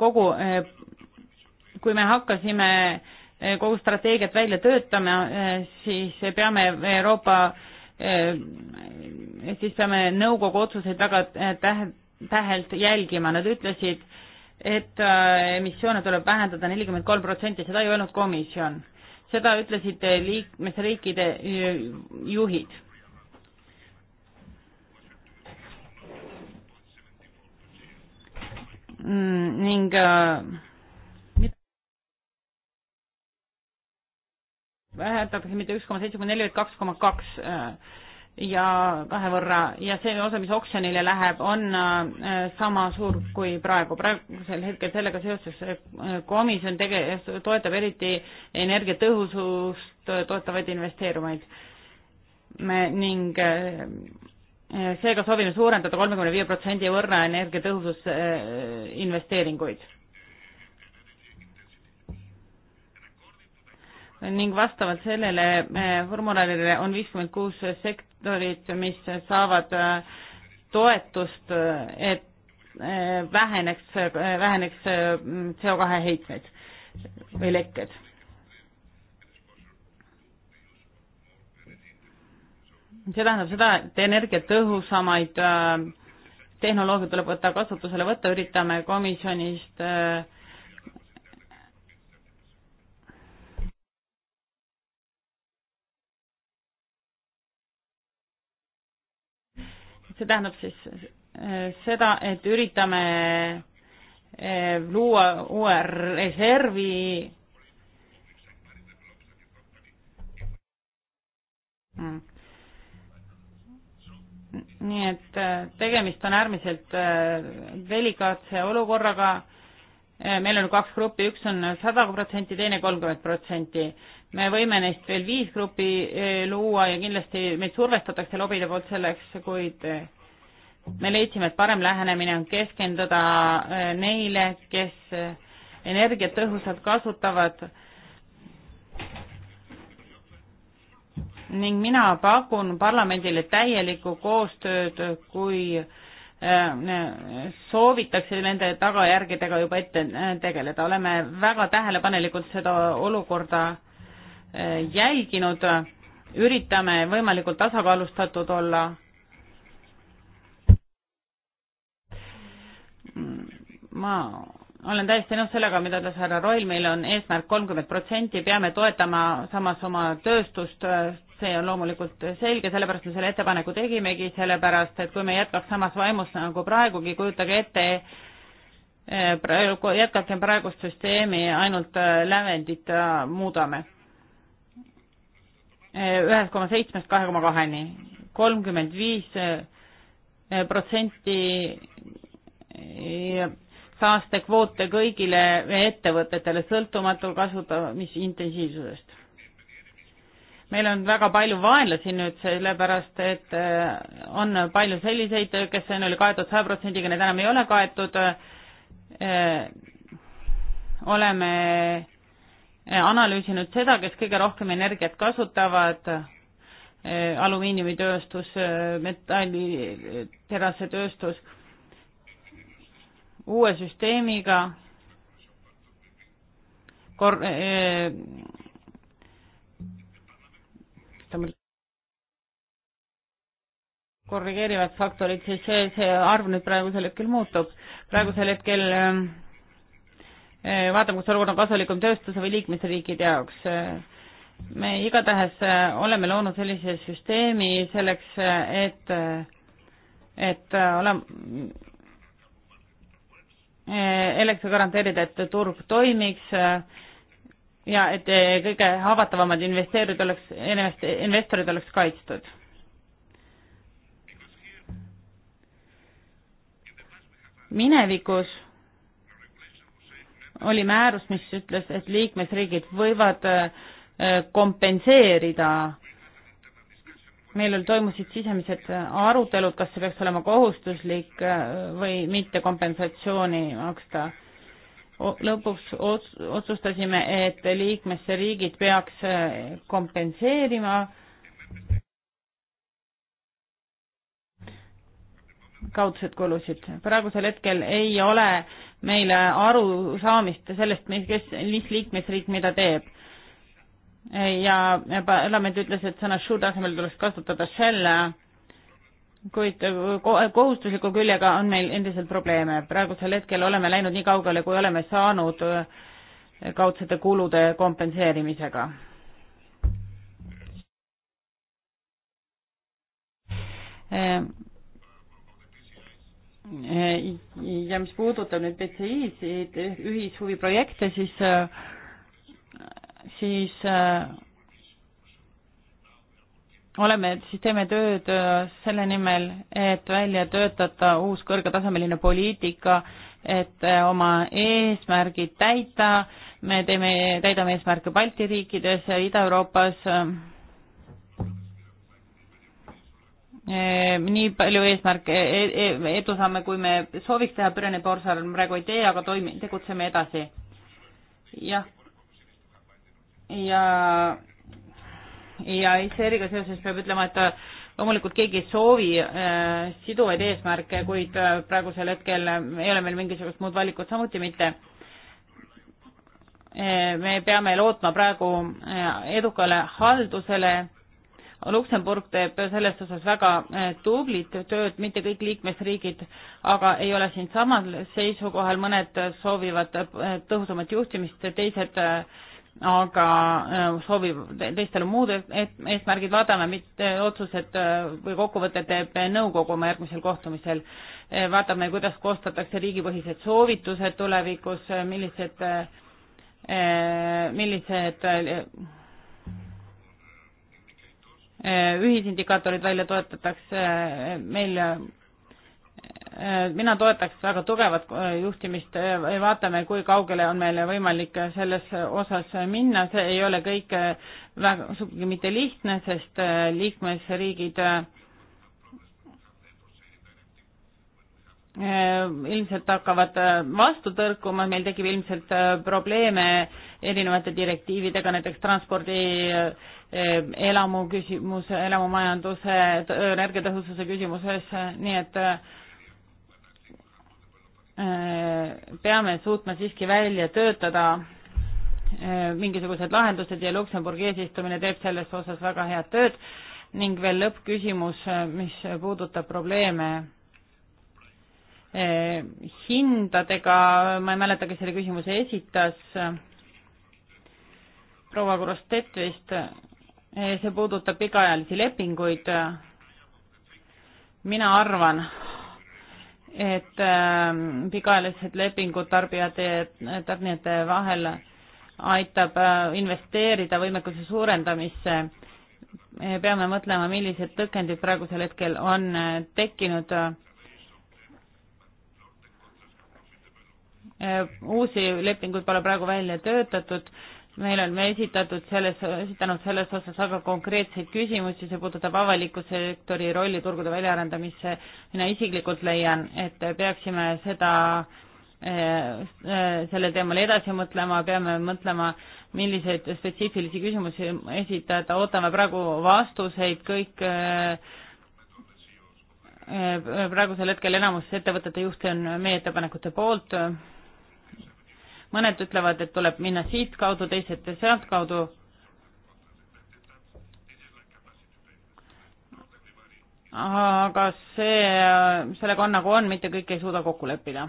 kogu, äh, kui me hakkasime äh, kogu strateegiat välja töötama, siis peame Euroopa, siis peame nõukogu otsuseid väga tähe, tähelt jälgima, nad ütlesid, et emissioone tuleb vähendada nelikümmend kolm protsenti, seda ei öelnud komisjon. seda ütlesid liikmesriikide juhid Mm, ning äh, vähendatakse mitte üks koma seitsekümmend neli, vaid kaks koma kaks äh, ja kahe võrra ja see osa, mis oksjonile läheb, on äh, sama suur kui praegu. praegusel hetkel sellega seoses komisjon tege-, toetab eriti energiatõhusust toetavaid investeerumaid. me ning Eh, seega soovime suurendada kolmekümne viie protsendi võrra energiatõhusus eh, investeeringuid. ning vastavalt sellele eh, formulaarile on viiskümmend kuus sektorit, mis saavad toetust, et väheneks, väheneks CO2 heitmed või lekked see tähendab seda, et energiatõhusamaid äh, tehnoloogiaid tuleb võtta kasutusele võtta, üritame komisjonist äh, see tähendab siis äh, seda, et üritame luua uue reservi mm nii et äh, tegemist on äärmiselt äh, delikaatse olukorraga. Äh, meil on kaks gruppi, üks on sada protsenti, teine kolmkümmend protsenti. me võime neist veel viis gruppi luua ja kindlasti meid survestatakse lobide poolt selleks, kuid me leidsime, et parem lähenemine on keskenduda neile, kes energiat tõhusalt kasutavad ning mina pakun parlamendile täielikku koostööd, kui äh, soovitakse nende tagajärgedega juba ette äh, tegeleda, oleme väga tähelepanelikult seda olukorda äh, jälginud, üritame võimalikult tasakaalustatud olla. ma olen täiesti nõus sellega, mida ütles härra Roil, meil on eesmärk kolmkümmend protsenti, peame toetama samas oma tööstust, see on loomulikult selge, sellepärast me selle ettepaneku tegimegi, sellepärast et kui me jätkaks samas vaimus nagu praegugi, kujutage ette, eh, praegu, jätkakem praegust süsteemi, ainult eh, lävendit eh, muudame. ühest koma seitsmest kahe koma kaheni, kolmkümmend viis protsenti saastekvoote kõigile ettevõtetele, sõltumatul kasutamisintensiivsusest meil on väga palju vaenlasi nüüd sellepärast, et äh, on palju selliseid, kes enne oli kaetud saja protsendiga, need enam ei ole kaetud. Äh, oleme äh, analüüsinud seda, kes kõige rohkem energiat kasutavad, alumiiniumitööstus, metalli, terasetööstus, uue süsteemiga kor-, arvestama korrigeerivad faktorid, siis see, see arv nüüd praegusel hetkel muutub. praegusel hetkel ähm, äh, vaatame, kas olukord on kasulikum tööstuse või liikmesriikide jaoks. Äh, me igatahes äh, oleme loonud sellise süsteemi selleks, et, et oleme selleks, et garanteerida, et turg toimiks ja et eh, kõige haavatavamad investeerijad oleks, investorid oleks kaitstud. minevikus oli määrus, mis ütles, et liikmesriigid võivad eh, kompenseerida meil oli, toimusid sisemised arutelud, kas see peaks olema kohustuslik eh, või mitte kompensatsiooni maksta lõpuks otsustasime, et liikmesriigid peaks äh, kompenseerima kaudsed kulusid. praegusel hetkel ei ole meile arusaamist sellest, kes, mis liikmesriik mida teeb. ja parlament ütles, et sõna should asemel tuleks kasutada shall kuid äh, äh, kohustusliku küljega on meil endiselt probleeme. praegusel hetkel oleme läinud nii kaugele, kui oleme saanud äh, kaudsete kulude kompenseerimisega. ja mis puudutab nüüd BCI-sid, ühishuviprojekte, siis, siis oleme, siis teeme tööd äh, selle nimel, et välja töötada uus kõrgetasemeline poliitika, et äh, oma eesmärgid täita, me teeme, täidame eesmärke Balti riikides ja Ida-Euroopas. Äh, nii palju eesmärke, e, e, edu saame, kui me sooviks teha, Pürene Porsar praegu ei tee, aga toimi-, tegutseme edasi. jah. ja, ja ja ICR-iga seoses peab ütlema, et äh, loomulikult keegi ei soovi äh, siduvaid eesmärke, kuid äh, praegusel hetkel ei ole meil mingisugust muud valikut samuti mitte e,. me peame lootma praegu äh, edukale haldusele. Luksemburg teeb selles osas väga äh, tublit tööd, mitte kõik liikmesriigid aga ei ole siin samal seisukohal, mõned soovivad äh, tõhusamat juhtimist, teised äh, aga äh, soovib, teistel on muud e-, eesmärgid, vaatame, mis äh, otsused äh, või kokkuvõtted teeb nõukogu oma järgmisel kohtumisel. vaatame, kuidas koostatakse riigipõhised soovitused tulevikus, millised, millised ühisindikaatorid välja toetatakse, meil Äh, mina toetaks väga tugevat äh, juhtimist, äh, vaatame, kui kaugele on meil võimalik selles osas minna, see ei ole kõik väga, sugugi mitte lihtne, sest liikmesriigid ilmselt hakkavad vastu tõrkuma, meil tekib ilmselt probleeme erinevate direktiividega, näiteks transpordi elamu küsimus, elamumajanduse, energiatõhususe küsimuses, nii et äh, Äh, peame suutma siiski välja töötada äh, mingisugused lahendused ja Luksemburgi eesistumine teeb selles osas väga head tööd ning veel lõppküsimus, äh, mis puudutab probleeme hindadega, ma ei mäleta, kes selle küsimuse esitas, proua Krostet vist, see puudutab pikaajalisi lepinguid, mina arvan, et ähm, pikaajalised lepingud tarbijate ja tarnijate vahel aitab äh, investeerida võimekuse suurendamisse. peame mõtlema, millised tõkendid praegusel hetkel on äh, tekkinud. Äh, uusi lepinguid pole praegu välja töötatud meil on esitatud selles, esitanud selles osas väga konkreetseid küsimusi, see puudutab avaliku sektori rolli turgude väljaarendamisse. mina isiklikult leian, et peaksime seda, eh, eh, sellel teemal edasi mõtlema, peame mõtlema, milliseid spetsiifilisi küsimusi esitada, ootame praegu vastuseid, kõik eh, praegusel hetkel enamus ettevõtete juhte on meie ettepanekute poolt mõned ütlevad, et tuleb minna siitkaudu, teised sealtkaudu. aga see, sellega on nagu on, mitte kõik ei suuda kokku leppida.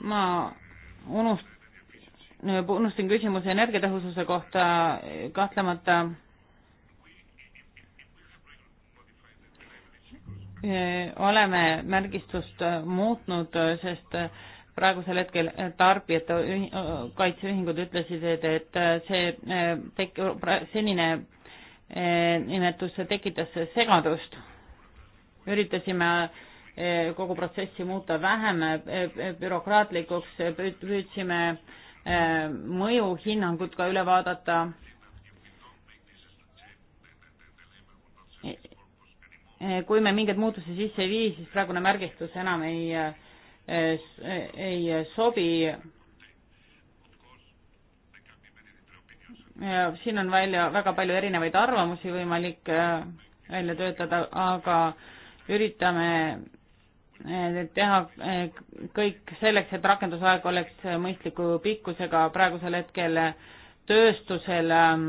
ma unust-, unustan küsimuse energiatõhususe kohta kahtlemata oleme märgistust muutnud, sest praegusel hetkel eh, tarbijate eh, kaitseühingud ütlesid, et, et eh, see tek-, senine nimetus tekitas segadust. üritasime kogu protsessi muuta vähem bürokraatlikuks, püüdsime mõjuhinnangud ka üle vaadata. kui me mingeid muutusi sisse ei vii, siis praegune märgistus enam ei ei sobi. siin on välja väga palju erinevaid arvamusi võimalik äh, välja töötada, aga üritame äh, teha äh, kõik selleks, et rakendusaeg oleks mõistliku pikkusega, praegusel hetkel tööstusel ähm,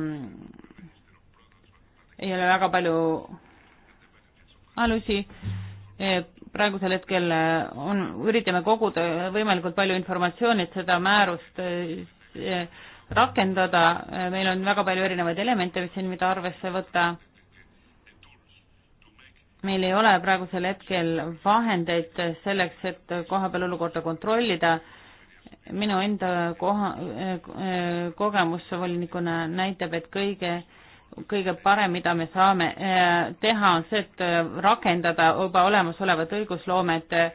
ei ole väga palju alusi praegusel hetkel äh, on, üritame koguda võimalikult palju informatsiooni, et seda määrust äh, rakendada, äh, meil on väga palju erinevaid elemente siin, mida arvesse võtta. meil ei ole praegusel hetkel vahendeid selleks, et kohapeal olukorda kontrollida. minu enda koha, kogemus volinikuna näitab, et kõige äh, kõige parem, mida me saame äh, teha, on see, et äh, rakendada juba olemasolevat õigusloomet, äh,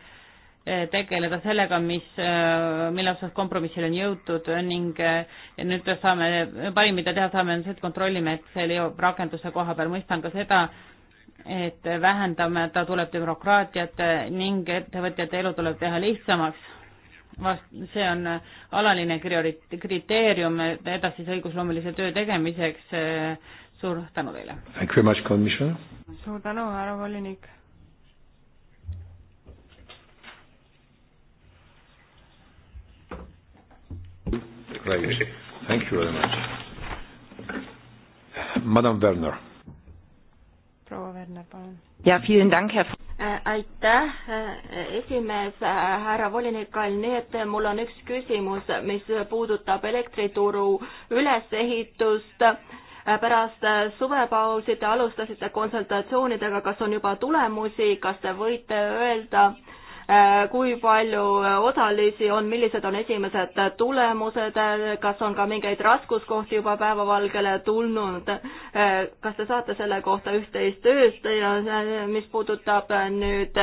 tegeleda sellega, mis, mille osas kompromissile on jõutud ning nüüd saame, parim, mida teha saame, on see, et kontrollime, et see jõuab rakenduse koha peal, mõistan ka seda, et vähendame, ta tuleb demokraatiat ning ettevõtjate elu tuleb teha lihtsamaks. Vast, see on alaline kriteerium edasise õigusloomelise töö tegemiseks äh, suur tänu teile! suur tänu, härra volinik! Great. Thank you very much. Madam Werner. proua Werner, palun. ja, vielen Dank, Herr äh, aitäh, äh, esimees, äh, härra volinik Kalniet, mul on üks küsimus, mis puudutab elektrituru ülesehitust Äh, pärast äh, suvepausi te alustasite konsultatsioonidega, kas on juba tulemusi, kas te võite öelda, Äh, kui palju äh, osalisi on, millised on esimesed tulemused, äh, kas on ka mingeid raskuskohti juba päevavalgele tulnud, kas te saate selle kohta üht-teist ööst ja mis puudutab nüüd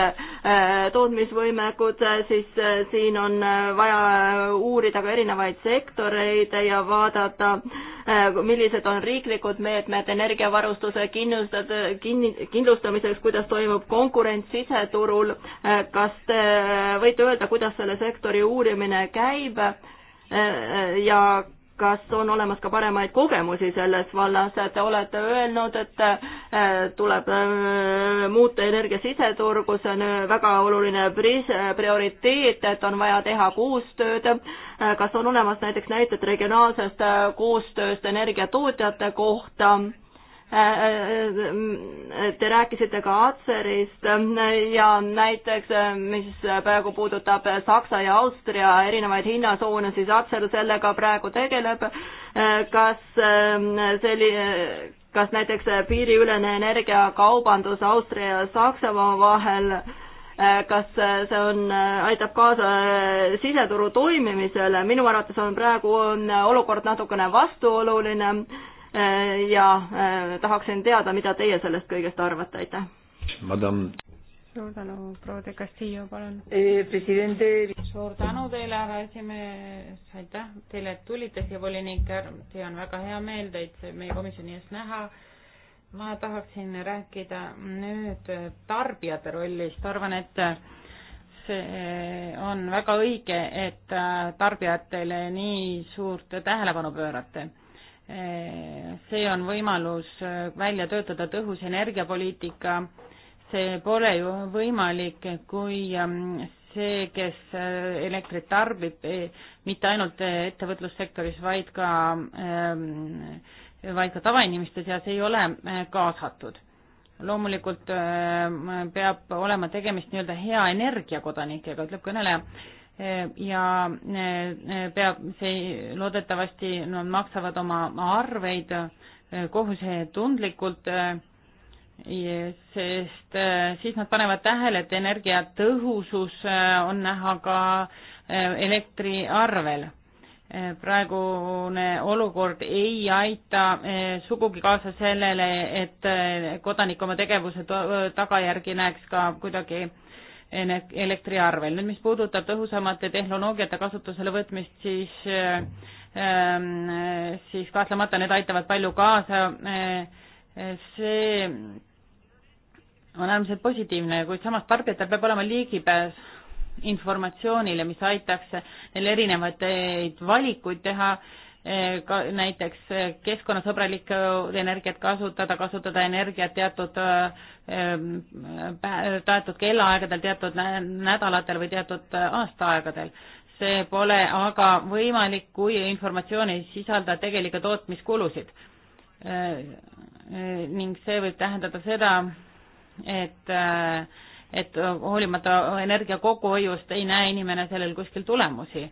tootmisvõimekut, siis siin on vaja uurida ka erinevaid sektoreid ja vaadata, millised on riiklikud meetmed energiavarustuse kindlustada, kinni, kindlustamiseks, kuidas toimub konkurents siseturul, kas te võite öelda, kuidas selle sektori uurimine käib äh, äh, ja kas on olemas ka paremaid kogemusi selles vallas, te olete öelnud, et äh, tuleb muuta energia siseturgu, see on väga oluline prioriteet, et on vaja teha koostööd. kas on olemas näiteks näited regionaalsest koostööst energiatootjate kohta? Te rääkisite ka Atserist äh, ja näiteks, äh, mis äh, praegu puudutab Saksa ja Austria erinevaid hinnatsoone, siis Atser sellega praegu tegeleb. kas ähm, selli-, kas näiteks piiriülene energiakaubandus Austria ja Saksamaa vahel kas see on, aitab kaasa siseturu toimimisele, minu arvates on praegu olukord natukene vastuoluline Äh, ja äh, tahaksin teada, mida teie sellest kõigest arvate, aitäh. Madam. suur tänu, proua de Castillo, palun. Eh, Presidendi. suur tänu teile, härra esimees, aitäh teile, et tulite siia, volinik, see on väga hea meel teid meie komisjoni ees näha. ma tahaksin rääkida nüüd tarbijate rollist, arvan, et see on väga õige, et tarbijatele nii suurt tähelepanu pöörate see on võimalus äh, välja töötada tõhus energiapoliitika, see pole ju võimalik, kui ähm, see, kes äh, elektrit tarbib, mitte ainult äh, ettevõtlussektoris, vaid ka, ähm, vaid ka tavainimeste seas ei ole kaasatud. loomulikult peab olema tegemist nii-öelda hea energiakodanikega, ütleb kõneleja ja eh, peab, see loodetavasti nad maksavad oma arveid eh, kohusetundlikult, eh, sest siis nad panevad tähele, et energiatõhusus on näha ka elektriarvel praegune olukord ei aita sugugi kaasa sellele, et kodanik oma tegevuse tagajärgi näeks ka kuidagi elektriarvel. nüüd, mis puudutab tõhusamate tehnoloogiate kasutusele võtmist, siis äh, ähm, siis kahtlemata need aitavad palju kaasa. Äh, see on äärmiselt positiivne, kuid samas tarbijatel peab olema ligipääs informatsioonile, mis aitaks neil erinevaid valikuid teha Eh, ka näiteks eh, keskkonnasõbralikku eh, energiat kasutada, kasutada energiat teatud teatud kellaaegadel, teatud nädalatel või teatud aastaaegadel. see pole aga võimalik, kui informatsioon ei sisalda tegelikke tootmiskulusid. ning see võib tähendada seda, et et hoolimata energia kokkuhoiust ei näe inimene sellel kuskil tulemusi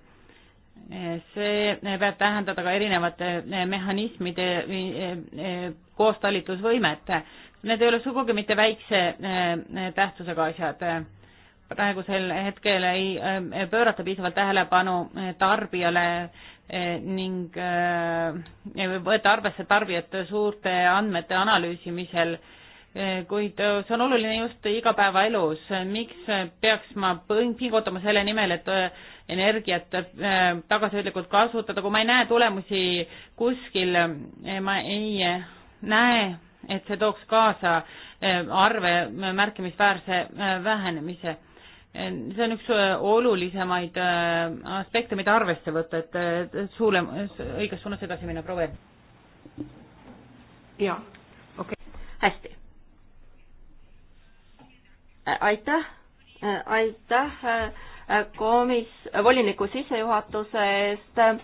see peab tähendada ka erinevate eh, mehhanismide eh, eh, koostalitusvõimet. Need ei ole sugugi mitte väikse tähtsusega asjad. praegusel hetkel ei pöörata piisavalt tähelepanu tarbijale ning võtta arvesse tarbijate suurte andmete analüüsimisel Eh, kuid eh, see on oluline just igapäevaelus. Eh, miks peaks ma pingutama selle nimel, et energiat tagasihoidlikult kasutada, kui ma ei näe tulemusi kuskil, ma ei näe, et see tooks kaasa arve märkimisväärse vähenemise. see on üks olulisemaid aspekte, mida arvesse võtta, et suule, õiges suunas edasi minna, proua Epp. jaa, okei okay.. hästi aitäh, aitäh äh, komis-, voliniku sissejuhatuse eest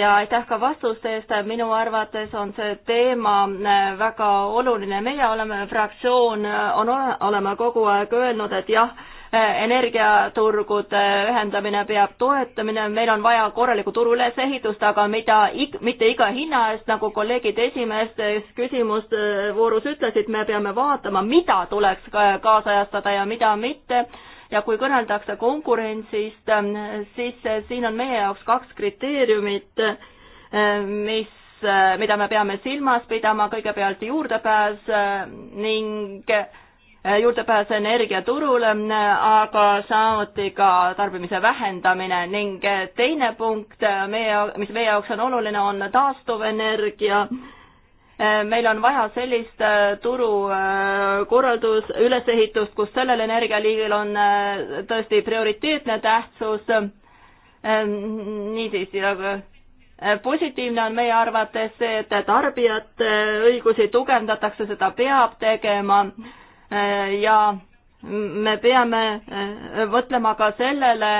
ja aitäh ka vastuste eest, minu arvates on see teema äh, väga oluline, meie oleme, fraktsioon äh, on, oleme kogu aeg öelnud, et jah, Eh, energiaturgude ühendamine peab toetamine, meil on vaja korralikku turu ülesehitust, aga mida, mitte iga hinna eest, nagu kolleegid esimestes küsimusvoorus ütlesid, me peame vaatama, mida tuleks kaasajastada ja mida mitte ja kui kõneldakse konkurentsist, eh, siis siin on meie jaoks kaks kriteeriumit, eh, mis, mida me peame silmas pidama, kõigepealt juurdepääs ning Äh, juurdepääs energiaturule, äh, aga samuti ka tarbimise vähendamine ning äh, teine punkt, meie, mis meie jaoks on oluline, on taastuvenergia. meil on vaja sellist turukorraldus, ülesehitust, kus sellel energialiigil on tõesti prioriteetne tähtsus. niisiis, aga positiivne on meie arvates see, et tarbijate õigusi tugevdatakse, seda peab tegema Äh, ja me peame äh, mõtlema ka sellele,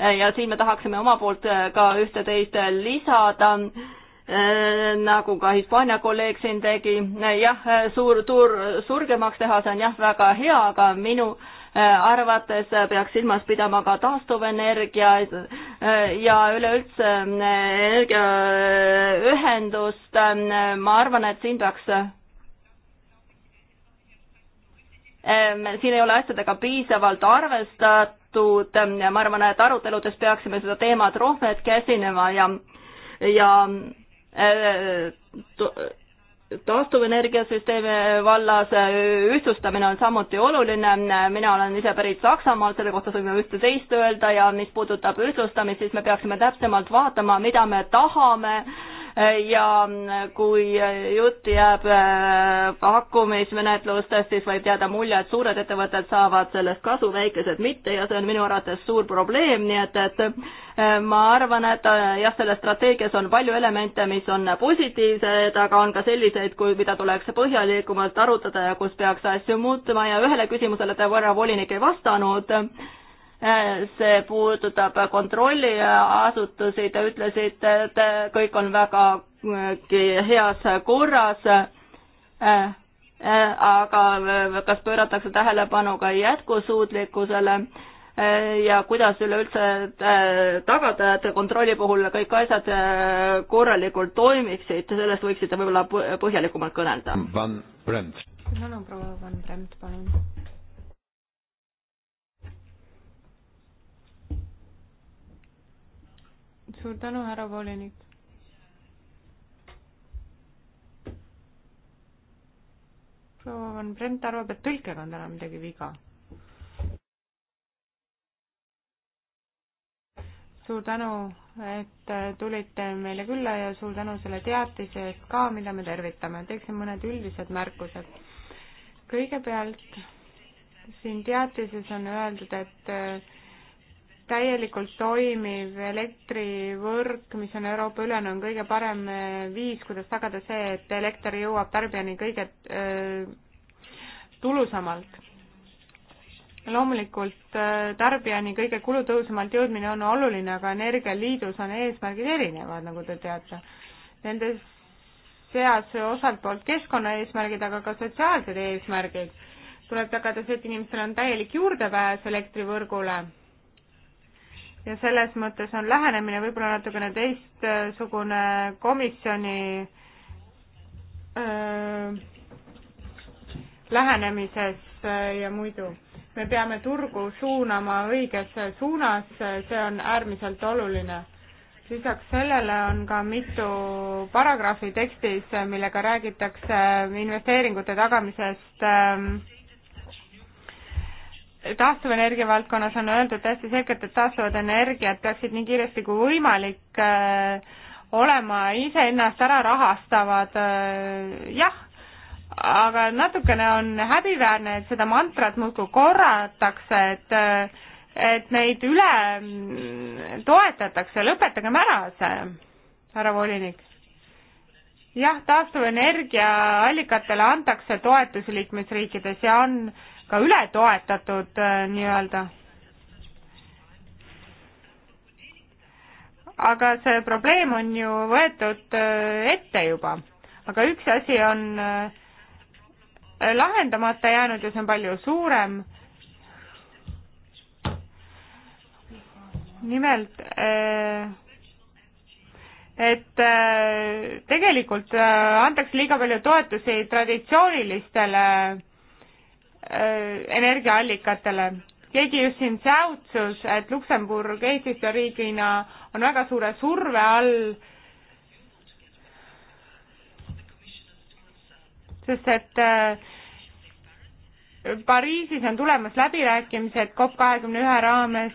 äh, ja siin me tahaksime oma poolt ka ühte-teist lisada, nagu ka Hispaania kolleeg siin tegi, jah, suur tuur surgemaks teha, see on jah, väga hea, aga minu arvates peaks silmas pidama ka taastuvenergia ja üleüldse energiaühendust. ma arvan, et siin peaks Ehm, siin ei ole asjadega piisavalt arvestatud, ma arvan, et aruteludes peaksime seda teemat rohkem käsinema ja, ja eh, taastuvenergiasüsteemi vallas eh, ühtlustamine on samuti oluline, mina olen ise pärit Saksamaalt, selle kohta võime üht-teist öelda ja mis puudutab ühtlustamist, siis me peaksime täpsemalt vaatama, mida me tahame ja kui jutt jääb äh, pakkumismenetlustest, siis võib jääda mulje, et suured ettevõtted saavad sellest kasu, väikesed mitte ja see on minu arvates suur probleem, nii et, et äh, ma arvan, et äh, jah, selles strateegias on palju elemente, mis on positiivsed, aga on ka selliseid, kui, mida tuleks põhjalikumalt arutada ja kus peaks asju muutma ja ühele küsimusele te, härra volinik, ei vastanud see puudutab kontrolliasutusi, te ütlesite, et kõik on väga äh, heas korras, äh, äh, aga kas pööratakse tähelepanu ka jätkusuutlikkusele? ja kuidas üleüldse tagada, et kontrolli puhul kõik asjad korralikult toimiksid, sellest võiksite võib-olla põhjalikumalt kõnelda. Van Bremt. tänan, proua Van Bremt, palun. suur tänu, härra volinik. proua Van Brent arvab, et tõlkega on täna midagi viga. suur tänu, et tulite meile külla ja suur tänu selle teatise eest ka, mida me tervitame. teeksin mõned üldised märkused. kõigepealt siin teatises on öeldud, et täielikult toimiv elektrivõrk, mis on Euroopa ülene, on kõige parem äh, viis, kuidas tagada see, et elekter jõuab tarbijani kõige äh, tulusamalt. loomulikult äh, tarbijani kõige kulutõhusamalt jõudmine on oluline, aga Energialiidus on eesmärgid erinevad, nagu te teate. Nendes seas osalt poolt keskkonnaeesmärgid, aga ka sotsiaalsed eesmärgid. tuleb tagada see, et inimestel on täielik juurdepääs elektrivõrgule ja selles mõttes on lähenemine võib-olla natukene teistsugune komisjoni öö, lähenemises ja muidu. me peame turgu suunama õiges suunas, see on äärmiselt oluline. lisaks sellele on ka mitu paragrahvi tekstis, millega räägitakse investeeringute tagamisest öö, taastuvenergia valdkonnas on öeldud täiesti selgelt, et taastuvad energiad peaksid nii kiiresti kui võimalik äh, olema iseennast ära rahastavad, äh, jah, aga natukene on häbiväärne, et seda mantrat muudkui korratakse, et äh, et neid üle mm, toetatakse, lõpetagem ära see, härra volinik. jah, taastuvenergia allikatele antakse toetusi liikmesriikides ja on äh, ka üle toetatud äh, nii-öelda. aga see probleem on ju võetud äh, ette juba, aga üks asi on äh, lahendamata jäänud ja see on palju suurem. nimelt et tegelikult antakse liiga palju toetusi traditsioonilistele Äh, energiaallikatele. keegi just siin säutsus, et Luksemburg eesistujariigina on väga suure surve all, sest et äh, Pariisis on tulemas läbirääkimised COP kahekümne ühe raames,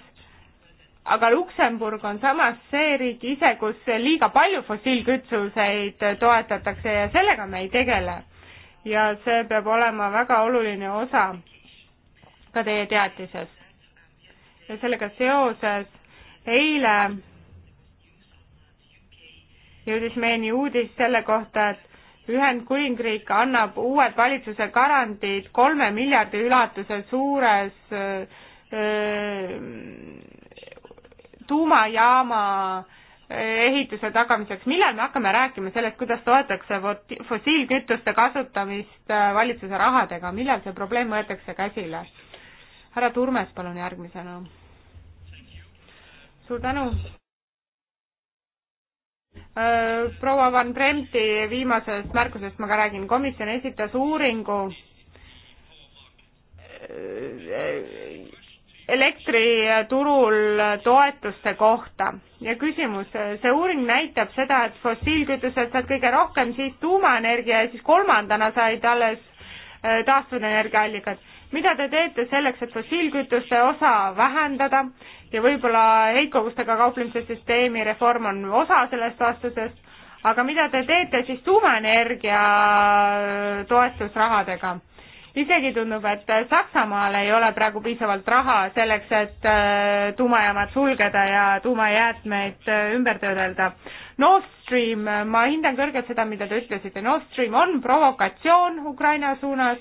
aga Luksemburg on samas see riik ise, kus liiga palju fossiilkütuseid toetatakse ja sellega me ei tegele ja see peab olema väga oluline osa ka teie teatisest. ja sellega seoses eile jõudis meieni uudis selle kohta, et Ühendkuningriik annab uued valitsuse garandid kolme miljardi ülatuse suures öö, äh, äh, tuumajaama öö, ehituse tagamiseks, millal me hakkame rääkima sellest, kuidas toetatakse fossiilkütuste kasutamist äh, valitsuse rahadega, millal see probleem võetakse käsile? härra Turmes, palun järgmisena. suur tänu. Äh, proua Van Bremti viimasest märkusest ma ka räägin, komisjon esitas uuringu äh, elektriturul toetuste kohta ja küsimus, see uuring näitab seda, et fossiilkütused said kõige rohkem, siis tuumaenergia ja siis kolmandana said alles äh, taastuvenergiaallikad. mida te teete selleks, et fossiilkütuste osa vähendada ja võib-olla heitkogustega kauplemise süsteemi reform on osa sellest vastusest, aga mida te teete siis tuumaenergia äh, toetusrahadega? isegi tundub, et Saksamaal ei ole praegu piisavalt raha selleks, et äh, tuumajaamad sulgeda ja tuumajäätmeid äh, ümber töödelda. Nord Stream, ma hindan kõrgelt seda, mida te ütlesite, Nord Stream on provokatsioon Ukraina suunas,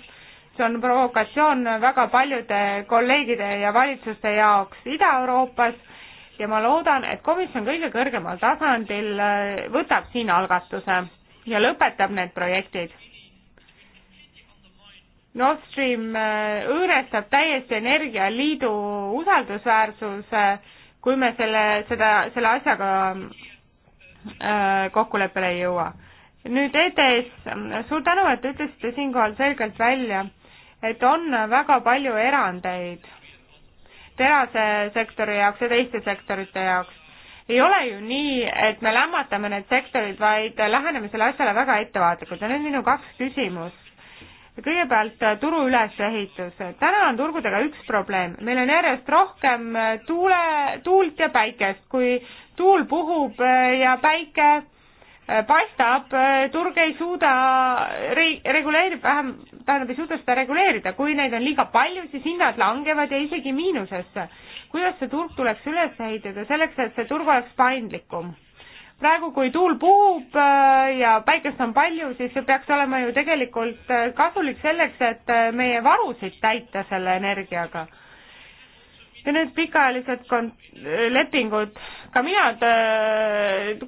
see on provokatsioon väga paljude kolleegide ja valitsuste jaoks Ida-Euroopas ja ma loodan, et komisjon kõige kõrgemal tasandil äh, võtab siin algatuse ja lõpetab need projektid Nord Stream äh, õõnestab täiesti Energialiidu usaldusväärsuse, äh, kui me selle, seda, selle asjaga äh, kokkuleppele ei jõua. nüüd ETS, suur tänu, et ütlesite siinkohal selgelt välja, et on väga palju erandeid terasesektori jaoks ja teiste sektorite jaoks. ei ole ju nii, et me lämmatame need sektorid, vaid läheneme selle asjale väga ettevaatlikult ja nüüd minu kaks küsimust kõigepealt äh, turu ülesehitus. täna on turgudega üks probleem, meil on järjest rohkem äh, tuule, tuult ja päikest, kui tuul puhub äh, ja päike paistab, turg ei suuda re-, reguleerib vähem, tähendab, ei suuda seda reguleerida, kui neid on liiga palju, siis hinnad langevad ja isegi miinusesse. kuidas see turg tuleks üles ehitada selleks, et see turg oleks paindlikum? praegu, kui tuul puhub äh, ja päikest on palju, siis see peaks olema ju tegelikult äh, kasulik selleks, et äh, meie varusid täita selle energiaga. ja nüüd pikaajalised kon-, lepingud, ka mina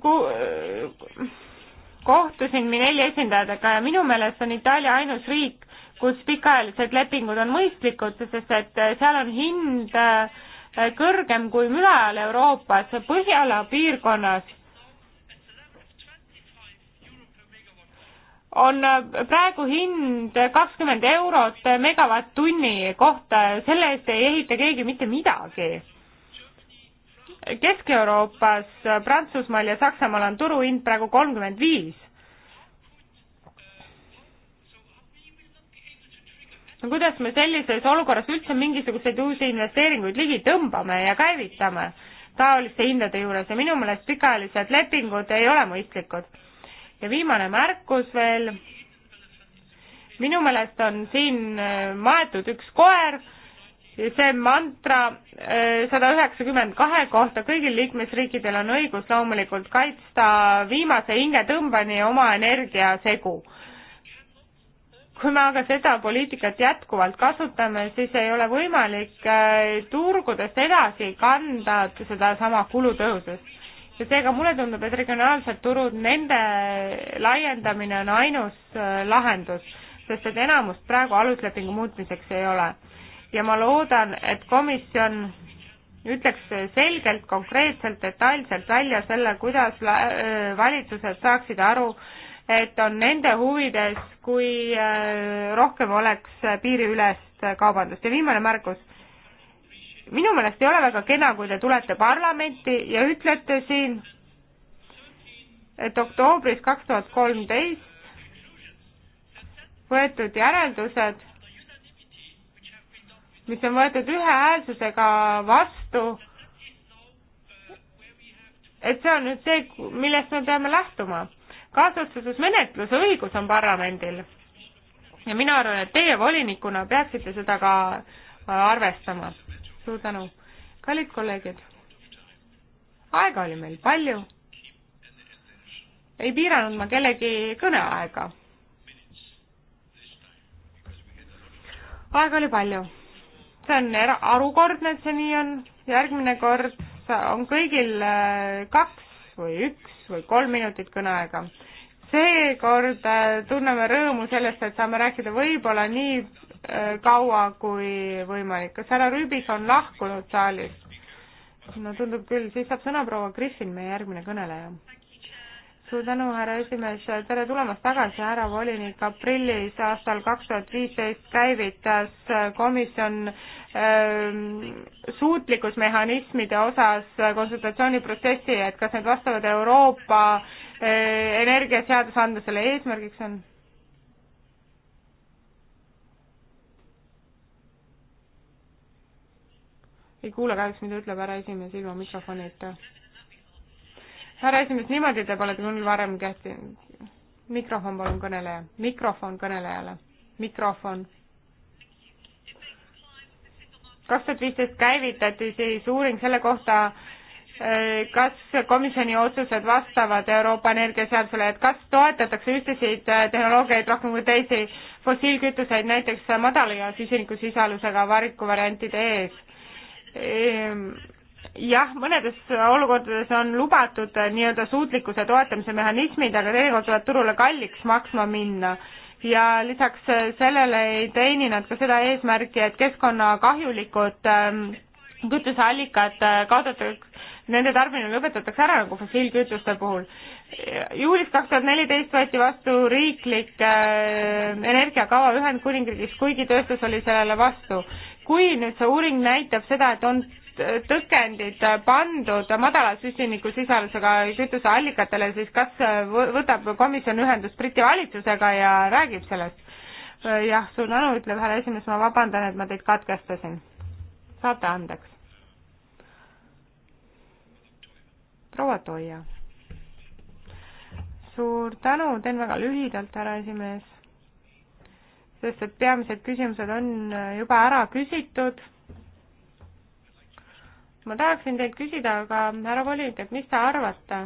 ku-, kohtusin Minelli esindajatega ja minu meelest on Itaalia ainus riik, kus pikaajalised lepingud on mõistlikud, sest et seal on hind kõrgem kui mujal Euroopas, Põhjala piirkonnas on äh, praegu hind kakskümmend eurot megavatt-tunni kohta, selle eest ei ehita keegi mitte midagi. Kesk-Euroopas, Prantsusmaal ja Saksamaal on turuhind praegu kolmkümmend viis. no kuidas me sellises olukorras üldse mingisuguseid uusi investeeringuid ligi tõmbame ja käivitame taoliste hindade juures ja minu meelest pikaajalised lepingud ei ole mõistlikud ja viimane märkus veel, minu meelest on siin äh, maetud üks koer, see mantra äh, sada üheksakümmend kahe kohta, kõigil liikmesriikidel on õigus loomulikult kaitsta viimase hingetõmbeni oma energiasegu. kui me aga seda poliitikat jätkuvalt kasutame, siis ei ole võimalik äh, turgudest edasi kanda sedasama kulutõhusust ja seega mulle tundub, et regionaalsed turud, nende laiendamine on ainus äh, lahendus, sest et enamust praegu aluslepingu muutmiseks ei ole. ja ma loodan, et komisjon ütleks selgelt, konkreetselt, detailselt välja selle, kuidas äh, valitsused saaksid aru, et on nende huvides, kui äh, rohkem oleks piiriülest kaubandust ja viimane märkus minu meelest ei ole väga kena, kui te tulete parlamenti ja ütlete siin, et oktoobris kaks tuhat kolmteist võetud järeldused, mis on võetud ühehäälsusega vastu, et see on nüüd see, millest me peame lähtuma. kaasotsustusmenetluse õigus on parlamendil ja mina arvan, et teie volinikuna peaksite seda ka arvestama suur tänu. kallid kolleegid, aega oli meil palju. ei piiranud ma kellegi kõneaega. aega oli palju. see on harukordne, et see nii on. järgmine kord on kõigil äh, kaks või üks või kolm minutit kõneaega seekord äh, tunneme rõõmu sellest, et saame rääkida võib-olla nii Äh, kaua kui võimalik. kas härra Rüübik on lahkunud saalist? no tundub küll, siis saab sõna proua Griffin, meie järgmine kõneleja. suur tänu, härra esimees, tere tulemast tagasi, härra volinik, aprillis aastal kaks tuhat viisteist käivitas komisjon ähm, suutlikkusmehhanismide osas konsultatsiooniprotsessi, et kas need vastavad Euroopa äh, energiaseadusandlusele, eesmärgiks on ei kuule kahjuks, mida ütleb härra esimees ilma mikrofonita. härra esimees, niimoodi te polete küll varem kehtinud. mikrofon palun kõneleja, mikrofon kõnelejale, mikrofon. kaks tuhat viisteist käivitati siis uuring selle kohta, eh, kas komisjoni otsused vastavad Euroopa energiaseadusele, et kas toetatakse ühtesid eh, tehnoloogiaid rohkem kui teisi fossiilkütuseid, näiteks madala süsinikusisaldusega varikuvariantide ees Ehm, jah, mõnedes olukordades on lubatud äh, nii-öelda suutlikkuse toetamise mehhanismid, aga teinekord tuleb turule kalliks maksma minna. ja lisaks äh, sellele ei teeni nad ka seda eesmärki, et keskkonnakahjulikud ähm, kütuseallikad äh, kaotatakse, nende tarbimine lõpetatakse ära nagu fossiilkütuste puhul. juulis kaks tuhat neliteist võeti vastu riiklik energiakava Ühendkuningriigis, kuigi tööstus oli sellele vastu kui nüüd see uuring näitab seda, et on tõkendid pandud madala süsinikusisaldusega kütuseallikatele, siis kas äh, võtab komisjon ühendust Briti valitsusega ja räägib sellest? Äh, jah, suur tänu, ütleb härra esimees, ma vabandan, et ma teid katkestasin. saate andeks. proua Toia. suur tänu, teen väga lühidalt, härra esimees sest et peamised küsimused on äh, juba ära küsitud. ma tahaksin teilt küsida, aga härra volinik, et mis te arvate?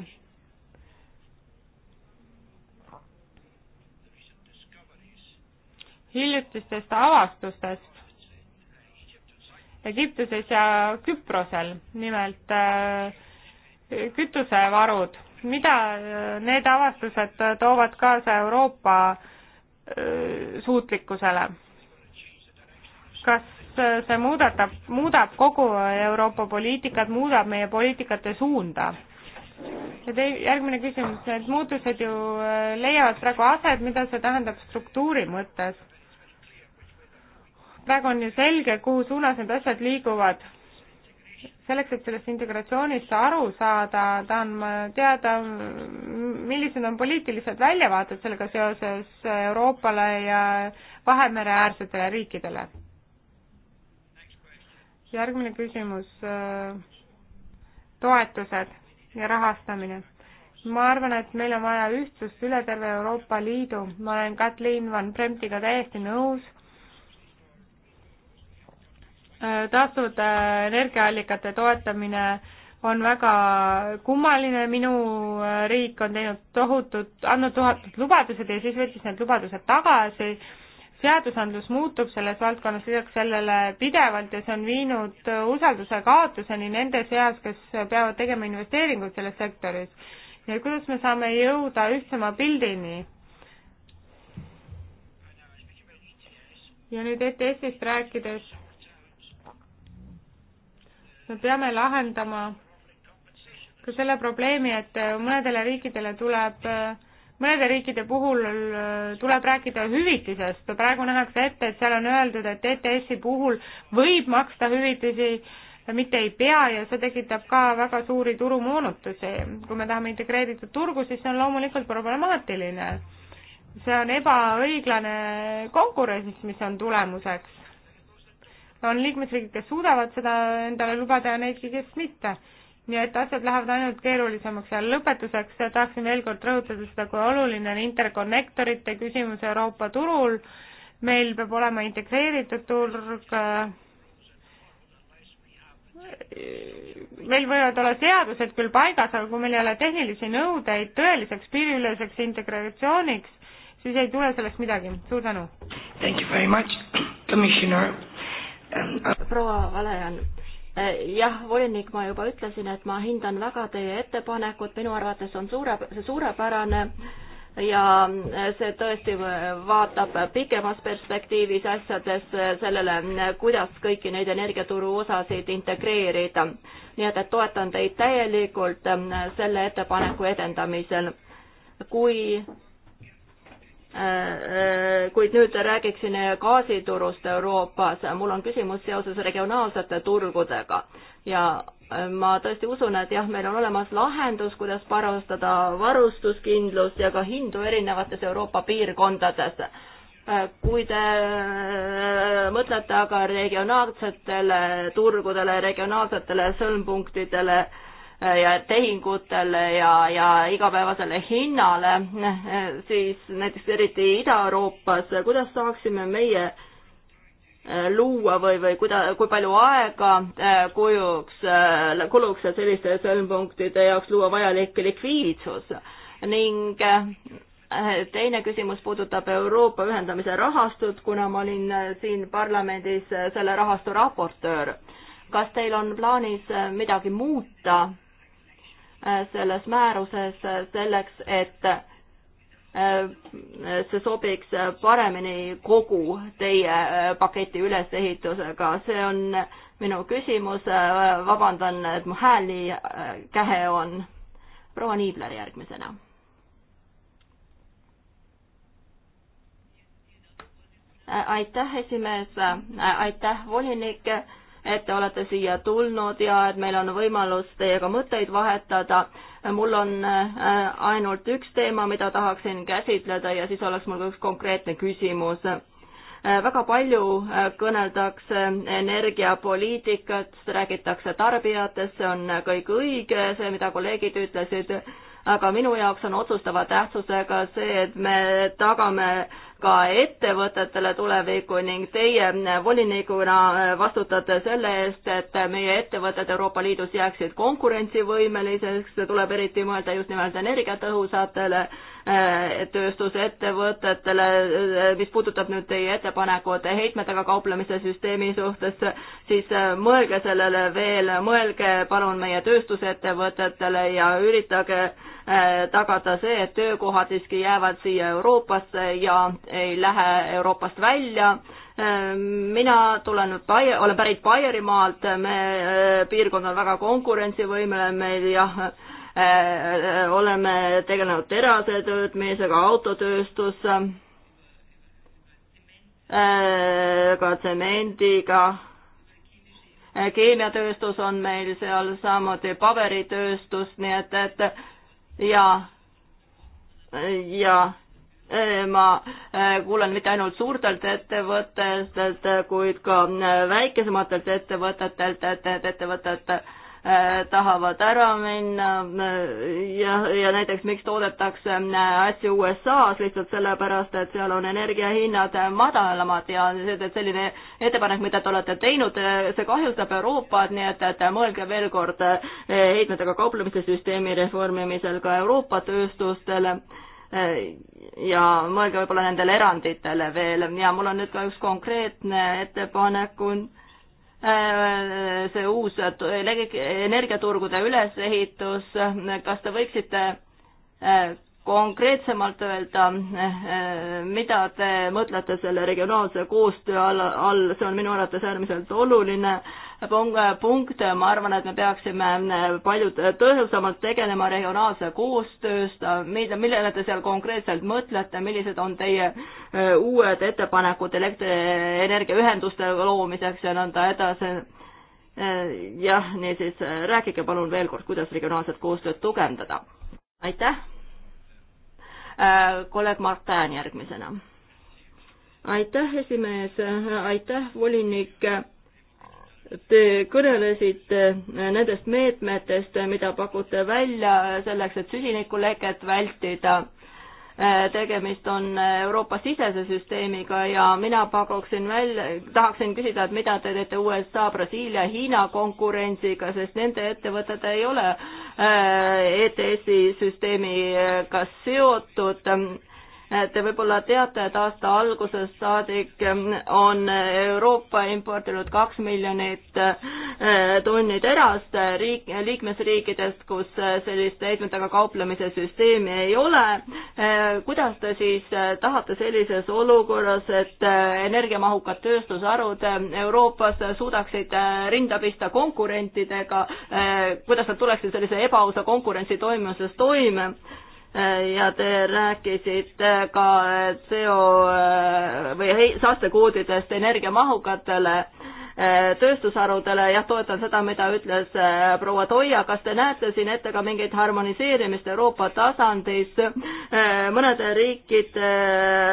hiljutistest avastustest Egiptuses ja Küprosel, nimelt äh, kütusevarud, mida äh, need avastused toovad kaasa Euroopa suutlikkusele. kas see muudatab, muudab kogu Euroopa poliitikat, muudab meie poliitikate suunda? ja tei-, järgmine küsimus, need muutused ju leiavad praegu aset, mida see tähendab struktuuri mõttes? praegu on ju selge, kuhu suunas need asjad liiguvad selleks, et sellest integratsioonist aru saada, tahan ma teada, millised on poliitilised väljavaated sellega seoses Euroopale ja Vahemereäärsetele riikidele? järgmine küsimus, äh, toetused ja rahastamine. ma arvan, et meil on vaja ühtsust üle terve Euroopa Liidu, ma olen Katrin Van Bremtiga täiesti nõus taastuvate energiaallikate toetamine on väga kummaline, minu äh, riik on teinud tohutud, andnud tohutud lubadused ja siis võttis need lubadused tagasi. seadusandlus muutub selles valdkonnas lisaks sellele pidevalt ja see on viinud äh, usalduse kaotuseni nende seas, kes peavad tegema investeeringuid selles sektoris. ja kuidas me saame jõuda ühtsema pildini? ja nüüd ETS-ist rääkides me peame lahendama ka selle probleemi, et mõnedele riikidele tuleb, mõnede riikide puhul äh, tuleb rääkida hüvitisest, praegu nähakse ette, et seal on öeldud, et ETS-i puhul võib maksta hüvitisi, mitte ei pea ja see tekitab ka väga suuri turumoonutusi. kui me tahame integreeritud turgu, siis see on loomulikult problemaatiline. see on ebaõiglane konkurents, mis on tulemuseks on liikmesriigid, kes suudavad seda endale lubada ja neidki, kes mitte. nii et asjad lähevad ainult keerulisemaks ja lõpetuseks tahaksin veel kord rõhutada seda, kui oluline on interkonnektorite küsimus Euroopa turul. meil peab olema integreeritud turg meil võivad olla seadused küll paigas, aga kui meil ei ole tehnilisi nõudeid tõeliseks piiriüleseks integratsiooniks, siis ei tule sellest midagi. suur tänu! Thank you very much, commissioner proua Valean eh, jah, volinik, ma juba ütlesin, et ma hindan väga teie ettepanekut, minu arvates on suure, see suurepärane ja see tõesti vaatab pikemas perspektiivis asjades sellele, kuidas kõiki neid energiaturu osasid integreerida. nii et, et toetan teid täielikult selle ettepaneku edendamisel. kui Äh, äh, kuid nüüd räägiksin gaasiturust Euroopas. mul on küsimus seoses regionaalsete turgudega ja äh, ma tõesti usun, et jah, meil on olemas lahendus, kuidas parastada varustuskindlust ja ka hindu erinevates Euroopa piirkondades. kui te mõtlete aga regionaalsetele turgudele, regionaalsetele sõlmpunktidele, ja tehingutele ja, ja igapäevasele hinnale, siis näiteks eriti Ida-Euroopas, kuidas saaksime meie eh, luua või, või kuida-, kui palju aega eh, kujuks, eh, kuluks selliste sõlmpunktide jaoks luua vajalik likviidsus ning teine küsimus puudutab Euroopa ühendamise rahastut, kuna ma olin siin parlamendis selle rahastu raportöör. kas teil on plaanis midagi muuta selles määruses selleks, et äh, see sobiks paremini kogu teie äh, paketi ülesehitusega, see on minu küsimus, äh, vabandan, et mu hääl nii kähe on. proua Niibler järgmisena. aitäh, esimees, aitäh, volinik et te olete siia tulnud ja et meil on võimalus teiega mõtteid vahetada. mul on äh, ainult üks teema, mida tahaksin käsitleda ja siis oleks mul üks konkreetne küsimus. Äh, väga palju äh, kõneldakse energiapoliitikast, räägitakse tarbijatest, see on kõik õige, see, mida kolleegid ütlesid aga minu jaoks on otsustava tähtsusega see, et me tagame ka ettevõtetele tulevikku ning teie äh, volinikuna äh, vastutate selle eest, et äh, meie ettevõtted Euroopa Liidus jääksid konkurentsivõimeliseks, tuleb eriti mõelda just nimelt energiatõhusatele tööstusettevõtetele, mis puudutab nüüd teie ettepanekut heitmetega kauplemise süsteemi suhtes, siis mõelge sellele veel, mõelge palun meie tööstusettevõtetele ja üritage Äh, tagada see, et töökohad siiski jäävad siia Euroopasse ja ei lähe Euroopast välja. Äh, mina tulen, olen pärit Baierimaalt, me, äh, piirkond on väga konkurentsivõimeline meil jah, oleme tegelenud terasetöötmisega, autotööstus, ka tsemendiga keemiatööstus on meil seal, samuti paberitööstus, nii et, et ja, ja eh, ma eh, kuulen mitte ainult suurtelt ettevõtetelt, kuid ka eh, väikesematelt ettevõtetelt, et need ettevõtted et, et, et, Äh, tahavad ära minna äh, ja, ja näiteks miks toodetakse äh, asju USA-s lihtsalt sellepärast, et seal on energiahinnad madalamad ja selline ettepanek, mida te olete teinud, see kahjustab Euroopat, nii et, et mõelge veel kord heitmetega kauplemise süsteemi reformimisel ka Euroopa tööstustele ja mõelge võib-olla nendele eranditele veel ja mul on nüüd ka üks konkreetne ettepanek, kui Äh, see uus energiaturgude ülesehitus, kas te võiksite äh, konkreetsemalt öelda, äh, mida te mõtlete selle regionaalse koostöö all, all, see on minu arvates äärmiselt oluline punkt, äh, äh, ma arvan, et me peaksime äh, palju tõhusamalt tegelema regionaalse koostööst, mille, millele te seal konkreetselt mõtlete, millised on teie uued ettepanekud elektrienergiaühenduste loomiseks ja nõnda edasi. jah, niisiis rääkige palun veel kord, kuidas regionaalset koostööd tugevdada. aitäh. kolleeg Mart Tään järgmisena aitäh, esimees, aitäh, volinik Te kõnelesite äh, nendest meetmetest, äh, mida pakute välja selleks, et süsinikuleket vältida. Äh, tegemist on Euroopa-sisese süsteemiga ja mina pakuksin välja, tahaksin küsida, et mida te teete USA, Brasiilia, Hiina konkurentsiga, sest nende ettevõtted ei ole ETS-i süsteemiga seotud Te võib-olla teate, et aasta algusest saadik ähm, on Euroopa importinud kaks miljonit äh, tonni terast riik, liikmesriikidest, kus äh, sellist heitmetega kauplemise süsteemi ei ole. Äh, kuidas te siis tahate sellises olukorras, et energiamahukad tööstusharud Euroopas suudaksid rinda pista konkurentidega, kuidas nad tuleksid sellise ebaausa konkurentsi toimumises toime? ja te rääkisite ka CO või saastekvoodidest energiamahukatele Äh, tööstusharudele, jah, toetan seda, mida ütles äh, proua Toia, kas te näete siin ette ka mingit harmoniseerimist Euroopa tasandis? Äh, mõnede riikide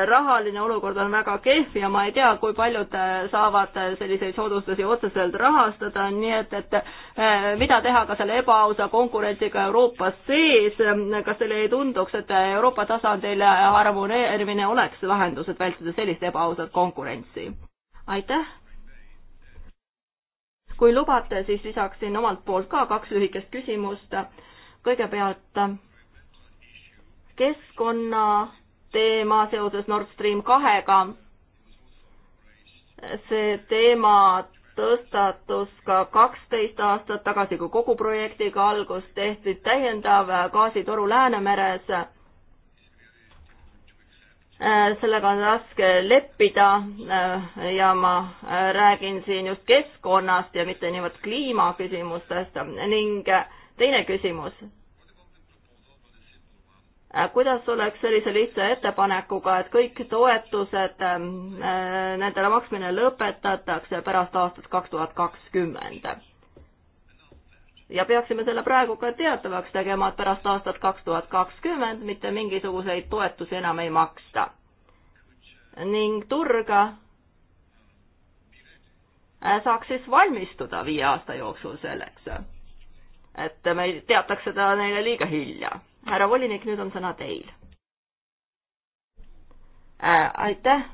rahaline olukord on väga kehv ja ma ei tea, kui paljud saavad selliseid soodustusi otseselt rahastada, nii et, et mida teha ka selle ebaausa konkurentsiga Euroopas sees, kas teile ei tunduks, et Euroopa tasandil harmoneerimine oleks lahendus, et vältida sellist ebaausat konkurentsi? aitäh! kui lubate, siis lisaksin omalt poolt ka kaks lühikest küsimust. kõigepealt keskkonnateema seoses Nord Stream kahega. see teema tõstatus ka kaksteist aastat tagasi, kui kogu projektiga algust tehti, täiendav gaasitoru Läänemeres Äh, sellega on raske leppida äh, ja ma äh, räägin siin just keskkonnast ja mitte niivõrd kliimaküsimustest ning teine küsimus. kuidas oleks sellise lihtsa ettepanekuga, et kõik toetused, ähm, nendele maksmine lõpetatakse pärast aastat kaks tuhat kakskümmend? ja peaksime selle praegu ka teatavaks tegema, et pärast aastat kaks tuhat kakskümmend mitte mingisuguseid toetusi enam ei maksta. ning turga äh, saaks siis valmistuda viie aasta jooksul selleks. et me ei teataks seda neile liiga hilja. härra volinik, nüüd on sõna teil äh,. aitäh.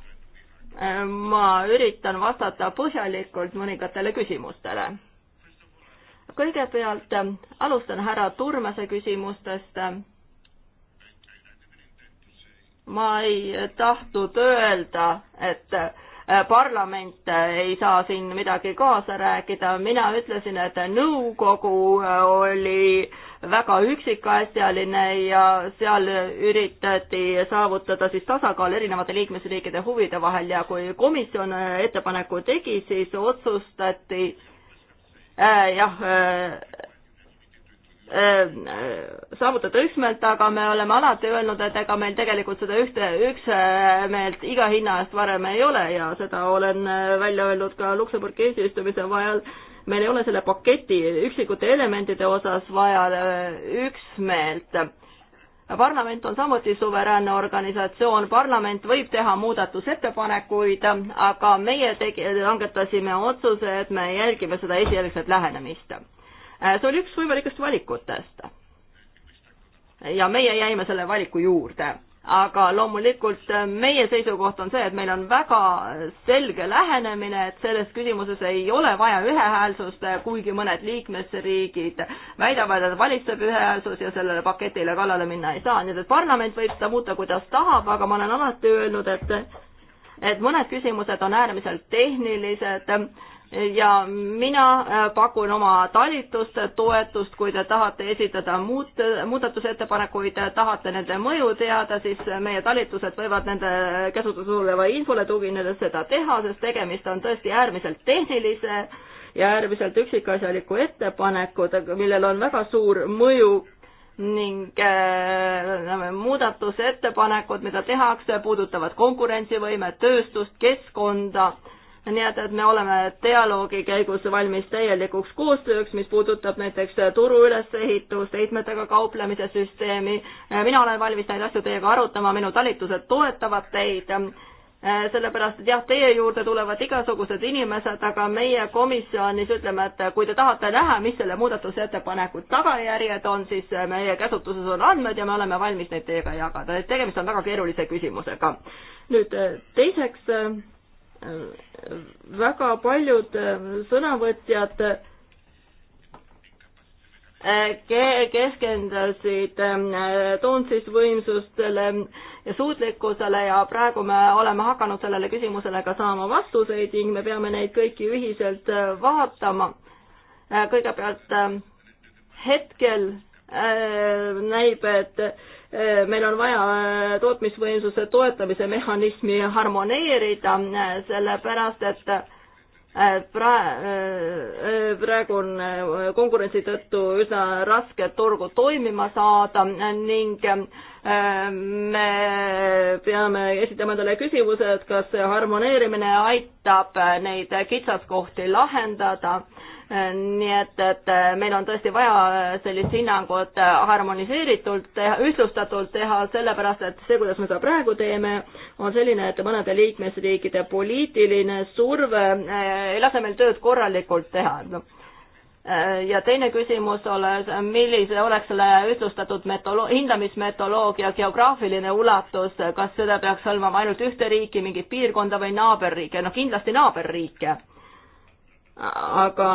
Äh, ma üritan vastata põhjalikult mõningatele küsimustele kõigepealt ähm, alustan härra Turmase küsimustest. ma ei tahtnud öelda, et äh, parlament äh, ei saa siin midagi kaasa rääkida, mina ütlesin, et nõukogu äh, oli väga üksikasjaline ja seal üritati saavutada siis tasakaal erinevate liikmesriikide huvide vahel ja kui komisjon ettepaneku tegi, siis otsustati äh, Äh, jah, äh, äh, saavutada üksmeelt, aga me oleme alati öelnud, et ega meil tegelikult seda ühte, üksmeelt iga hinna eest varem ei ole ja seda olen välja öelnud ka Luksemburgi eesistumise vahel. meil ei ole selle paketi üksikute elementide osas vaja üksmeelt parlament on samuti suveräänne organisatsioon, parlament võib teha muudatusettepanekuid, aga meie tegi-, langetasime otsuse, et me jälgime seda esialgset lähenemist. Äh, see oli üks võimalikest valikutest. ja meie jäime selle valiku juurde aga loomulikult äh, meie seisukoht on see, et meil on väga selge lähenemine, et selles küsimuses ei ole vaja ühehäälsust, äh, kuigi mõned liikmesriigid väidavad, et valitseb ühehäälsus ja sellele paketile kallale minna ei saa, nii et parlament võib seda muuta, kuidas tahab, aga ma olen alati öelnud, et et mõned küsimused on äärmiselt tehnilised ja mina äh, pakun oma talituste toetust, kui te tahate esitada muud, muudatusettepanekuid, tahate nende mõju teada, siis meie talitused võivad nende käsutuses oleva infole tuginedes seda teha, sest tegemist on tõesti äärmiselt tehnilise ja äärmiselt üksikasjaliku ettepanekudega, millel on väga suur mõju ning äh, muudatusettepanekud, mida tehakse, puudutavad konkurentsivõimet, tööstust, keskkonda äh, nii et, et me oleme dialoogi käigus valmis täielikuks koostööks, mis puudutab näiteks turu ülesehitust, heitmetega kauplemise süsteemi. mina olen valmis neid asju teiega arutama, minu talitused toetavad teid sellepärast, et jah, teie juurde tulevad igasugused inimesed, aga meie komisjonis ütleme, et kui te tahate näha, mis selle muudatusettepaneku tagajärjed on, siis meie käsutuses on andmed ja me oleme valmis neid teiega jagada, et tegemist on väga keerulise küsimusega. nüüd teiseks väga paljud äh, sõnavõtjad äh, ke-, keskendusid äh, toonsisvõimsustele ja suutlikkusele ja praegu me oleme hakanud sellele küsimusele ka saama vastuseid ning me peame neid kõiki ühiselt vaatama. kõigepealt hetkel näib, et Äh, meil on vaja äh, tootmisvõimsuse toetamise mehhanismi harmoneerida, äh, sellepärast et pra-, praegu on konkurentsi tõttu üsna raske turgu toimima saada ning me peame esitama endale küsimuse, et kas see harmoneerimine aitab neid kitsaskohti lahendada nii et, et äh, meil on tõesti vaja sellist hinnangut äh, harmoniseeritult teha, ühtlustatult teha, sellepärast et see, kuidas me seda praegu teeme, on selline, et mõnede liikmesriikide poliitiline surve äh, ei lase meil tööd korralikult teha no. ja teine küsimus oleks, millise oleks selle ühtlustatud metolo-, hindamismetoloogia geograafiline ulatus, kas seda peaks hõlmama ainult ühte riiki, mingit piirkonda või naaberriike, no kindlasti naaberriike aga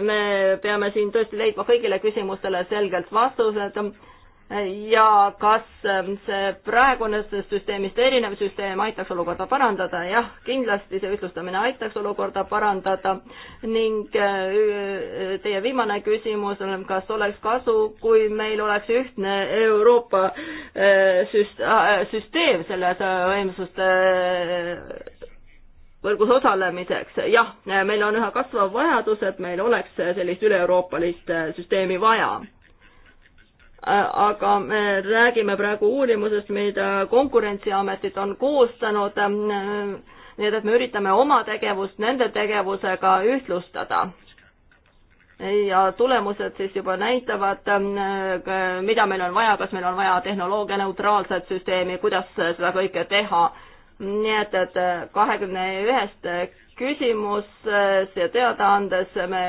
me peame siin tõesti leidma kõigile küsimustele selgelt vastused ja kas see praegune süsteemist erinev süsteem aitaks olukorda parandada, jah, kindlasti see ühtlustamine aitaks olukorda parandada ning äh, teie viimane küsimus on, kas oleks kasu, kui meil oleks ühtne Euroopa äh, süst-, äh, süsteem selles võimsuste võrgus osalemiseks. jah, meil on üha kasvav vajadus, et meil oleks sellist üle-euroopalist äh, süsteemi vaja. Äh, aga me räägime praegu uurimusest, mida Konkurentsiametid on koostanud, äh, nii et, et me üritame oma tegevust nende tegevusega ühtlustada ja tulemused siis juba näitavad, mida meil on vaja, kas meil on vaja tehnoloogia neutraalset süsteemi, kuidas seda kõike teha nii et, et äh, kahekümne ühest äh, küsimus äh, ja teadaandes me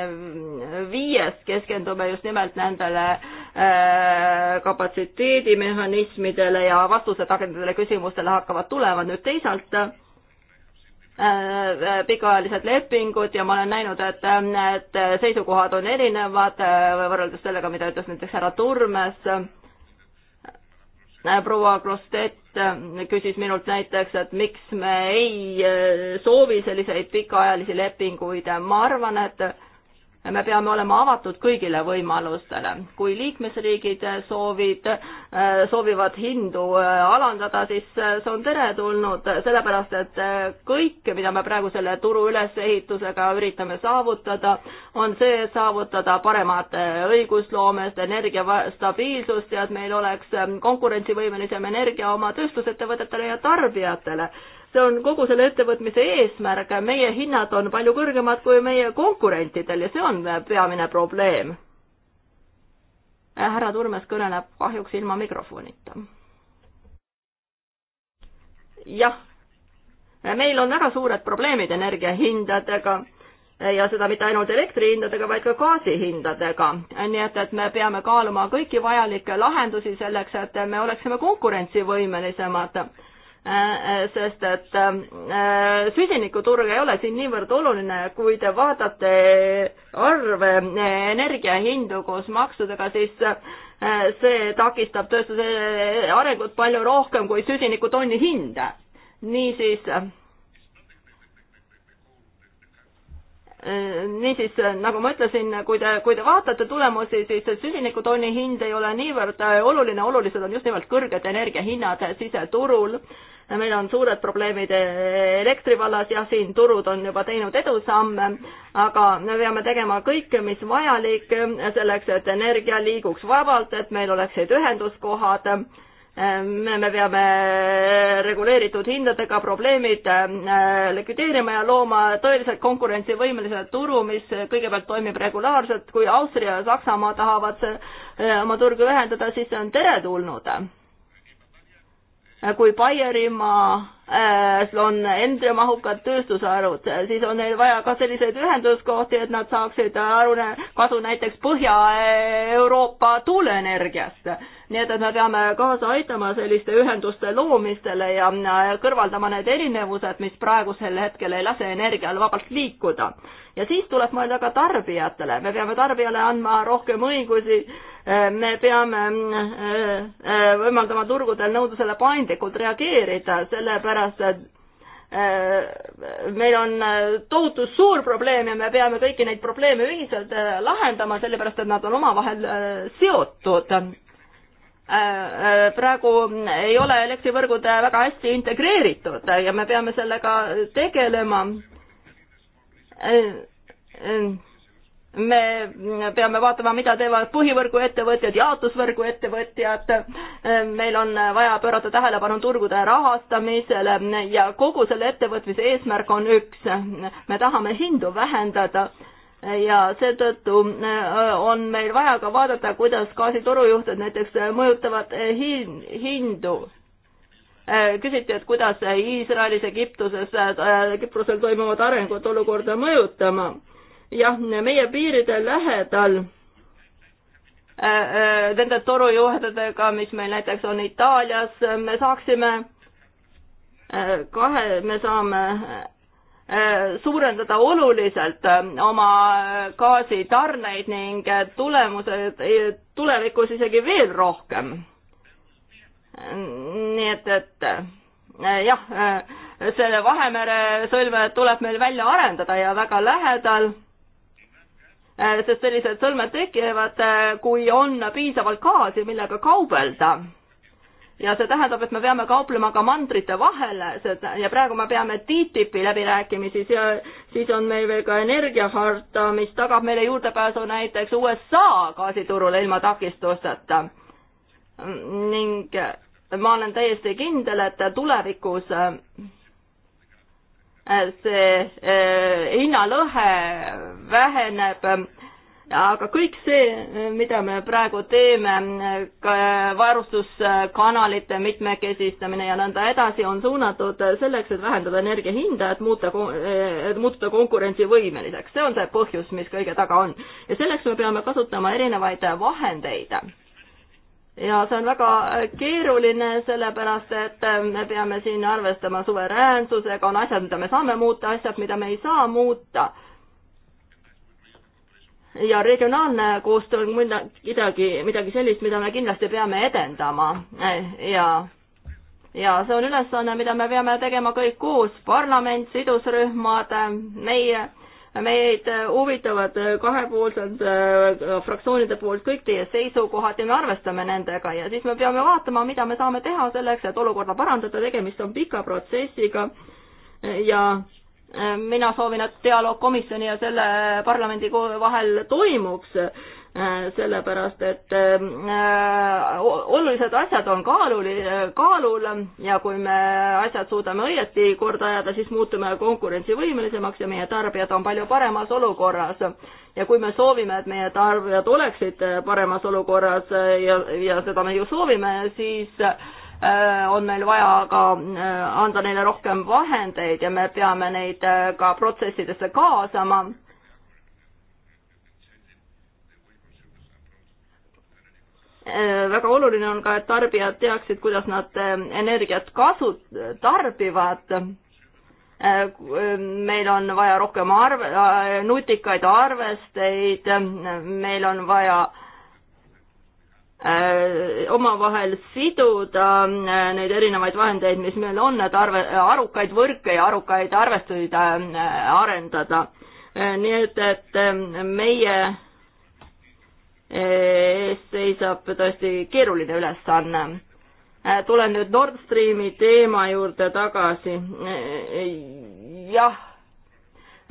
viies keskendume just nimelt nendele kapatsiteedimehhanismidele ja vastused agendadele küsimustele hakkavad tulema nüüd teisalt pikaajalised lepingud ja ma olen näinud, et need seisukohad on erinevad võrreldes sellega, mida ütles näiteks härra Turmes Äh, proua Krostet äh, küsis minult näiteks, et miks me ei äh, soovi selliseid pikaajalisi lepinguid. ma arvan, et me peame olema avatud kõigile võimalustele. kui liikmesriigid soovid, äh, soovivad hindu äh, alandada, siis äh, see on teretulnud, sellepärast et kõik, mida me praegu selle turu ülesehitusega üritame saavutada, on see, et saavutada paremat õigusloomest, energia stabiilsust ja et meil oleks konkurentsivõimelisem energia oma tööstusettevõtetele ja tarbijatele see on kogu selle ettevõtmise eesmärk, meie hinnad on palju kõrgemad kui meie konkurentidel ja see on peamine probleem. härra Turmes kõneleb kahjuks ilma mikrofonita. jah, meil on väga suured probleemid energiahindadega ja seda mitte ainult elektrihindadega, vaid ka gaasihindadega. nii et, et me peame kaaluma kõiki vajalikke lahendusi selleks, et me oleksime konkurentsivõimelisemad Äh, äh, sest et äh, süsinikuturg ei ole siin niivõrd oluline, kui te vaatate arve energiahindu koos maksudega, siis see takistab tööstuse arengut palju rohkem kui süsinikutonni hind. niisiis niisiis, nagu ma ütlesin, kui te, kui te vaatate tulemusi, siis süsinikutonni hind ei ole niivõrd oluline, olulised on just nimelt kõrged energiahinnad siseturul meil on suured probleemid elektri vallas, jah, siin turud on juba teinud edusamme, aga me peame tegema kõike, mis vajalik selleks, et energia liiguks vabalt, et meil oleksid ühenduskohad, me peame reguleeritud hindadega probleemid äh, likvideerima ja looma tõeliselt konkurentsivõimelise turu, mis kõigepealt toimib regulaarselt, kui Austria ja Saksamaa tahavad äh, oma turgu ühendada, siis see on teretulnud Äh, kui Baierimaal äh, on endamahukad tööstusharud, äh, siis on neil vaja ka selliseid ühenduskohti, et nad saaksid aru, kasu näiteks Põhja-Euroopa tuuleenergiast nii et, et me peame kaasa aitama selliste ühenduste loomistele ja kõrvaldama need erinevused, mis praegusel hetkel ei lase energial vabalt liikuda. ja siis tuleb mõelda ka tarbijatele, me peame tarbijale andma rohkem õigusi, me peame äh, äh, võimaldama turgudel nõudlusele paindlikult reageerida, sellepärast et äh, meil on tohutu suur probleem ja me peame kõiki neid probleeme ühiselt lahendama, sellepärast et nad on omavahel seotud. Äh, äh, praegu ei ole elektrivõrgud väga hästi integreeritud ja me peame sellega tegelema. Äh, me peame vaatama, mida teevad põhivõrguettevõtjad, jaotusvõrguettevõtjad. meil on vaja pöörata tähelepanu turgude rahastamisele ja kogu selle ettevõtmise eesmärk on üks. me tahame hindu vähendada ja seetõttu äh, on meil vaja ka vaadata, kuidas gaasitorujuhted näiteks äh, mõjutavad äh, hin-, hindu. küsiti, et kuidas Iisraelis, Egiptuses, Küprosel toimuvad arengud olukorda mõjutama. jah, meie piiride lähedal nende torujuhtedega, mis meil näiteks on Itaalias, me saaksime kahe, me saame suurendada oluliselt äh, oma äh, gaasitarneid ning äh, tulemused, tulevikus isegi veel rohkem. nii et, et jah, selle Vahemere sõlme tuleb meil välja arendada ja väga lähedal, sest sellised sõlmed tekivad, kui on piisavalt gaasi, millega kaubelda ja see tähendab, et me peame kauplema ka mandrite vahel ja praegu me peame TTIP-i läbirääkimisi, siis on meil veel ka energiaharta, mis tagab meile juurdepääsu näiteks USA gaasiturule ilma takistusteta. ning ma olen täiesti kindel, et tulevikus äh, see äh, hinnalõhe väheneb aga kõik see, mida me praegu teeme, varustuskanalite mitmekesistamine ja nõnda edasi, on suunatud selleks, et vähendada energia hinda, et muuta, et muutuda konkurentsivõimeliseks. see on see põhjus, mis kõige taga on. ja selleks me peame kasutama erinevaid vahendeid ja see on väga keeruline, sellepärast et me peame siin arvestama suveräänsusega, on asjad, mida me saame muuta, asjad, mida me ei saa muuta ja regionaalne koostöö on midagi, midagi sellist, mida me kindlasti peame edendama ja ja see on ülesanne, mida me peame tegema kõik koos, parlament, sidusrühmad, meie, meid huvitavad kahepoolsed äh, fraktsioonide poolt kõik teie seisukohad ja me arvestame nendega ja siis me peame vaatama, mida me saame teha selleks, et olukorda parandada, tegemist on pika protsessiga ja mina soovin, et dialoog komisjoni ja selle parlamendi vahel toimuks, äh, sellepärast et äh, olulised asjad on kaalul, kaalul ja kui me asjad suudame õieti korda ajada, siis muutume konkurentsivõimelisemaks ja meie tarbijad on palju paremas olukorras. ja kui me soovime, et meie tarbijad oleksid paremas olukorras ja, ja seda me ju soovime, siis äh, Äh, on meil vaja ka äh, anda neile rohkem vahendeid ja me peame neid äh, ka protsessidesse kaasama. väga oluline on ka, et tarbijad teaksid, kuidas nad energiat kasu-, tarbivad meil on vaja rohkem arve, nutikaid arvesteid, meil on vaja Äh, omavahel siduda äh, neid erinevaid vahendeid, mis meil on, et arve, arukaid võrke ja arukaid arvestuid äh, arendada. nii et, et meie ees seisab tõesti keeruline ülesanne tulen nüüd Nord Streami teema juurde tagasi. jah,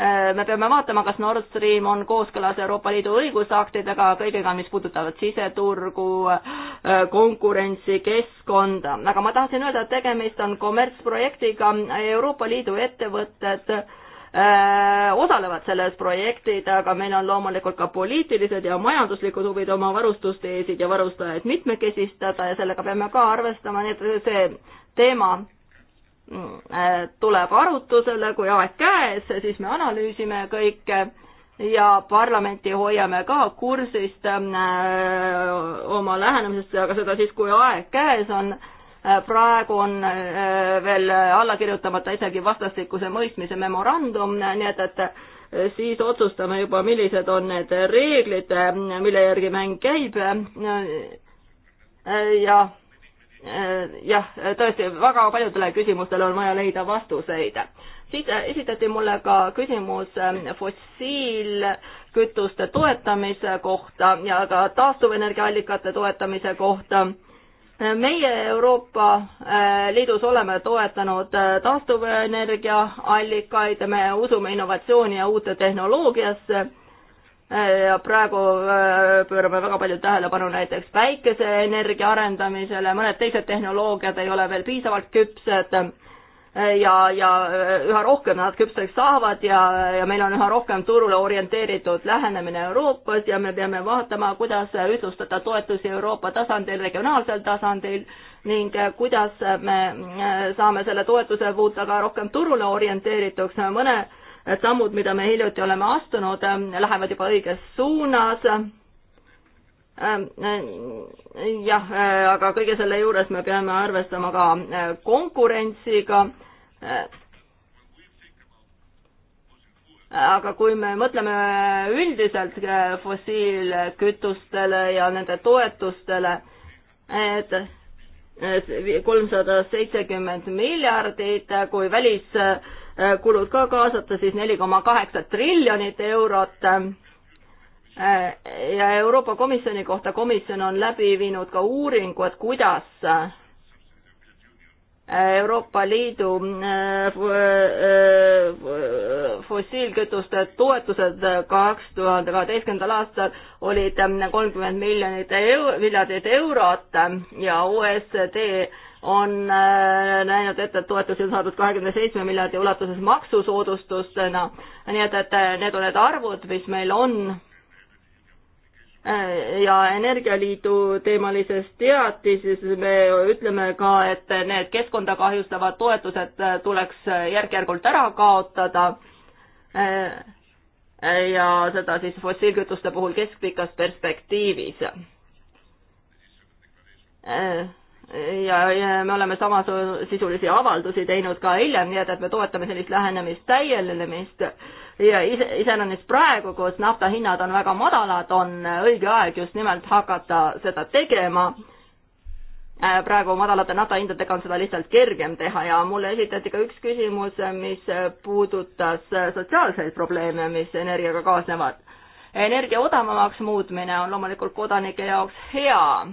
Äh, me peame vaatama, kas Nord Stream on kooskõlas Euroopa Liidu õigusaktidega, kõigega, mis puudutavad siseturgu, äh, konkurentsi, keskkonda, aga ma tahtsin öelda, et tegemist on kommertsprojektiga, Euroopa Liidu ettevõtted äh, osalevad selles projektid, aga meil on loomulikult ka poliitilised ja majanduslikud huvid oma varustusteesid ja varustajaid mitmekesistada ja sellega peame ka arvestama, nii et see teema tuleb arutusele, kui aeg käes, siis me analüüsime kõike ja parlamenti hoiame ka kursist äh, oma lähenemisest, aga seda siis, kui aeg käes on. praegu on äh, veel alla kirjutamata isegi vastastikuse mõistmise memorandum, nii et, et äh, siis otsustame juba, millised on need reeglid, mille järgi mäng käib. jah Äh, jah, tõesti väga paljudele küsimustele on vaja leida vastuseid. siis äh, esitati mulle ka küsimus äh, fossiilkütuste toetamise kohta ja ka taastuvenergiaallikate toetamise kohta. meie Euroopa Liidus oleme toetanud taastuvenergiaallikaid, me usume innovatsiooni ja uute tehnoloogiasse ja praegu äh, pöörame väga palju tähelepanu näiteks päikeseenergia arendamisele, mõned teised tehnoloogiad ei ole veel piisavalt küpsed ja, ja äh, üha rohkem nad küpseks saavad ja, ja meil on üha rohkem turule orienteeritud lähenemine Euroopas ja me peame vaatama, kuidas ühtlustada toetusi Euroopa tasandil, regionaalsel tasandil ning äh, kuidas me saame selle toetuse muuta ka rohkem turule orienteerituks, mõne sammud, mida me hiljuti oleme astunud, ähm, lähevad juba õiges suunas. Ähm, äh, jah, äh, aga kõige selle juures me peame arvestama ka äh, konkurentsiga aga kui me mõtleme üldiselt fossiilkütustele ja nende toetustele, et kolmsada seitsekümmend miljardit, kui välis äh, kulud ka kaasata, siis neli koma kaheksa triljonit eurot. ja Euroopa Komisjoni kohta komisjon on läbi viinud ka uuringu, et kuidas Euroopa Liidu äh, fossiilkütuste toetused kaks tuhande kaheteistkümnendal aastal olid kolmkümmend miljonit, miljardit eurot ja OSCD on äh, näinud ette, et toetusi on saadud kahekümne seitsme miljardi ulatuses maksusoodustustena, nii et, et äh, need on need arvud, mis meil on äh, ja Energialiidu teemalises teatises me ütleme ka, et need keskkonda kahjustavad toetused tuleks järk-järgult ära kaotada. ja seda siis fossiilkütuste puhul keskpikas perspektiivis ja, ja me oleme samasisulisi avaldusi teinud ka hiljem, nii et, et me toetame sellist lähenemist, täielemist ja ise, iseäranis praegu, kus nafta hinnad on väga madalad, on õige aeg just nimelt hakata seda tegema. Äh, praegu madalate naftahindadega on seda lihtsalt kergem teha ja mulle esitati ka üks küsimus, mis puudutas sotsiaalseid probleeme, mis energiaga kaasnevad. energia odavamaks muutmine on loomulikult kodanike jaoks hea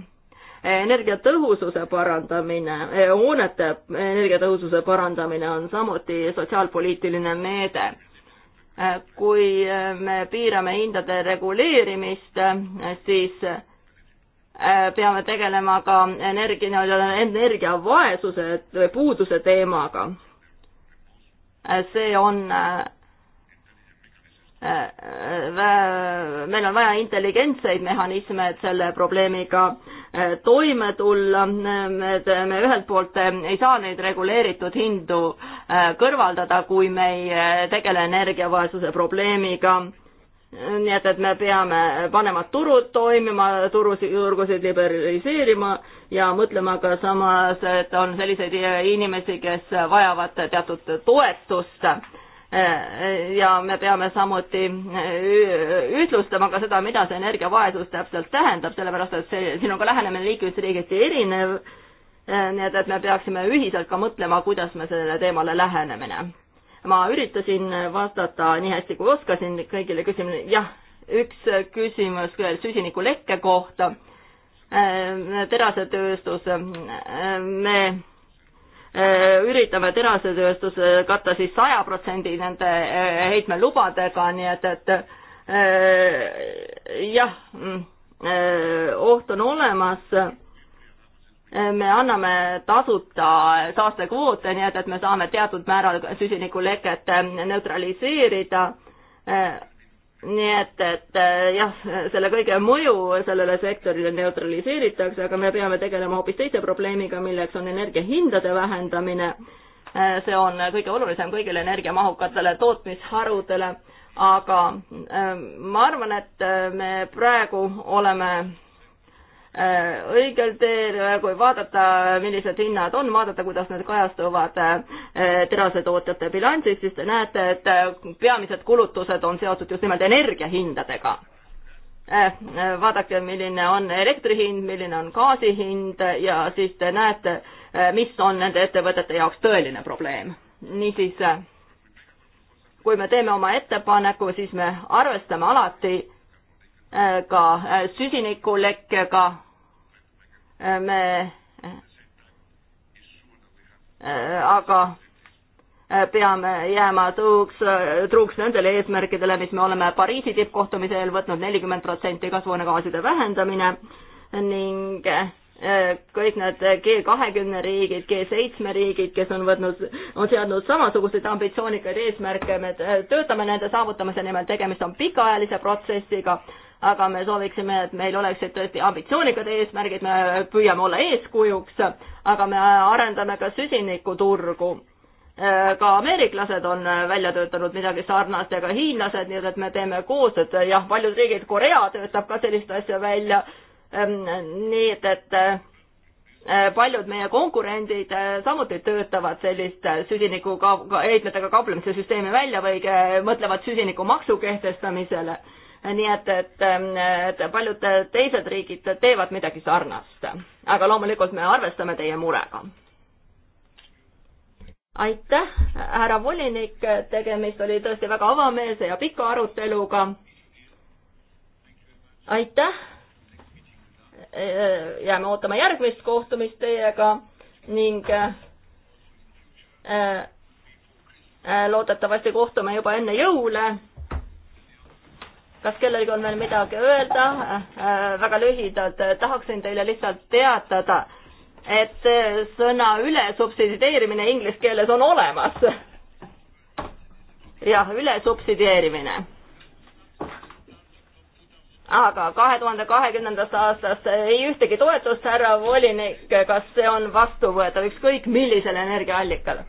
energiatõhususe parandamine, hoonete energiatõhususe parandamine on samuti sotsiaalpoliitiline meede. kui me piirame hindade reguleerimist, siis äh, peame tegelema ka energia, energiavaesuse või puuduse teemaga. Äh, see on äh, meil on vaja intelligentseid mehhanisme, et selle probleemiga Äh, toime tulla. me ühelt poolt äh, ei saa neid reguleeritud hindu äh, kõrvaldada, kui me ei tegele energiavaesuse probleemiga. nii et, et me peame panema turud toimima, turusid, turgusid liberaliseerima ja mõtlema ka samas, et on selliseid inimesi, kes vajavad teatud toetust Äh, ja me peame samuti äh, ühtlustama ka seda, mida see energiavaesus täpselt tähendab, sellepärast et see, siin on ka lähenemine liikmesriigiti erinev, äh, nii et, et me peaksime ühiselt ka mõtlema, kuidas me sellele teemale lähenemine. ma üritasin vastata nii hästi, kui oskasin kõigile küsimustele, jah, üks küsimus veel süsinikulekke kohta, terasetööstus, me Äh, üritame terasetööstuse katta siis saja protsendi nende äh, heitmelubadega, nii et, et äh, jah, mm, oht on olemas. me anname tasuta saastekvoote, nii et, et me saame teatud määral süsinikuleket neutraliseerida nii et, et äh, jah, selle kõige mõju sellele sektorile neutraliseeritakse, aga me peame tegelema hoopis teise probleemiga, milleks on energiahindade vähendamine. Äh, see on kõige olulisem kõigile energiamahukatele tootmisharudele, aga äh, ma arvan, et me praegu oleme Äh, õigel teel, äh, kui vaadata, millised hinnad on, vaadata, kuidas need kajastuvad äh, terasetootjate bilansis, siis te näete, et peamised kulutused on seotud just nimelt energiahindadega. Vaadake, milline on elektri hind, milline on gaasi hind ja siis te näete, mis on nende ettevõtete jaoks tõeline probleem. niisiis, kui me teeme oma ettepaneku, siis me arvestame alati ka süsinikulekkega me aga peame jääma tõuks, truuks nendele eesmärkidele, mis me oleme Pariisi tippkohtumisel võtnud, nelikümmend protsenti kasvuhoonegaaside vähendamine ning e, kõik need G kahekümne riigid, G seitsme riigid, kes on võtnud, on seadnud samasuguseid ambitsioonikaid eesmärke, me töötame nende saavutamise nimel, tegemist on pikaajalise protsessiga aga me sooviksime, et meil oleksid tõesti ambitsioonikad eesmärgid, me püüame olla eeskujuks, aga me arendame ka süsinikuturgu. ka ameeriklased on välja töötanud midagi sarnast ja ka hiinlased, nii et me teeme koostööd, jah, paljud riigid, Korea töötab ka sellist asja välja, ehm, nii et, et eh, paljud meie konkurendid eh, samuti töötavad sellist süsiniku ka-, heitmetega kauplemise süsteemi välja või eh, mõtlevad süsinikumaksu kehtestamisele nii et, et, ähm, et paljud teised riigid teevad midagi sarnast. aga loomulikult me arvestame teie murega. aitäh, härra volinik, tegemist oli tõesti väga avameelse ja pika aruteluga. aitäh. jääme ootama järgmist kohtumist teiega ning äh, äh, loodetavasti kohtume juba enne jõule kas kellelgi on veel midagi öelda? Äh, väga lühidalt tahaksin teile lihtsalt teatada, et sõna üle subsideerimine inglise keeles on olemas. jah, üle subsideerimine. aga kahe tuhande kahekümnendast aastast ei ühtegi toetust, härra volinik, kas see on vastuvõetav ükskõik millisele energiaallikale?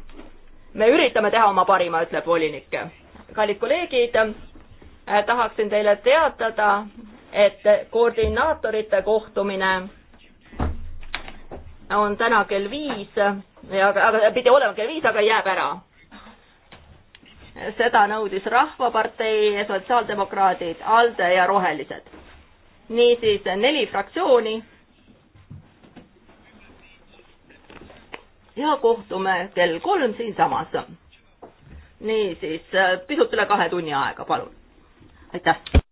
me üritame teha oma parima, ütleb volinik. kallid kolleegid Äh, tahaksin teile teatada, et koordinaatorite kohtumine on täna kell viis, aga, aga pidi olema kell viis, aga jääb ära. seda nõudis Rahvapartei, Sotsiaaldemokraadid, ALDE ja Rohelised. niisiis neli fraktsiooni. ja kohtume kell kolm siinsamas. niisiis pisut üle kahe tunni aega, palun aitäh!